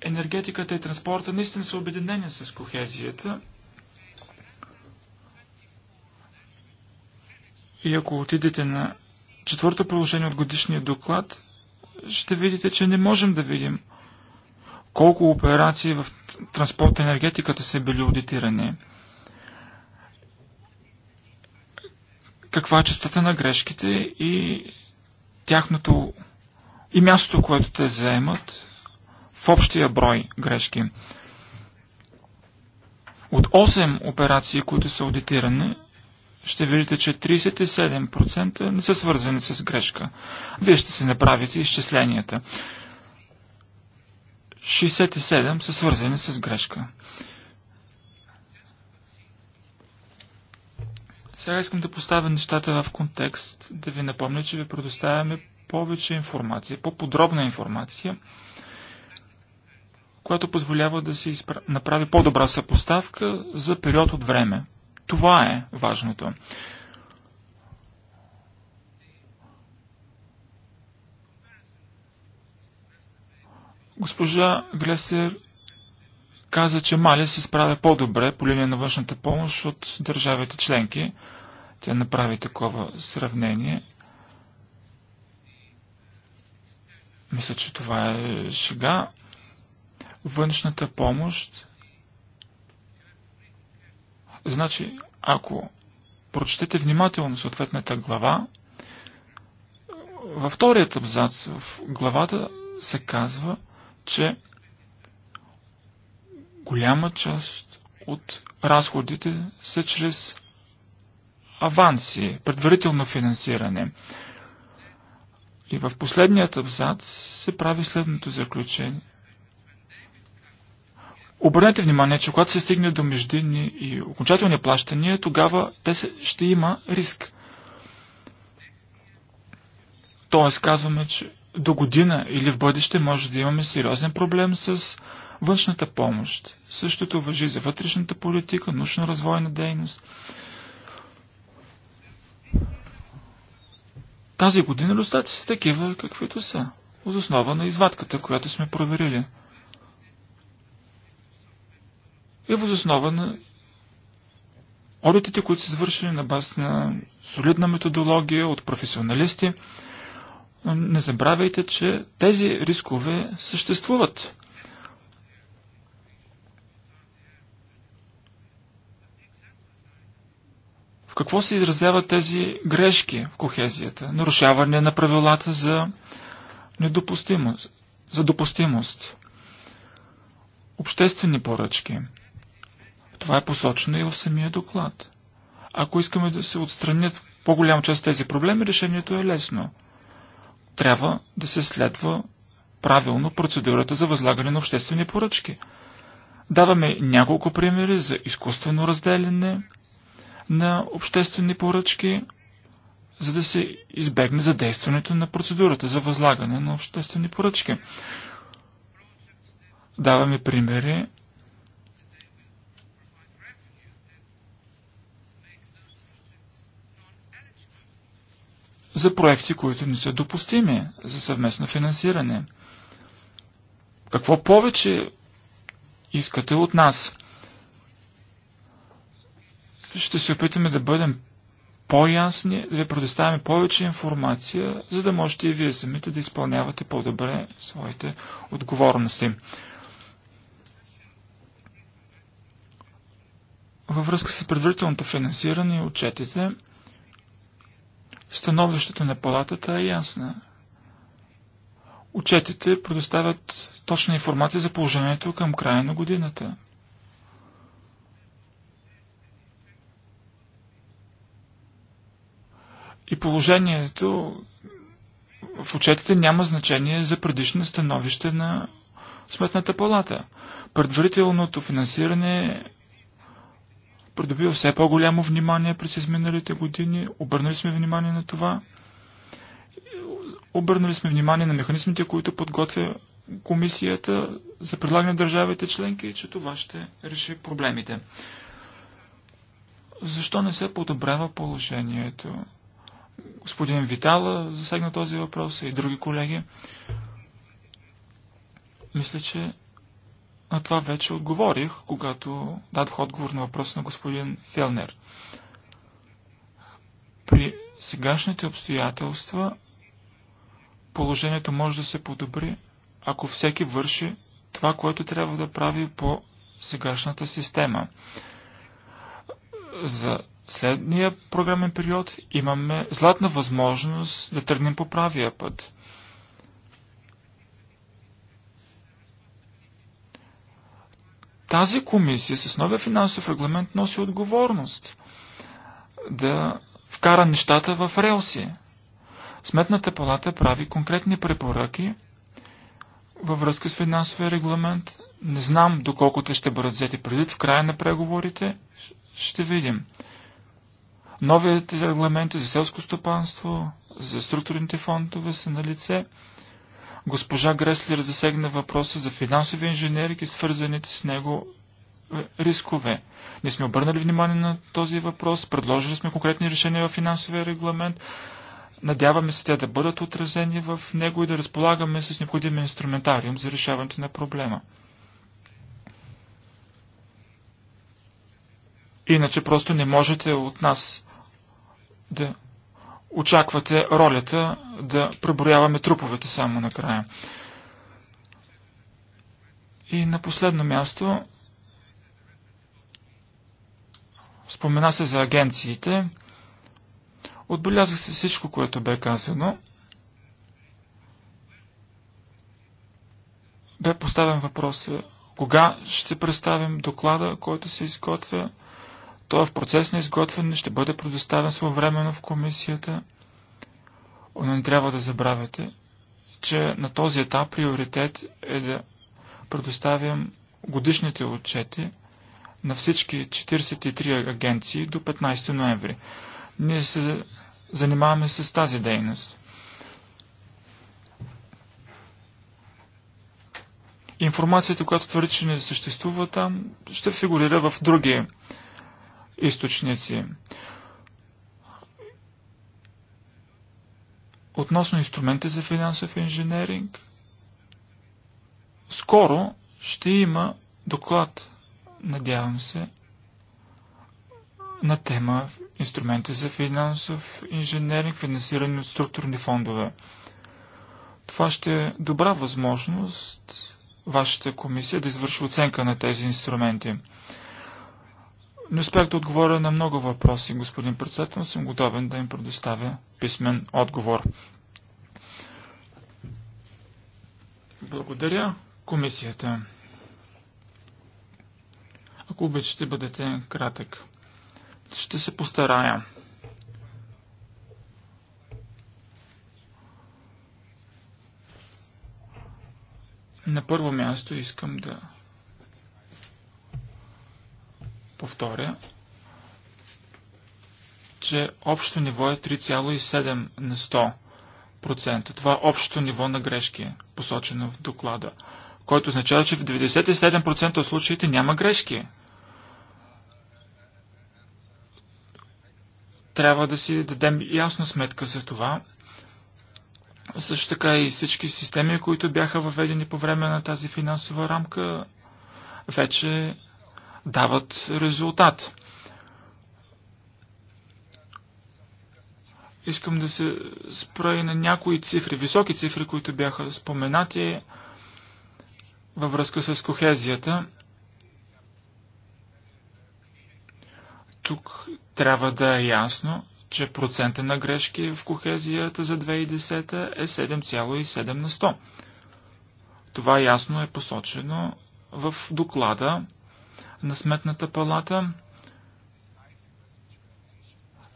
Speaker 2: Енергетиката и транспорта наистина са обединени с кохезията И ако отидете на четвърто приложение от годишния доклад, ще видите, че не можем да видим колко операции в транспорт и енергетиката са били аудитирани. Каква е частота на грешките и тяхното и мястото, което те заемат в общия брой грешки. От 8 операции, които са аудитирани, ще видите, че 37% не са свързани с грешка. Вие ще си направите изчисленията. 67 са свързани с грешка. Сега искам да поставя нещата в контекст, да ви напомня, че ви предоставяме повече информация, по-подробна информация, която позволява да се изпра... направи по-добра съпоставка за период от време, това е важното. Госпожа Глесер каза, че Мали се справя по-добре по линия на външната помощ от държавите членки. Тя направи такова сравнение. Мисля, че това е шега. Външната помощ Значи, ако прочетете внимателно съответната глава, във вторият абзац в главата се казва, че голяма част от разходите са чрез аванси, предварително финансиране. И в последният абзац се прави следното заключение. Обърнете внимание, че когато се стигне до междинни и окончателни плащания, тогава те ще има риск. Тоест казваме, че до година или в бъдеще може да имаме сериозен проблем с външната помощ. Същото въжи за вътрешната политика, научно-развойна дейност. Тази година резултатите са такива, каквито са, От основа на извадката, която сме проверили – и възоснова на одитите, които са извършени на база на солидна методология от професионалисти. Не забравяйте, че тези рискове съществуват. В какво се изразяват тези грешки в кохезията? Нарушаване на правилата за недопустимост, за допустимост, обществени поръчки – това е посочено и в самия доклад. Ако искаме да се отстранят по-голяма част от тези проблеми, решението е лесно. Трябва да се следва правилно процедурата за възлагане на обществени поръчки. Даваме няколко примери за изкуствено разделяне на обществени поръчки, за да се избегне задействането на процедурата за възлагане на обществени поръчки. Даваме примери за проекти, които не са допустими за съвместно финансиране. Какво повече искате от нас? Ще се опитаме да бъдем по-ясни, да ви предоставяме повече информация, за да можете и вие самите да изпълнявате по-добре своите отговорности. Във връзка с предварителното финансиране и отчетите, Становището на палатата е ясна. Учетите предоставят точна информация за положението към края на годината. И положението в учетите няма значение за предишни становище на Сметната палата. Предварителното финансиране придобива все по-голямо внимание през изминалите години. Обърнали сме внимание на това. Обърнали сме внимание на механизмите, които подготвя комисията за предлагане на държавите членки, че това ще реши проблемите. Защо не се подобрява положението? Господин Витала засегна този въпрос и други колеги. Мисля, че на това вече отговорих, когато дадох отговор на въпроса на господин Фелнер. При сегашните обстоятелства положението може да се подобри, ако всеки върши това, което трябва да прави по сегашната система. За следния програмен период имаме златна възможност да тръгнем по правия път. Тази комисия с новия финансов регламент носи отговорност да вкара нещата в релси. Сметната палата прави конкретни препоръки във връзка с финансовия регламент. Не знам доколко те ще бъдат взети предвид в края на преговорите. Ще видим. Новите регламенти е за селско стопанство, за структурните фондове са на лице. Госпожа Греслер засегна въпроса за финансови инженерики, свързаните с него е, рискове. Ние сме обърнали внимание на този въпрос, предложили сме конкретни решения в финансовия регламент. Надяваме се те да бъдат отразени в него и да разполагаме с необходим инструментариум за решаването на проблема. Иначе просто не можете от нас да очаквате ролята да преброяваме труповете само накрая. И на последно място спомена се за агенциите. Отбелязах се всичко, което бе казано. Бе поставен въпрос кога ще представим доклада, който се изготвя той е в процес на изготвяне, ще бъде предоставен своевременно в комисията. Но не трябва да забравяте, че на този етап приоритет е да предоставим годишните отчети на всички 43 агенции до 15 ноември. Ние се занимаваме с тази дейност. Информацията, която твърди, че не съществува там, ще фигурира в други източници. Относно инструменти за финансов инженеринг, скоро ще има доклад, надявам се, на тема инструменти за финансов инженеринг, финансирани от структурни фондове. Това ще е добра възможност вашата комисия да извърши оценка на тези инструменти. Не успях да отговоря на много въпроси, господин председател, съм готовен да им предоставя писмен отговор. Благодаря комисията. Ако обичате, бъдете кратък. Ще се постарая. На първо място искам да повторя, че общо ниво е 3,7 на 100%. Това е общото ниво на грешки, посочено в доклада, който означава, че в 97% от случаите няма грешки. Трябва да си дадем ясна сметка за това. Също така и всички системи, които бяха въведени по време на тази финансова рамка, вече дават резултат. Искам да се спра и на някои цифри, високи цифри, които бяха споменати във връзка с кохезията. Тук трябва да е ясно, че процента на грешки в кохезията за 2010 е 7,7 на 100. Това ясно е посочено в доклада на Сметната палата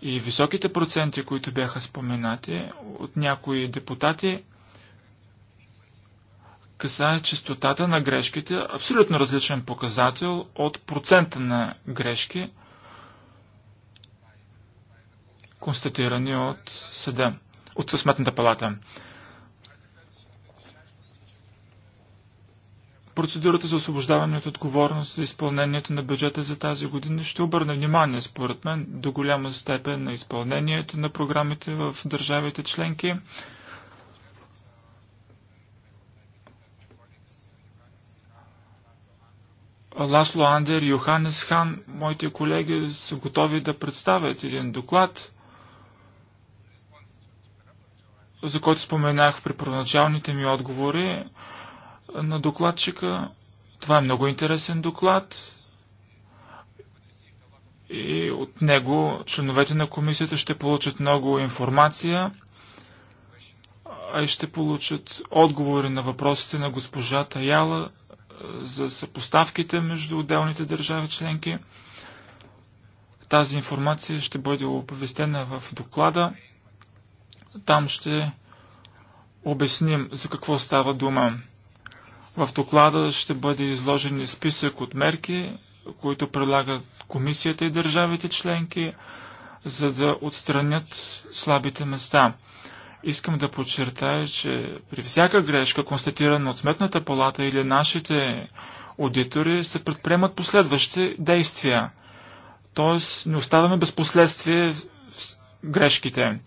Speaker 2: и високите проценти, които бяха споменати от някои депутати, касае частотата на грешките, абсолютно различен показател от процента на грешки, констатирани от съда, от Сметната палата. процедурата за освобождаване от отговорност за изпълнението на бюджета за тази година ще обърне внимание, според мен, до голяма степен на изпълнението на програмите в държавите членки. Ласло Андер, Йоханес Хан, моите колеги са готови да представят един доклад, за който споменах при първоначалните ми отговори на докладчика. Това е много интересен доклад и от него членовете на комисията ще получат много информация, а и ще получат отговори на въпросите на госпожа Таяла е, за съпоставките между отделните държави членки. Тази информация ще бъде оповестена в доклада. Там ще обясним за какво става дума. В доклада ще бъде изложен списък от мерки, които предлагат комисията и държавите членки, за да отстранят слабите места. Искам да подчертая, че при всяка грешка, констатирана от Сметната палата или нашите аудитори, се предприемат последващи действия. Тоест, не оставаме без последствие грешките.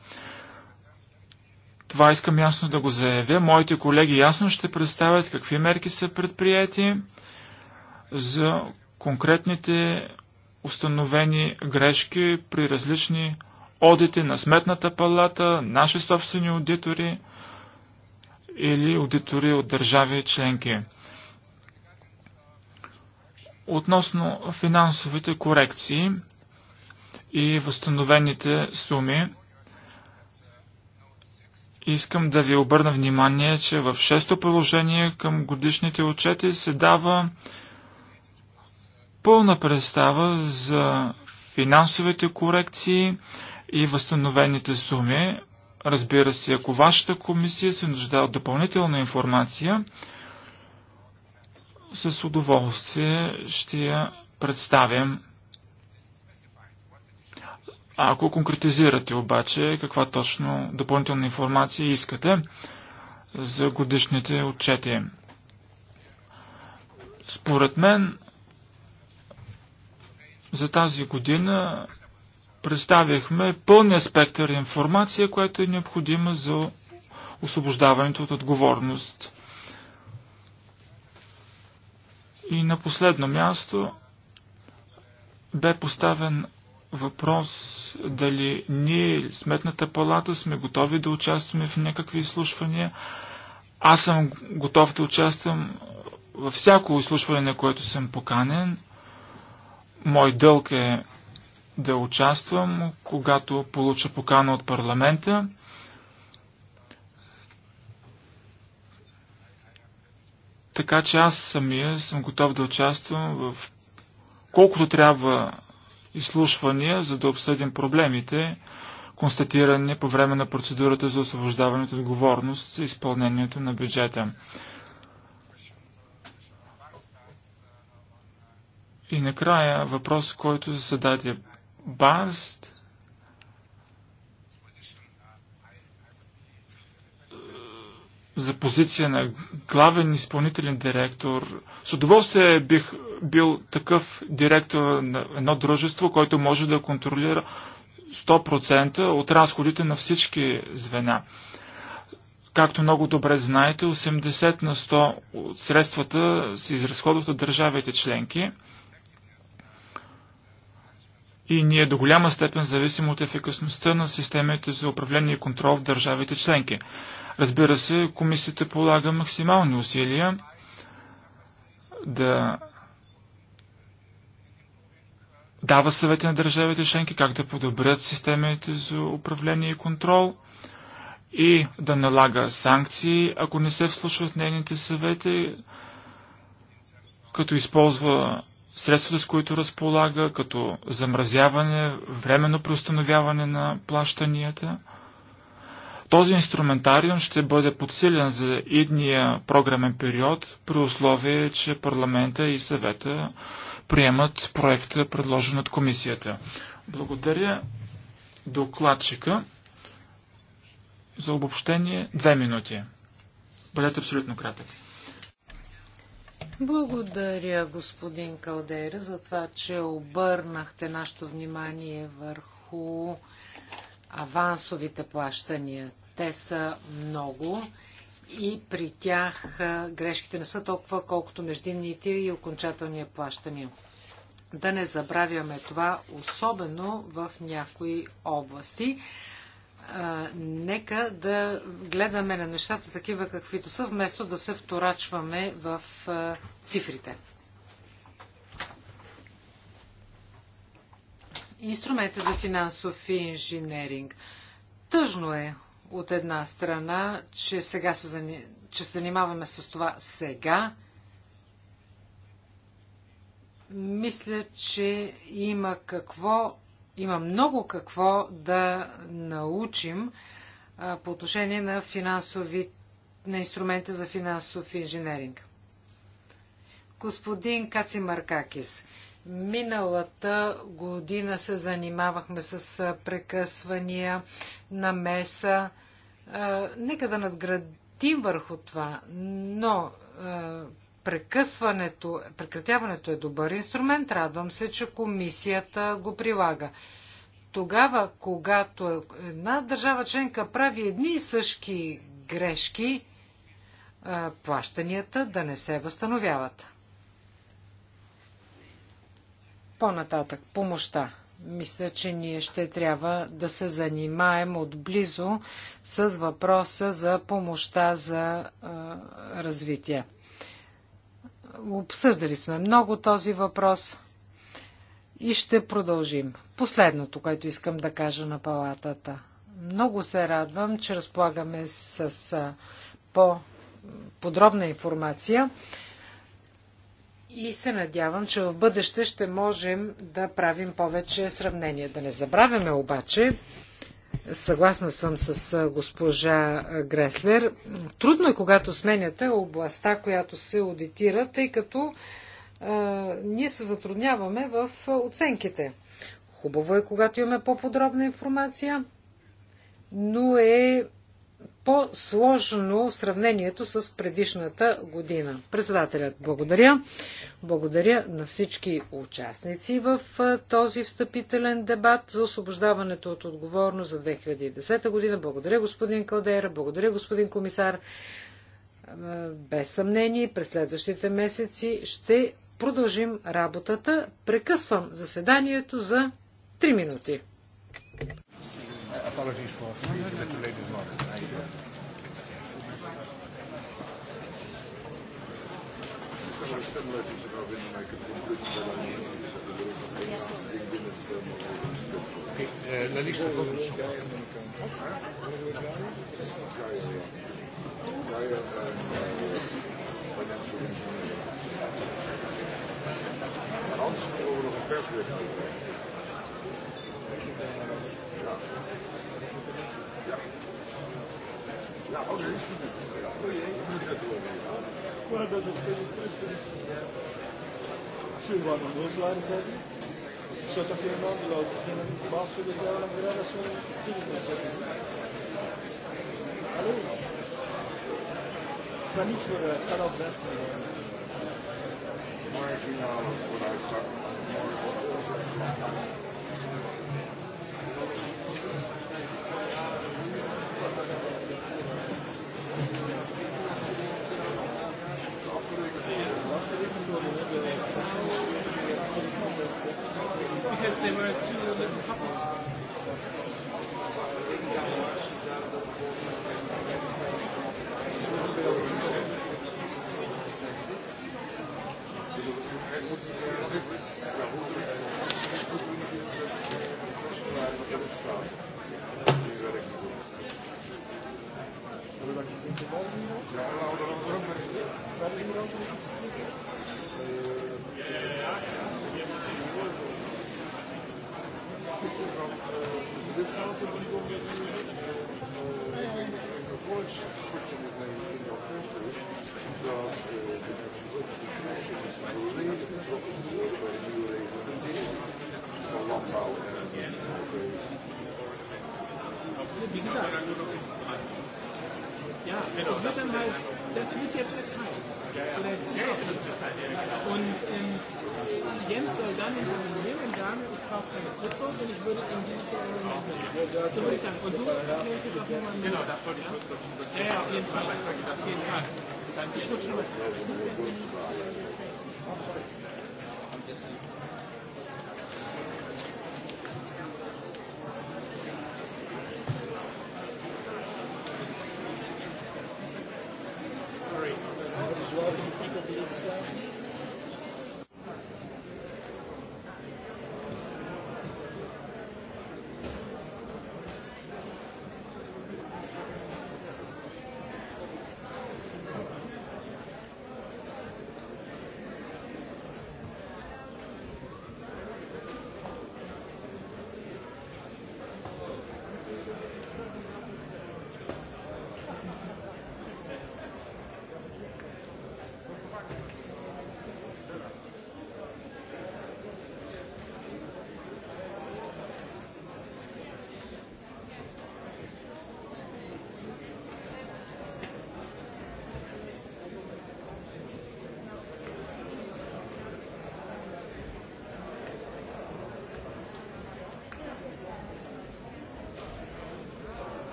Speaker 2: Това искам ясно да го заявя. Моите колеги ясно ще представят какви мерки са предприяти за конкретните установени грешки при различни одити на Сметната палата, наши собствени аудитори или аудитори от държави членки. Относно финансовите корекции и възстановените суми, Искам да ви обърна внимание, че в шесто приложение към годишните отчети се дава пълна представа за финансовите корекции и възстановените суми. Разбира се, ако вашата комисия се нуждае от допълнителна информация, с удоволствие ще я представим ако конкретизирате обаче каква точно допълнителна информация искате за годишните отчети. Според мен за тази година представихме пълния спектър информация, която е необходима за освобождаването от отговорност. И на последно място бе поставен въпрос дали ние или Сметната палата сме готови да участваме в някакви изслушвания. Аз съм готов да участвам във всяко изслушване, на което съм поканен. Мой дълг е да участвам, когато получа покана от парламента. Така че аз самия съм готов да участвам в колкото трябва изслушвания, за да обсъдим проблемите, констатирани по време на процедурата за освобождаването от отговорност за изпълнението на бюджета. И накрая въпрос, който зададе Барст – за позиция на главен изпълнителен директор. С удоволствие бих бил такъв директор на едно дружество, който може да контролира 100% от разходите на всички звена. Както много добре знаете, 80 на 100 от средствата се изразходват от държавите членки и ние до голяма степен зависим от ефикасността на системите за управление и контрол в държавите членки. Разбира се, комисията полага максимални усилия да дава съвети на държавите членки как да подобрят системите за управление и контрол и да налага санкции, ако не се вслушват нейните съвети, като използва средствата, с които разполага, като замразяване, временно преустановяване на плащанията – този инструментариум ще бъде подсилен за идния програмен период при условие, че парламента и съвета приемат проекта, предложен от комисията. Благодаря докладчика за обобщение две минути. Бъдете абсолютно кратък.
Speaker 1: Благодаря, господин Калдера, за това, че обърнахте нашето внимание върху авансовите плащания. Те са много и при тях грешките не са толкова, колкото междинните и окончателния плащания. Да не забравяме това, особено в някои области. нека да гледаме на нещата такива, каквито са, вместо да се вторачваме в цифрите. инструмента за финансов инженеринг. Тъжно е от една страна, че сега се, че занимаваме с това сега. Мисля, че има какво, има много какво да научим а, по отношение на финансови, на инструмента за финансов инженеринг. Господин Каци Маркакис, Миналата година се занимавахме с прекъсвания, намеса. Нека да надградим върху това, но прекъсването, прекратяването е добър инструмент. Радвам се, че комисията го прилага. Тогава, когато една държава членка прави едни и същи грешки, плащанията да не се възстановяват. По-нататък, помощта. Мисля, че ние ще трябва да се занимаем отблизо с въпроса за помощта за а, развитие. Обсъждали сме много този въпрос и ще продължим. Последното, което искам да кажа на палатата. Много се радвам, че разполагаме с по-подробна информация и се надявам, че в бъдеще ще можем да правим повече сравнения. Да не забравяме обаче, съгласна съм с госпожа Греслер, трудно е когато сменяте областта, която се аудитира, тъй като е, ние се затрудняваме в оценките. Хубаво е, когато имаме по-подробна информация, но е по-сложно сравнението с предишната година. Председателят, благодаря. Благодаря на всички участници в този встъпителен дебат за освобождаването от отговорност за 2010 година. Благодаря господин Калдера, благодаря господин комисар. Без съмнение, през следващите месеци ще продължим работата. Прекъсвам заседанието за 3 минути.
Speaker 2: Apologies for the belated La lista cosa sono?
Speaker 1: Hans, we nog een persbericht uitbrengen. доклада да
Speaker 2: се изпраща. Силвана, може ли да Защото ако имам лоб, баско да взема на града, съм трудно се Ало? Maar niet voor, het kan ook weg.
Speaker 1: Marginaal, voor de uitgang.
Speaker 2: Und ähm, Jens soll dann in intervenieren und sagen,
Speaker 3: ich kaufe keine Frisbee und ich würde in dieses Jahr machen. So würde ich sagen. Und so erkläre ich das auch nochmal. Genau, das wollte ich kurz Ja, ja, auf jeden Fall. Auf jeden Fall. Dann ich schon mal.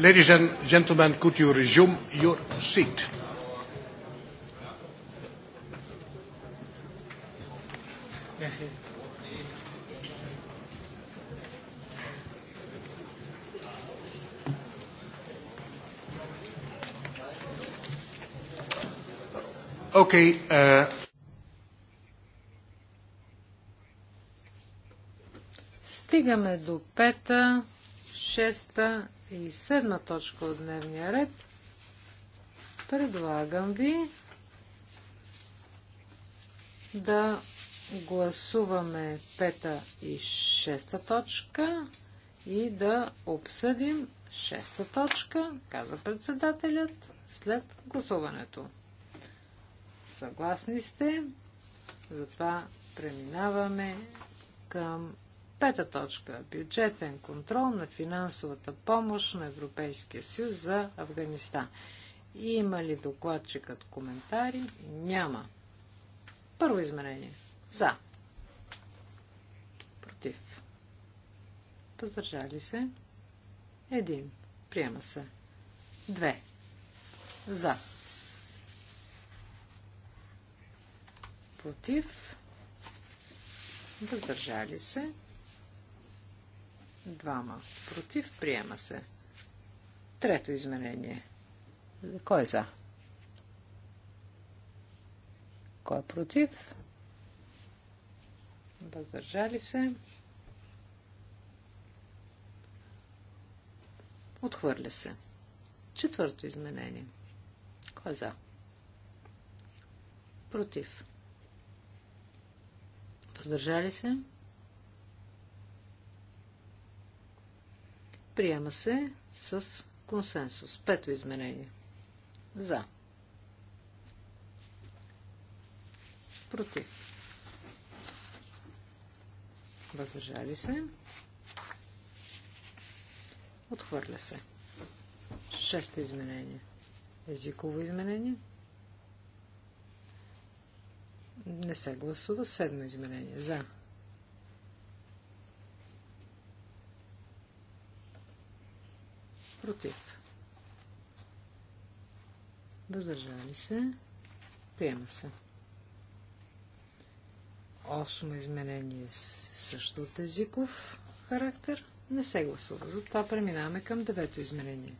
Speaker 1: Ladies and gentlemen, could you resume your seat? Okay. Uh... Стигаме до пета, шеста и седма точка от дневния ред. Предлагам ви да гласуваме пета и шеста точка и да обсъдим шеста точка, каза председателят, след гласуването. Съгласни сте, затова преминаваме към Пета точка. Бюджетен контрол на финансовата помощ на Европейския съюз за Афганистан. Има ли докладчикът коментари? Няма. Първо изменение. За. Против. Въздържали се. Един. Приема се. Две. За. Против. Въздържали се. Двама. Против. Приема се. Трето изменение. Кой е за? Кой е против? Въздържали се. Отхвърля се. Четвърто изменение. Кой е за? Против. Въздържали се. Приема се с консенсус. Пето изменение. За. Против. Въздържали се. Отхвърля се. Шесто изменение. Езиково изменение. Не се гласува. Седмо изменение. За. Против. Въздържали се. Приема се. Осмо изменение е също от езиков характер. Не се гласува. Затова преминаваме към девето изменение.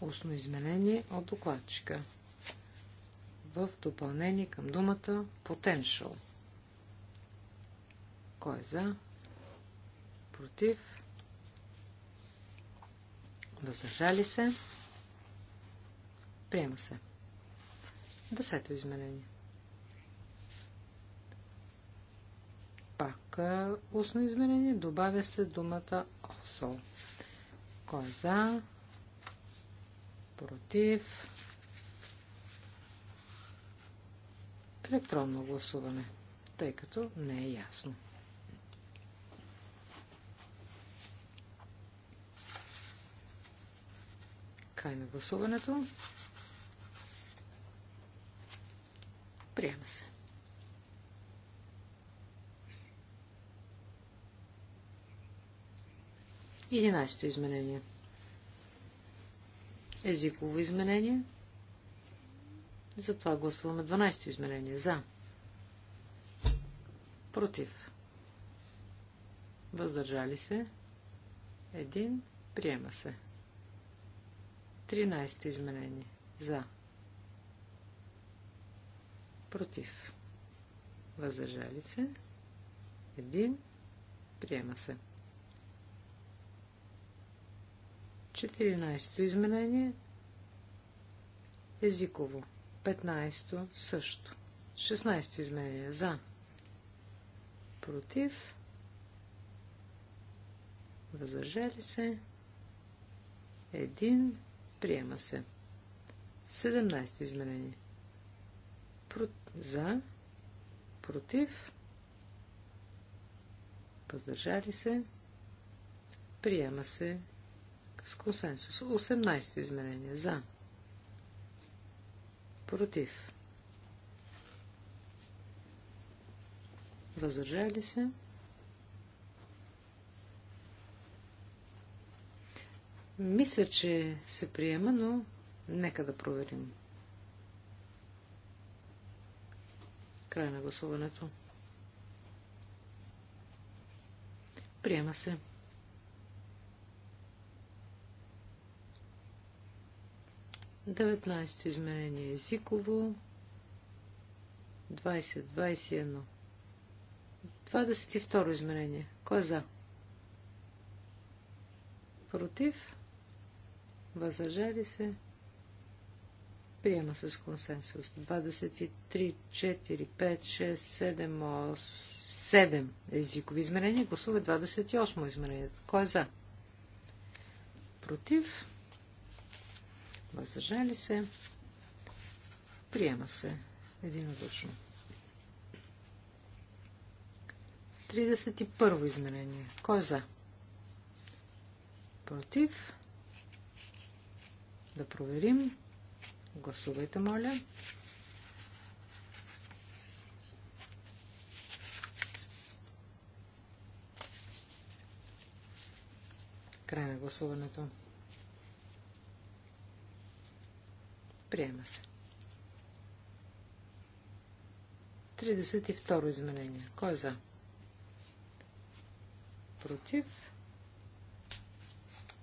Speaker 1: Осно изменение от докладчика. В допълнение към думата potential. Кой е за? Против? Въздържали се. Приема се. Десето изменение. Пак е, устно изменение. Добавя се думата also. Кой е за? Против? Електронно гласуване, тъй като не е ясно. Край на гласуването. Приема се. Единайсто изменение. Езиково изменение. Затова гласуваме 12-то изменение. За. Против. Въздържали се. Един. Приема се. 13-то изменение. За. Против. Въздържали се. Един. Приема се. 14-то изменение. Езиково. 15-то също. 16-то изменение. За. Против. Въздържали се. Един. Приема се. 17 измерение. Про... За. Против. Въздържали се. Приема се с консенсус. 18 измерение. За. Против. Въздържали се. Мисля, че се приема, но нека да проверим. Край на гласуването. Приема се. Деветнайсто изменение езиково. 20, 21. 22 изменение. Кой е за? Против? Възражали се. Приема се с консенсус. 23, 4, 5, 6, 7, 8, 7 езикови измерения. Гласува 28 измерение. Кой е за? Против. Въздържали се. Приема се единодушно. 31 измерение. Кой е за? Против. Да проверим. Гласувайте, моля. Край на гласуването. Приема се. 32 изменение. Кой е за? Против.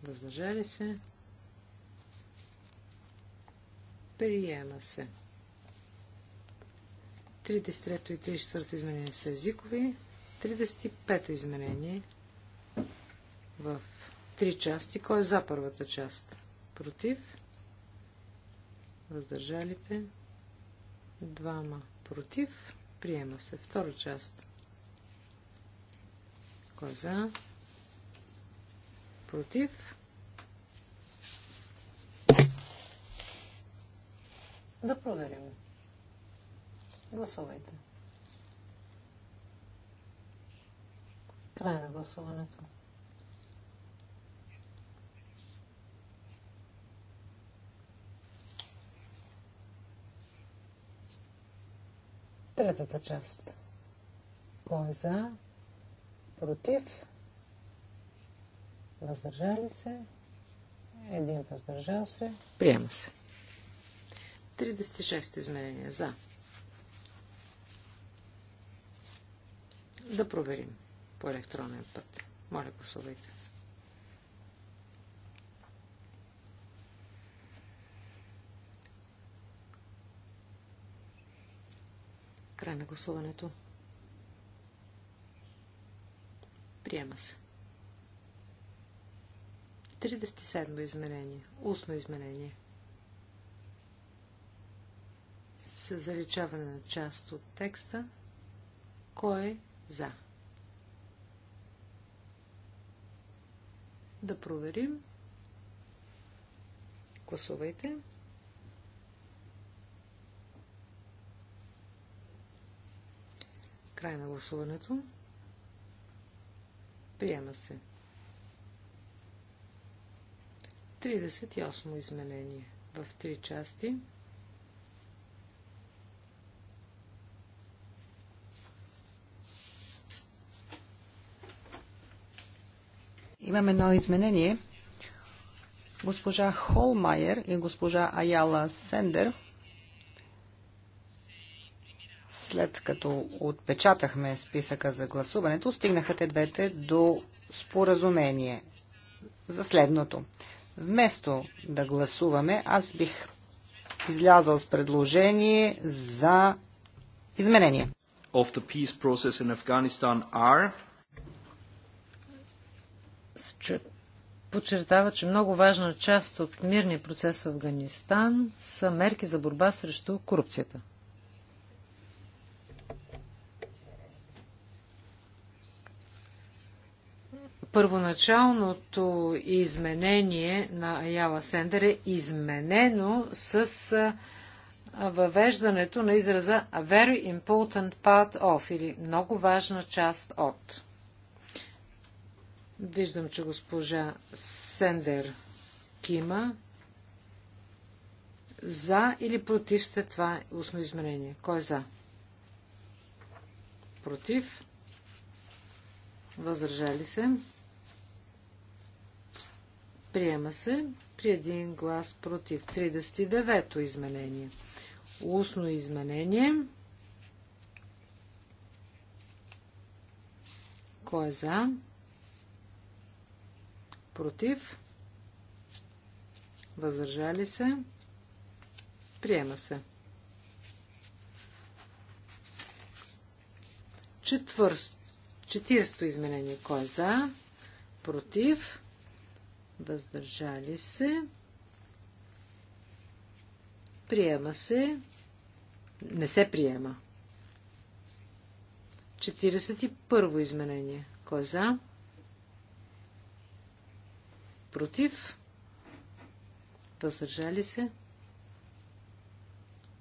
Speaker 1: Въздържали се. Приема се. 33 и 34 изменение са езикови. 35 изменение в три части. Кой е за първата част? Против? Въздържалите? Двама против. Приема се. Втора част. Кой е за? Против? Да проверим. Гласувайте. Край на гласуването. Третата част. Кой е за? Против? Въздържали се? Един въздържал се? Приема се. 36 измерение. За. Да проверим по електронен път. Моля, гласувайте. Край на гласуването. Приема се. 37 изменение. Устно изменение с заличаване на част от текста. Кой е за? Да проверим. Гласувайте. Край на гласуването. Приема се. 38 изменение в три части.
Speaker 3: Имаме едно изменение. Госпожа Холмайер и госпожа Аяла Сендер след като отпечатахме списъка за гласуването, стигнаха те двете до споразумение за следното. Вместо да гласуваме, аз бих излязал с предложение за изменение. Of
Speaker 1: the peace process in Afghanistan are подчертава, че много важна част от мирния процес в Афганистан са мерки за борба срещу корупцията. Първоначалното изменение на Аяла Сендер е изменено с въвеждането на израза a very important part of или много важна част от. Виждам, че госпожа Сендер кима. За или против сте това устно измерение? Кой е за? Против? Въздържали се? Приема се при един глас против. 39-то изменение. Устно изменение. Кой е за? против, въздържали се, приема се. Четвърсто, изменение. Кой е за? Против. Въздържали се. Приема се. Не се приема. 41 изменение. Кой е за? против, въздържали се,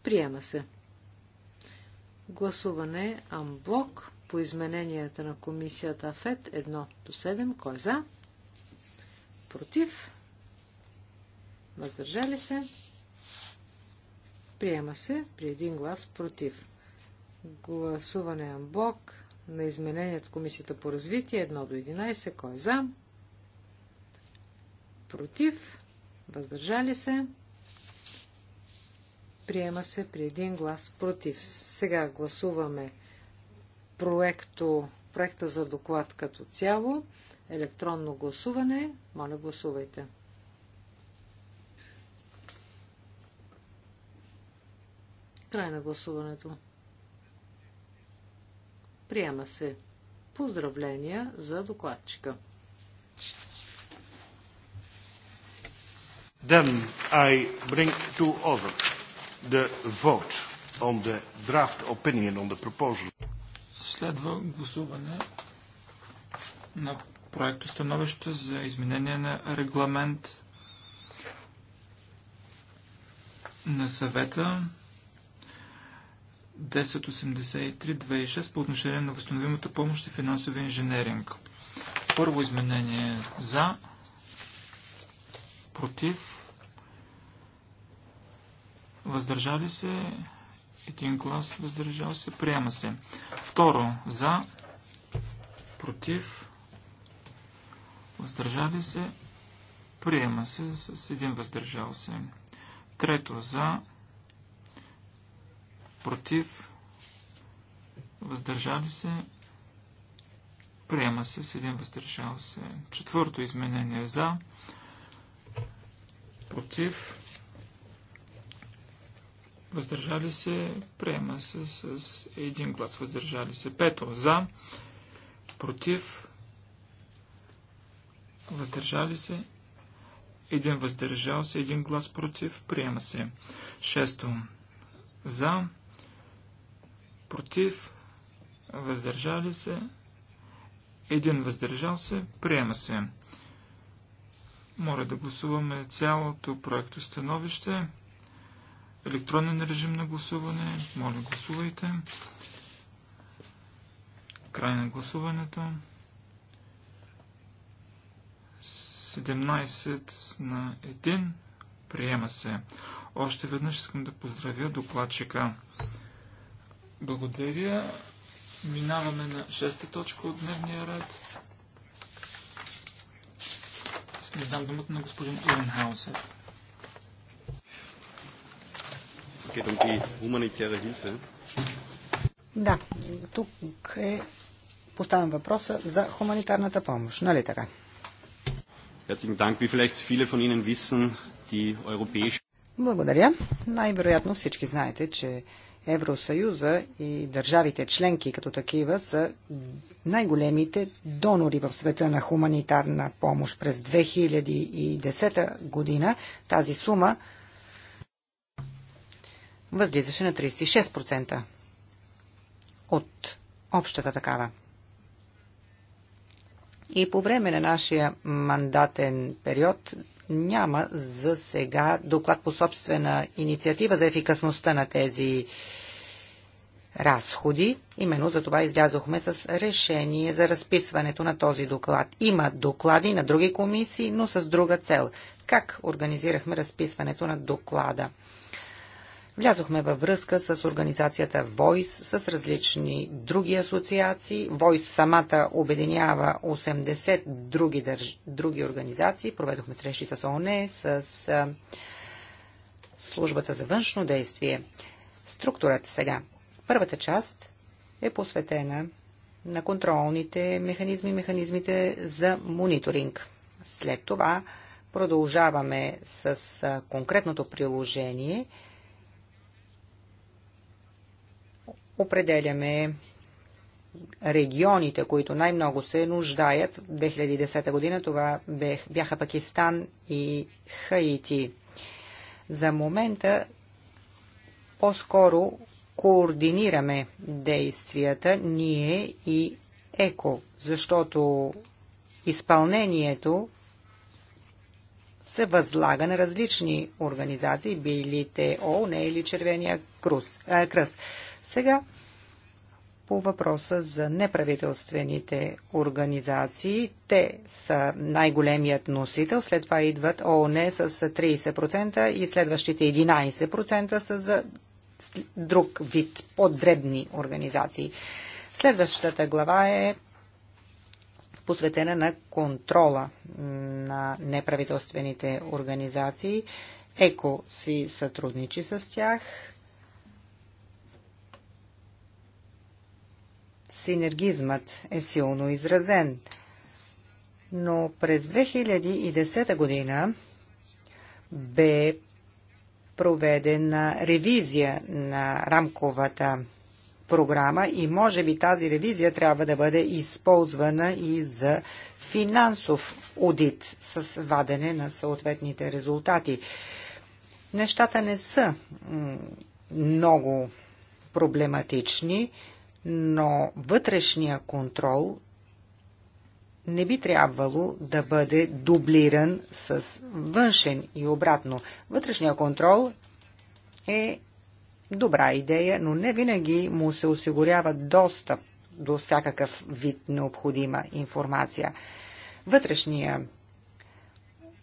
Speaker 1: приема се. Гласуване Амблок по измененията на комисията ФЕД 1 до 7. Кой е за? Против? Въздържали се? Приема се при един глас против. Гласуване Амблок на изменението комисията по развитие 1 до 11. Кой е за? против, въздържали се. Приема се при един глас против. Сега гласуваме проекто, проекта за доклад като цяло. Електронно гласуване. Моля, гласувайте. Край на гласуването. Приема се. Поздравления за докладчика.
Speaker 2: Then I bring to order the vote on the draft opinion on the proposal. Следва гласуване на проекто становище за изменение на регламент на съвета 1083-2006 по отношение на възстановимата помощ и финансови инженеринг. Първо изменение за, против, въздържали се, един глас въздържал се, приема се. Второ, за, против, въздържали се, приема се с един въздържал се. Трето, за, против, въздържали се, приема се с един въздържал се. Четвърто изменение за, против, въздържали се, приема се с един глас, въздържали се. Пето, за, против, въздържали се, един въздържал се, един глас против, приема се. Шесто, за, против, въздържали се, един въздържал се, приема се. Моля да гласуваме цялото проекто становище. Електронен режим на гласуване. Моля, гласувайте. Край на гласуването. 17 на 1. Приема се. Още веднъж искам да поздравя докладчика. Благодаря. Минаваме на шеста точка от дневния ред. Ще дам думата на господин Уенхаусер.
Speaker 3: Es geht um die humanitäre Hilfe. Да, тук е поставен въпроса за хуманитарната помощ, нали така? Herzlichen Dank. Wie vielleicht viele von Ihnen wissen, die europäische... Благодаря. Най-вероятно всички знаете, че Евросъюза и държавите членки като такива са най-големите донори в света на хуманитарна помощ. През 2010 година тази сума възлизаше на 36% от общата такава. И по време на нашия мандатен период няма за сега доклад по собствена инициатива за ефикасността на тези разходи. Именно за това излязохме с решение за разписването на този доклад. Има доклади на други комисии, но с друга цел. Как организирахме разписването на доклада? Влязохме във връзка с организацията Voice, с различни други асоциации. Voice самата обединява 80 други, държ... други организации. Проведохме срещи с ООН, с службата за външно действие. Структурата сега. Първата част е посветена на контролните механизми, механизмите за мониторинг. След това продължаваме с конкретното приложение – определяме регионите, които най-много се нуждаят. В 2010 година това бяха Пакистан и Хаити. За момента по-скоро координираме действията ние и ЕКО, защото изпълнението се възлага на различни организации, били те ООН или Червения кръст. Сега по въпроса за неправителствените организации. Те са най-големият носител, след това идват ООН с 30% и следващите 11% са за друг вид, по-дребни организации. Следващата глава е посветена на контрола на неправителствените организации. ЕКО си сътрудничи с тях синергизмът е силно изразен. Но през 2010 година бе проведена ревизия на рамковата програма и може би тази ревизия трябва да бъде използвана и за финансов одит с вадене на съответните резултати. Нещата не са много проблематични но вътрешния контрол не би трябвало да бъде дублиран с външен и обратно. Вътрешния контрол е добра идея, но не винаги му се осигурява достъп до всякакъв вид необходима информация. Вътрешния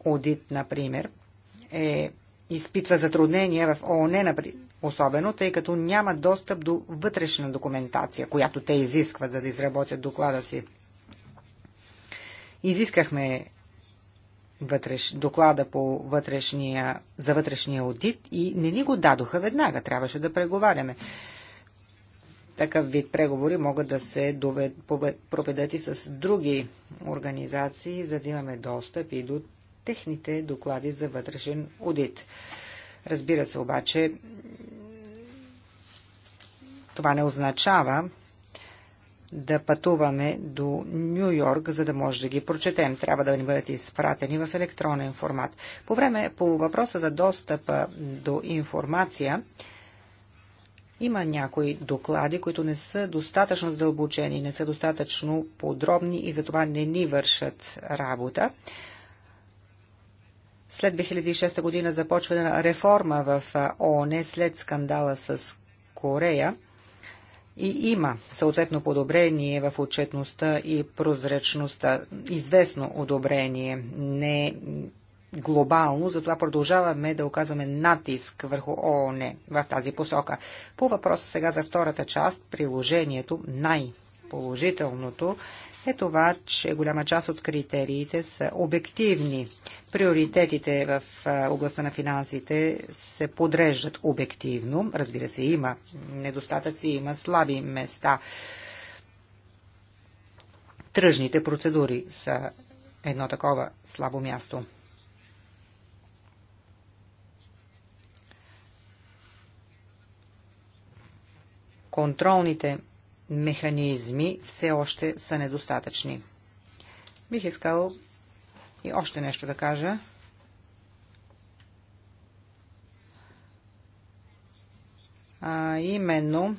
Speaker 3: одит, например, е, изпитва затруднения в ООН, особено тъй като няма достъп до вътрешна документация, която те изискват, за да изработят доклада си. Изискахме вътреш, доклада по вътрешния, за вътрешния аудит и не ни го дадоха веднага. Трябваше да преговаряме. Такъв вид преговори могат да се довед, повед, проведат и с други организации, за да имаме достъп и до техните доклади за вътрешен аудит. Разбира се, обаче, това не означава да пътуваме до Нью Йорк, за да може да ги прочетем. Трябва да ни бъдат изпратени в електронен формат. По време по въпроса за достъпа до информация, има някои доклади, които не са достатъчно задълбочени, не са достатъчно подробни и затова не ни вършат работа. След 2006 година започва реформа в ООН след скандала с Корея – и има съответно подобрение в отчетността и прозрачността, известно одобрение, не глобално, затова продължаваме да оказваме натиск върху ООН в тази посока. По въпроса сега за втората част, приложението, най-положителното е това, че голяма част от критериите са обективни. Приоритетите в областта на финансите се подреждат обективно. Разбира се, има недостатъци, има слаби места. Тръжните процедури са едно такова слабо място. Контролните механизми все още са недостатъчни. Бих искал и още нещо да кажа. А, именно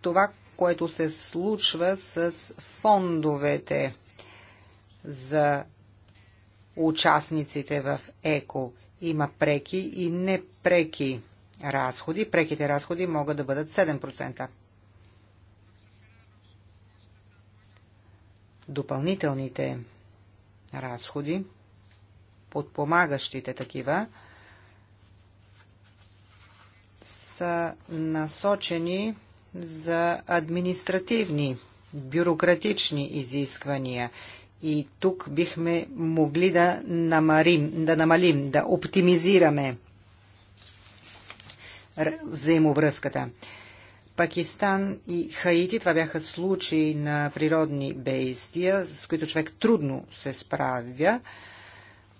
Speaker 3: това, което се случва с фондовете за участниците в ЕКО. Има преки и непреки разходи. Преките разходи могат да бъдат 7%. допълнителните разходи, подпомагащите такива, са насочени за административни, бюрократични изисквания. И тук бихме могли да, намарим, да намалим, да оптимизираме взаимовръзката. Пакистан и Хаити. Това бяха случаи на природни бейстия, с които човек трудно се справя.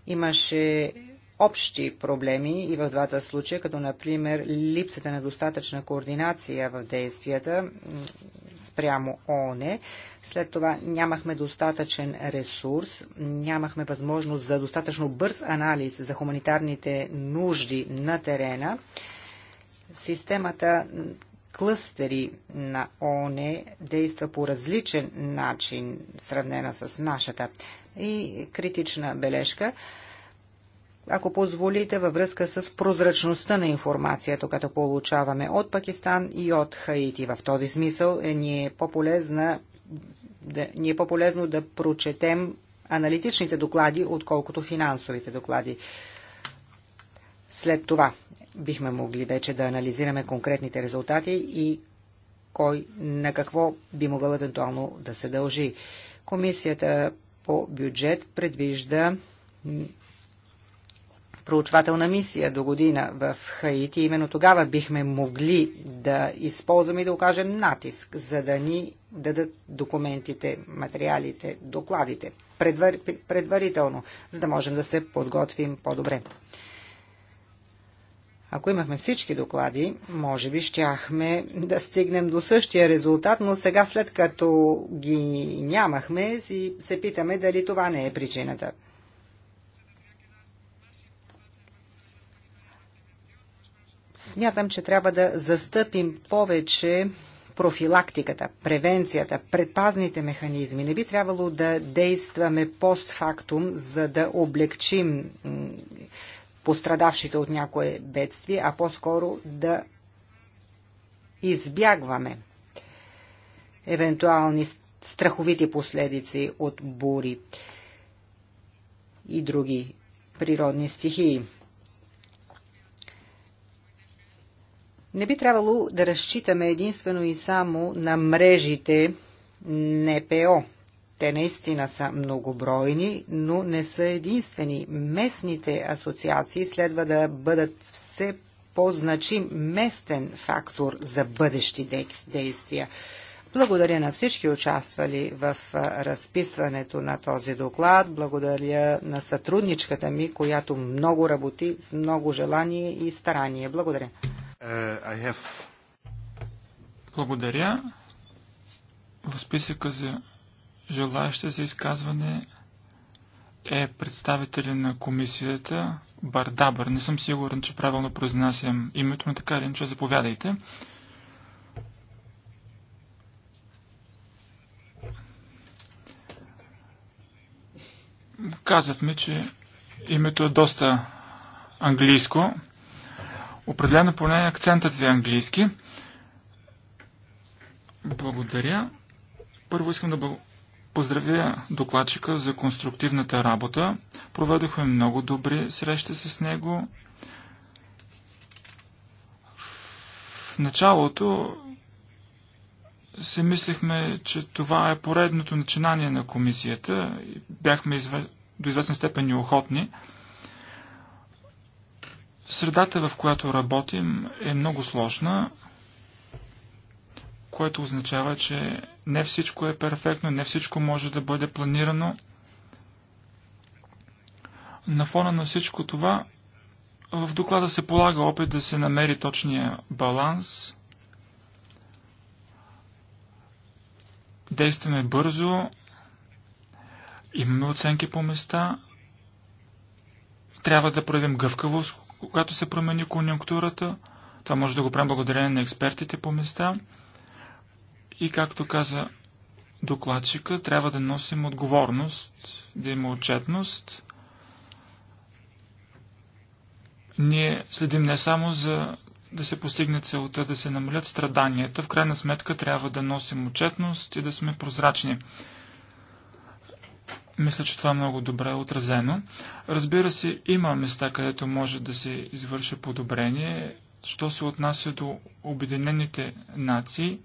Speaker 3: Имаше общи проблеми и в двата случая, като например липсата на достатъчна координация в действията спрямо ОНЕ. След това нямахме достатъчен ресурс, нямахме възможност за достатъчно бърз анализ за хуманитарните нужди на терена. Системата клъстери на ОНЕ действа по различен начин, сравнена с нашата. И критична бележка. Ако позволите, във връзка с прозрачността на информацията, като получаваме от Пакистан и от Хаити. В този смисъл е, ни, е по-полезна, да, ни е по-полезно да прочетем аналитичните доклади, отколкото финансовите доклади. След това бихме могли вече да анализираме конкретните резултати и кой на какво би могъл евентуално да се дължи. Комисията по бюджет предвижда проучвателна мисия до година в Хаити. Именно тогава бихме могли да използваме и да окажем натиск, за да ни дадат документите, материалите, докладите предварително, за да можем да се подготвим по-добре. Ако имахме всички доклади, може би щяхме да стигнем до същия резултат, но сега след като ги нямахме, си се питаме дали това не е причината. Смятам, че трябва да застъпим повече профилактиката, превенцията, предпазните механизми. Не би трябвало да действаме постфактум, за да облегчим пострадавшите от някое бедствие, а по-скоро да избягваме евентуални страховити последици от бури и други природни стихии. Не би трябвало да разчитаме единствено и само на мрежите НПО. Те наистина са многобройни, но не са единствени. Местните асоциации следва да бъдат все по-значим местен фактор за бъдещи действия. Благодаря на всички участвали в разписването на този доклад. Благодаря на сътрудничката ми, която много работи с много желание и старание. Благодаря.
Speaker 2: Uh, have... Благодаря. В списъка за желаящи за изказване е представителя на комисията Бардабър. Не съм сигурен, че правилно произнасям името, но така или че заповядайте. Казват ми, че името е доста английско. Определено поне акцентът ви е английски. Благодаря. Първо искам да поздравя докладчика за конструктивната работа. Проведохме много добри срещи с него. В началото се мислихме, че това е поредното начинание на комисията. Бяхме изве... до известна степен охотни. Средата, в която работим, е много сложна, което означава, че не всичко е перфектно, не всичко може да бъде планирано. На фона на всичко това, в доклада се полага опит да се намери точния баланс. Действаме бързо, имаме оценки по места, трябва да проявим гъвкавост, когато се промени конъюнктурата. Това може да го правим благодарение на експертите по места. И както каза докладчика, трябва да носим отговорност, да има отчетност. Ние следим не само за да се постигне целта да се намалят страданията, в крайна сметка трябва да носим отчетност и да сме прозрачни. Мисля, че това е много добре е отразено. Разбира се, има места, където може да се извърши подобрение. Що се отнася до Обединените нации,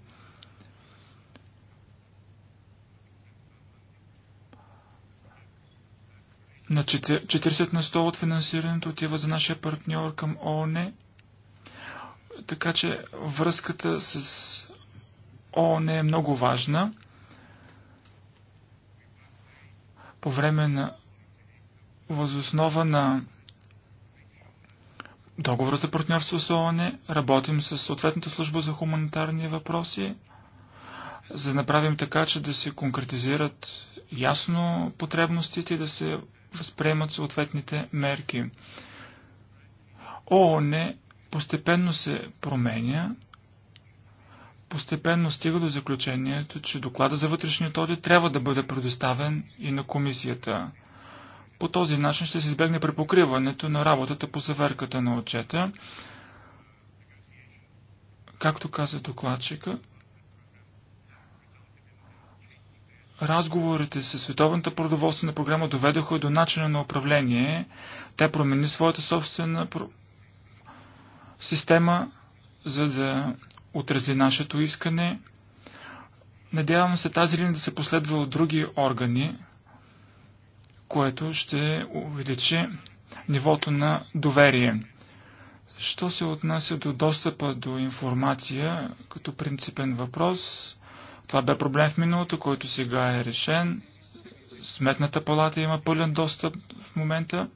Speaker 2: на 40 на 100 от финансирането отива за нашия партньор към ООН. Така че връзката с ООН е много важна. По време на възоснова на договора за партньорство с ООН работим с съответната служба за хуманитарни въпроси, за да направим така, че да се конкретизират ясно потребностите и да се възприемат съответните мерки. ООН постепенно се променя, постепенно стига до заключението, че доклада за вътрешният този трябва да бъде предоставен и на комисията. По този начин ще се избегне препокриването на работата по заверката на отчета. Както каза докладчика, разговорите с Световната продоволствена програма доведоха до начина на управление. Тя промени своята собствена про... система, за да отрази нашето искане. Надявам се тази линия да се последва от други органи, което ще увеличи нивото на доверие. Що се отнася до достъпа до информация като принципен въпрос, това бе проблем в миналото, който сега е решен. Сметната палата има пълен достъп в момента.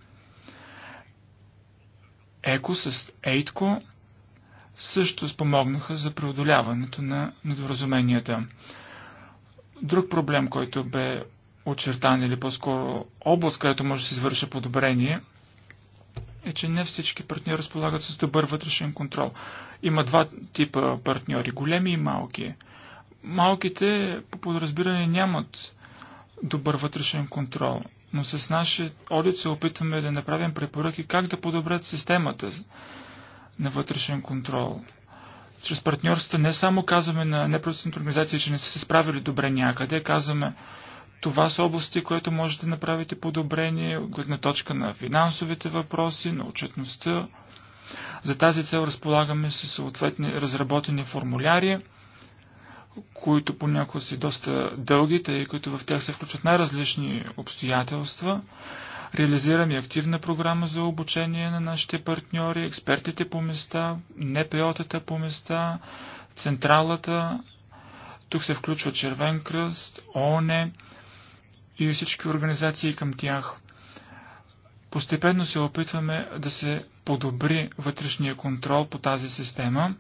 Speaker 2: ЕКО с ЕЙТКО също спомогнаха за преодоляването на недоразуменията. Друг проблем, който бе очертан или по-скоро област, където може да се извърши подобрение, е, че не всички партньори разполагат с добър вътрешен контрол. Има два типа партньори, големи и малки малките по подразбиране нямат добър вътрешен контрол, но с нашия одит се опитваме да направим препоръки как да подобрят системата на вътрешен контрол. Чрез партньорствата не само казваме на непроцентни организации, че не са се справили добре някъде, казваме това са области, които можете да направите подобрение гледна точка на финансовите въпроси, на отчетността. За тази цел разполагаме с съответни разработени формуляри – които понякога са доста дълги, тъй като в тях се включват най-различни обстоятелства. Реализираме активна програма за обучение на нашите партньори, експертите по места, НПО-тата по места, централата. Тук се включва Червен кръст, ООН и всички организации към тях. Постепенно се опитваме да се подобри вътрешния контрол по тази система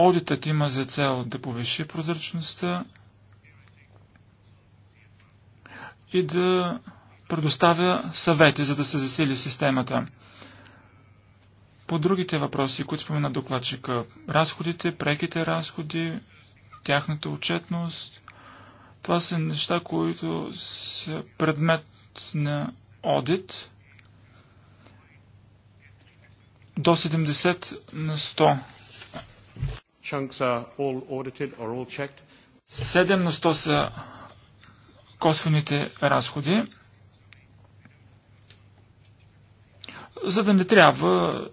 Speaker 2: Одитът има за цел да повиши прозрачността и да предоставя съвети, за да се засили системата. По другите въпроси, които спомена докладчика, разходите, преките разходи, тяхната отчетност, това са неща, които са предмет на одит до 70 на 100 chunks are all audited or all checked. 7 на 100 са косвените разходи, за да не трябва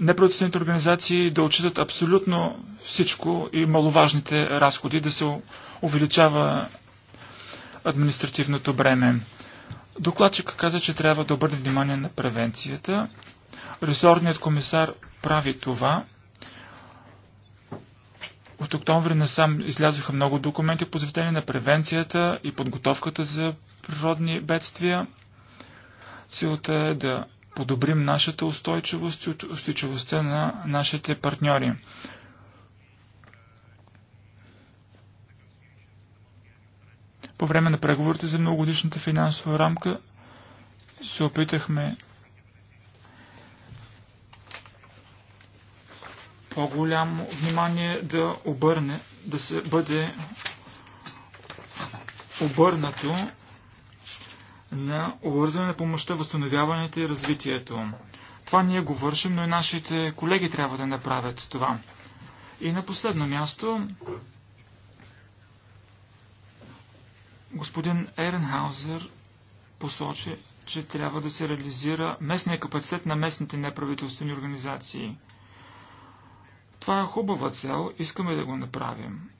Speaker 2: неправителствените организации да отчитат абсолютно всичко и маловажните разходи, да се увеличава административното бреме. Докладчик каза, че трябва да обърне внимание на превенцията. Ресорният комисар прави това. От октомври насам излязоха много документи, посветени на превенцията и подготовката за природни бедствия. Целта е да подобрим нашата устойчивост и устойчивостта на нашите партньори. По време на преговорите за многогодишната финансова рамка се опитахме по-голямо внимание да обърне, да се бъде обърнато на обвързване на помощта, възстановяването и развитието. Това ние го вършим, но и нашите колеги трябва да направят това. И на последно място, господин Еренхаузер посочи, че трябва да се реализира местния капацитет на местните неправителствени организации – това е хубава цел, искаме да го направим.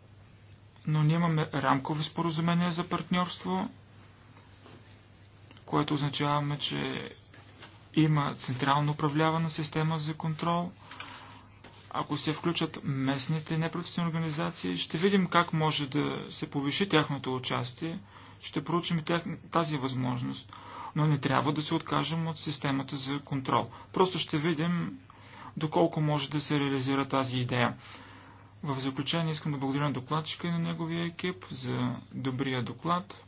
Speaker 2: Но нямаме рамково споразумение за партньорство, което означаваме, че има централно управлявана система за контрол. Ако се включат местните неправителствени организации, ще видим как може да се повиши тяхното участие. Ще проучим тях, тази възможност. Но не трябва да се откажем от системата за контрол. Просто ще видим доколко може да се реализира тази идея. В заключение искам да благодаря на докладчика и на неговия екип за добрия доклад.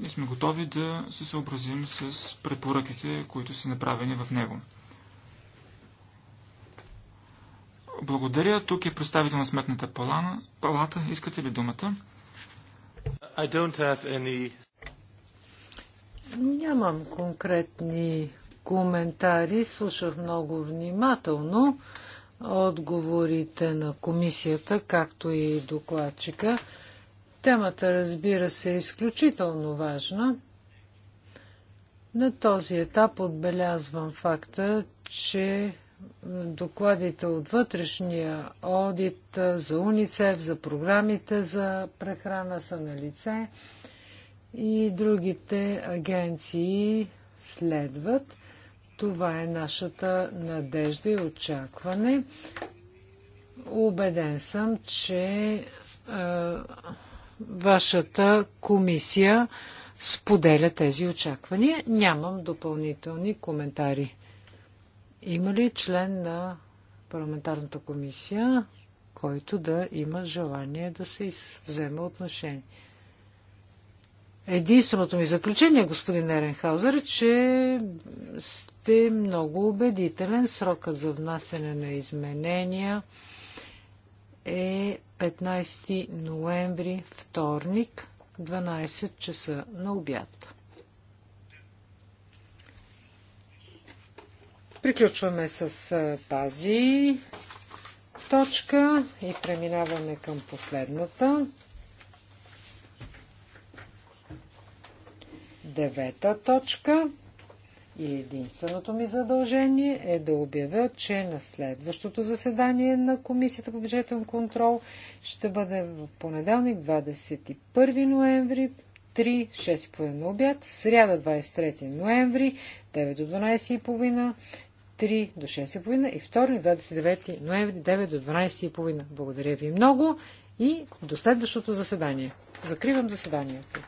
Speaker 2: Ние сме готови да се съобразим с препоръките, които са направени в него. Благодаря. Тук е представител на Сметната палата. Искате ли думата? I don't have any
Speaker 1: Нямам конкретни коментари. Слушах много внимателно отговорите на комисията, както и докладчика. Темата, разбира се, е изключително важна. На този етап отбелязвам факта, че докладите от вътрешния одит за УНИЦЕФ, за програмите за прехрана са на лице и другите агенции следват. Това е нашата надежда и очакване. Обеден съм, че е, вашата комисия споделя тези очаквания. Нямам допълнителни коментари. Има ли член на парламентарната комисия, който да има желание да се вземе отношение? Единственото ми заключение, господин Еренхаузер, е, че сте много убедителен. Срокът за внасене на изменения е 15 ноември, вторник, 12 часа на обяд. Приключваме с тази точка и преминаваме към последната. Девета точка и единственото ми задължение е да обявя, че на следващото заседание на Комисията по бюджетен контрол ще бъде в понеделник 21 ноември 3, 6 по на обяд, сряда 23 ноември 9 до 12.30, 3 до 6.30 и вторник 29 ноември 9 до 12.30. Благодаря ви много и до следващото заседание. Закривам заседанието.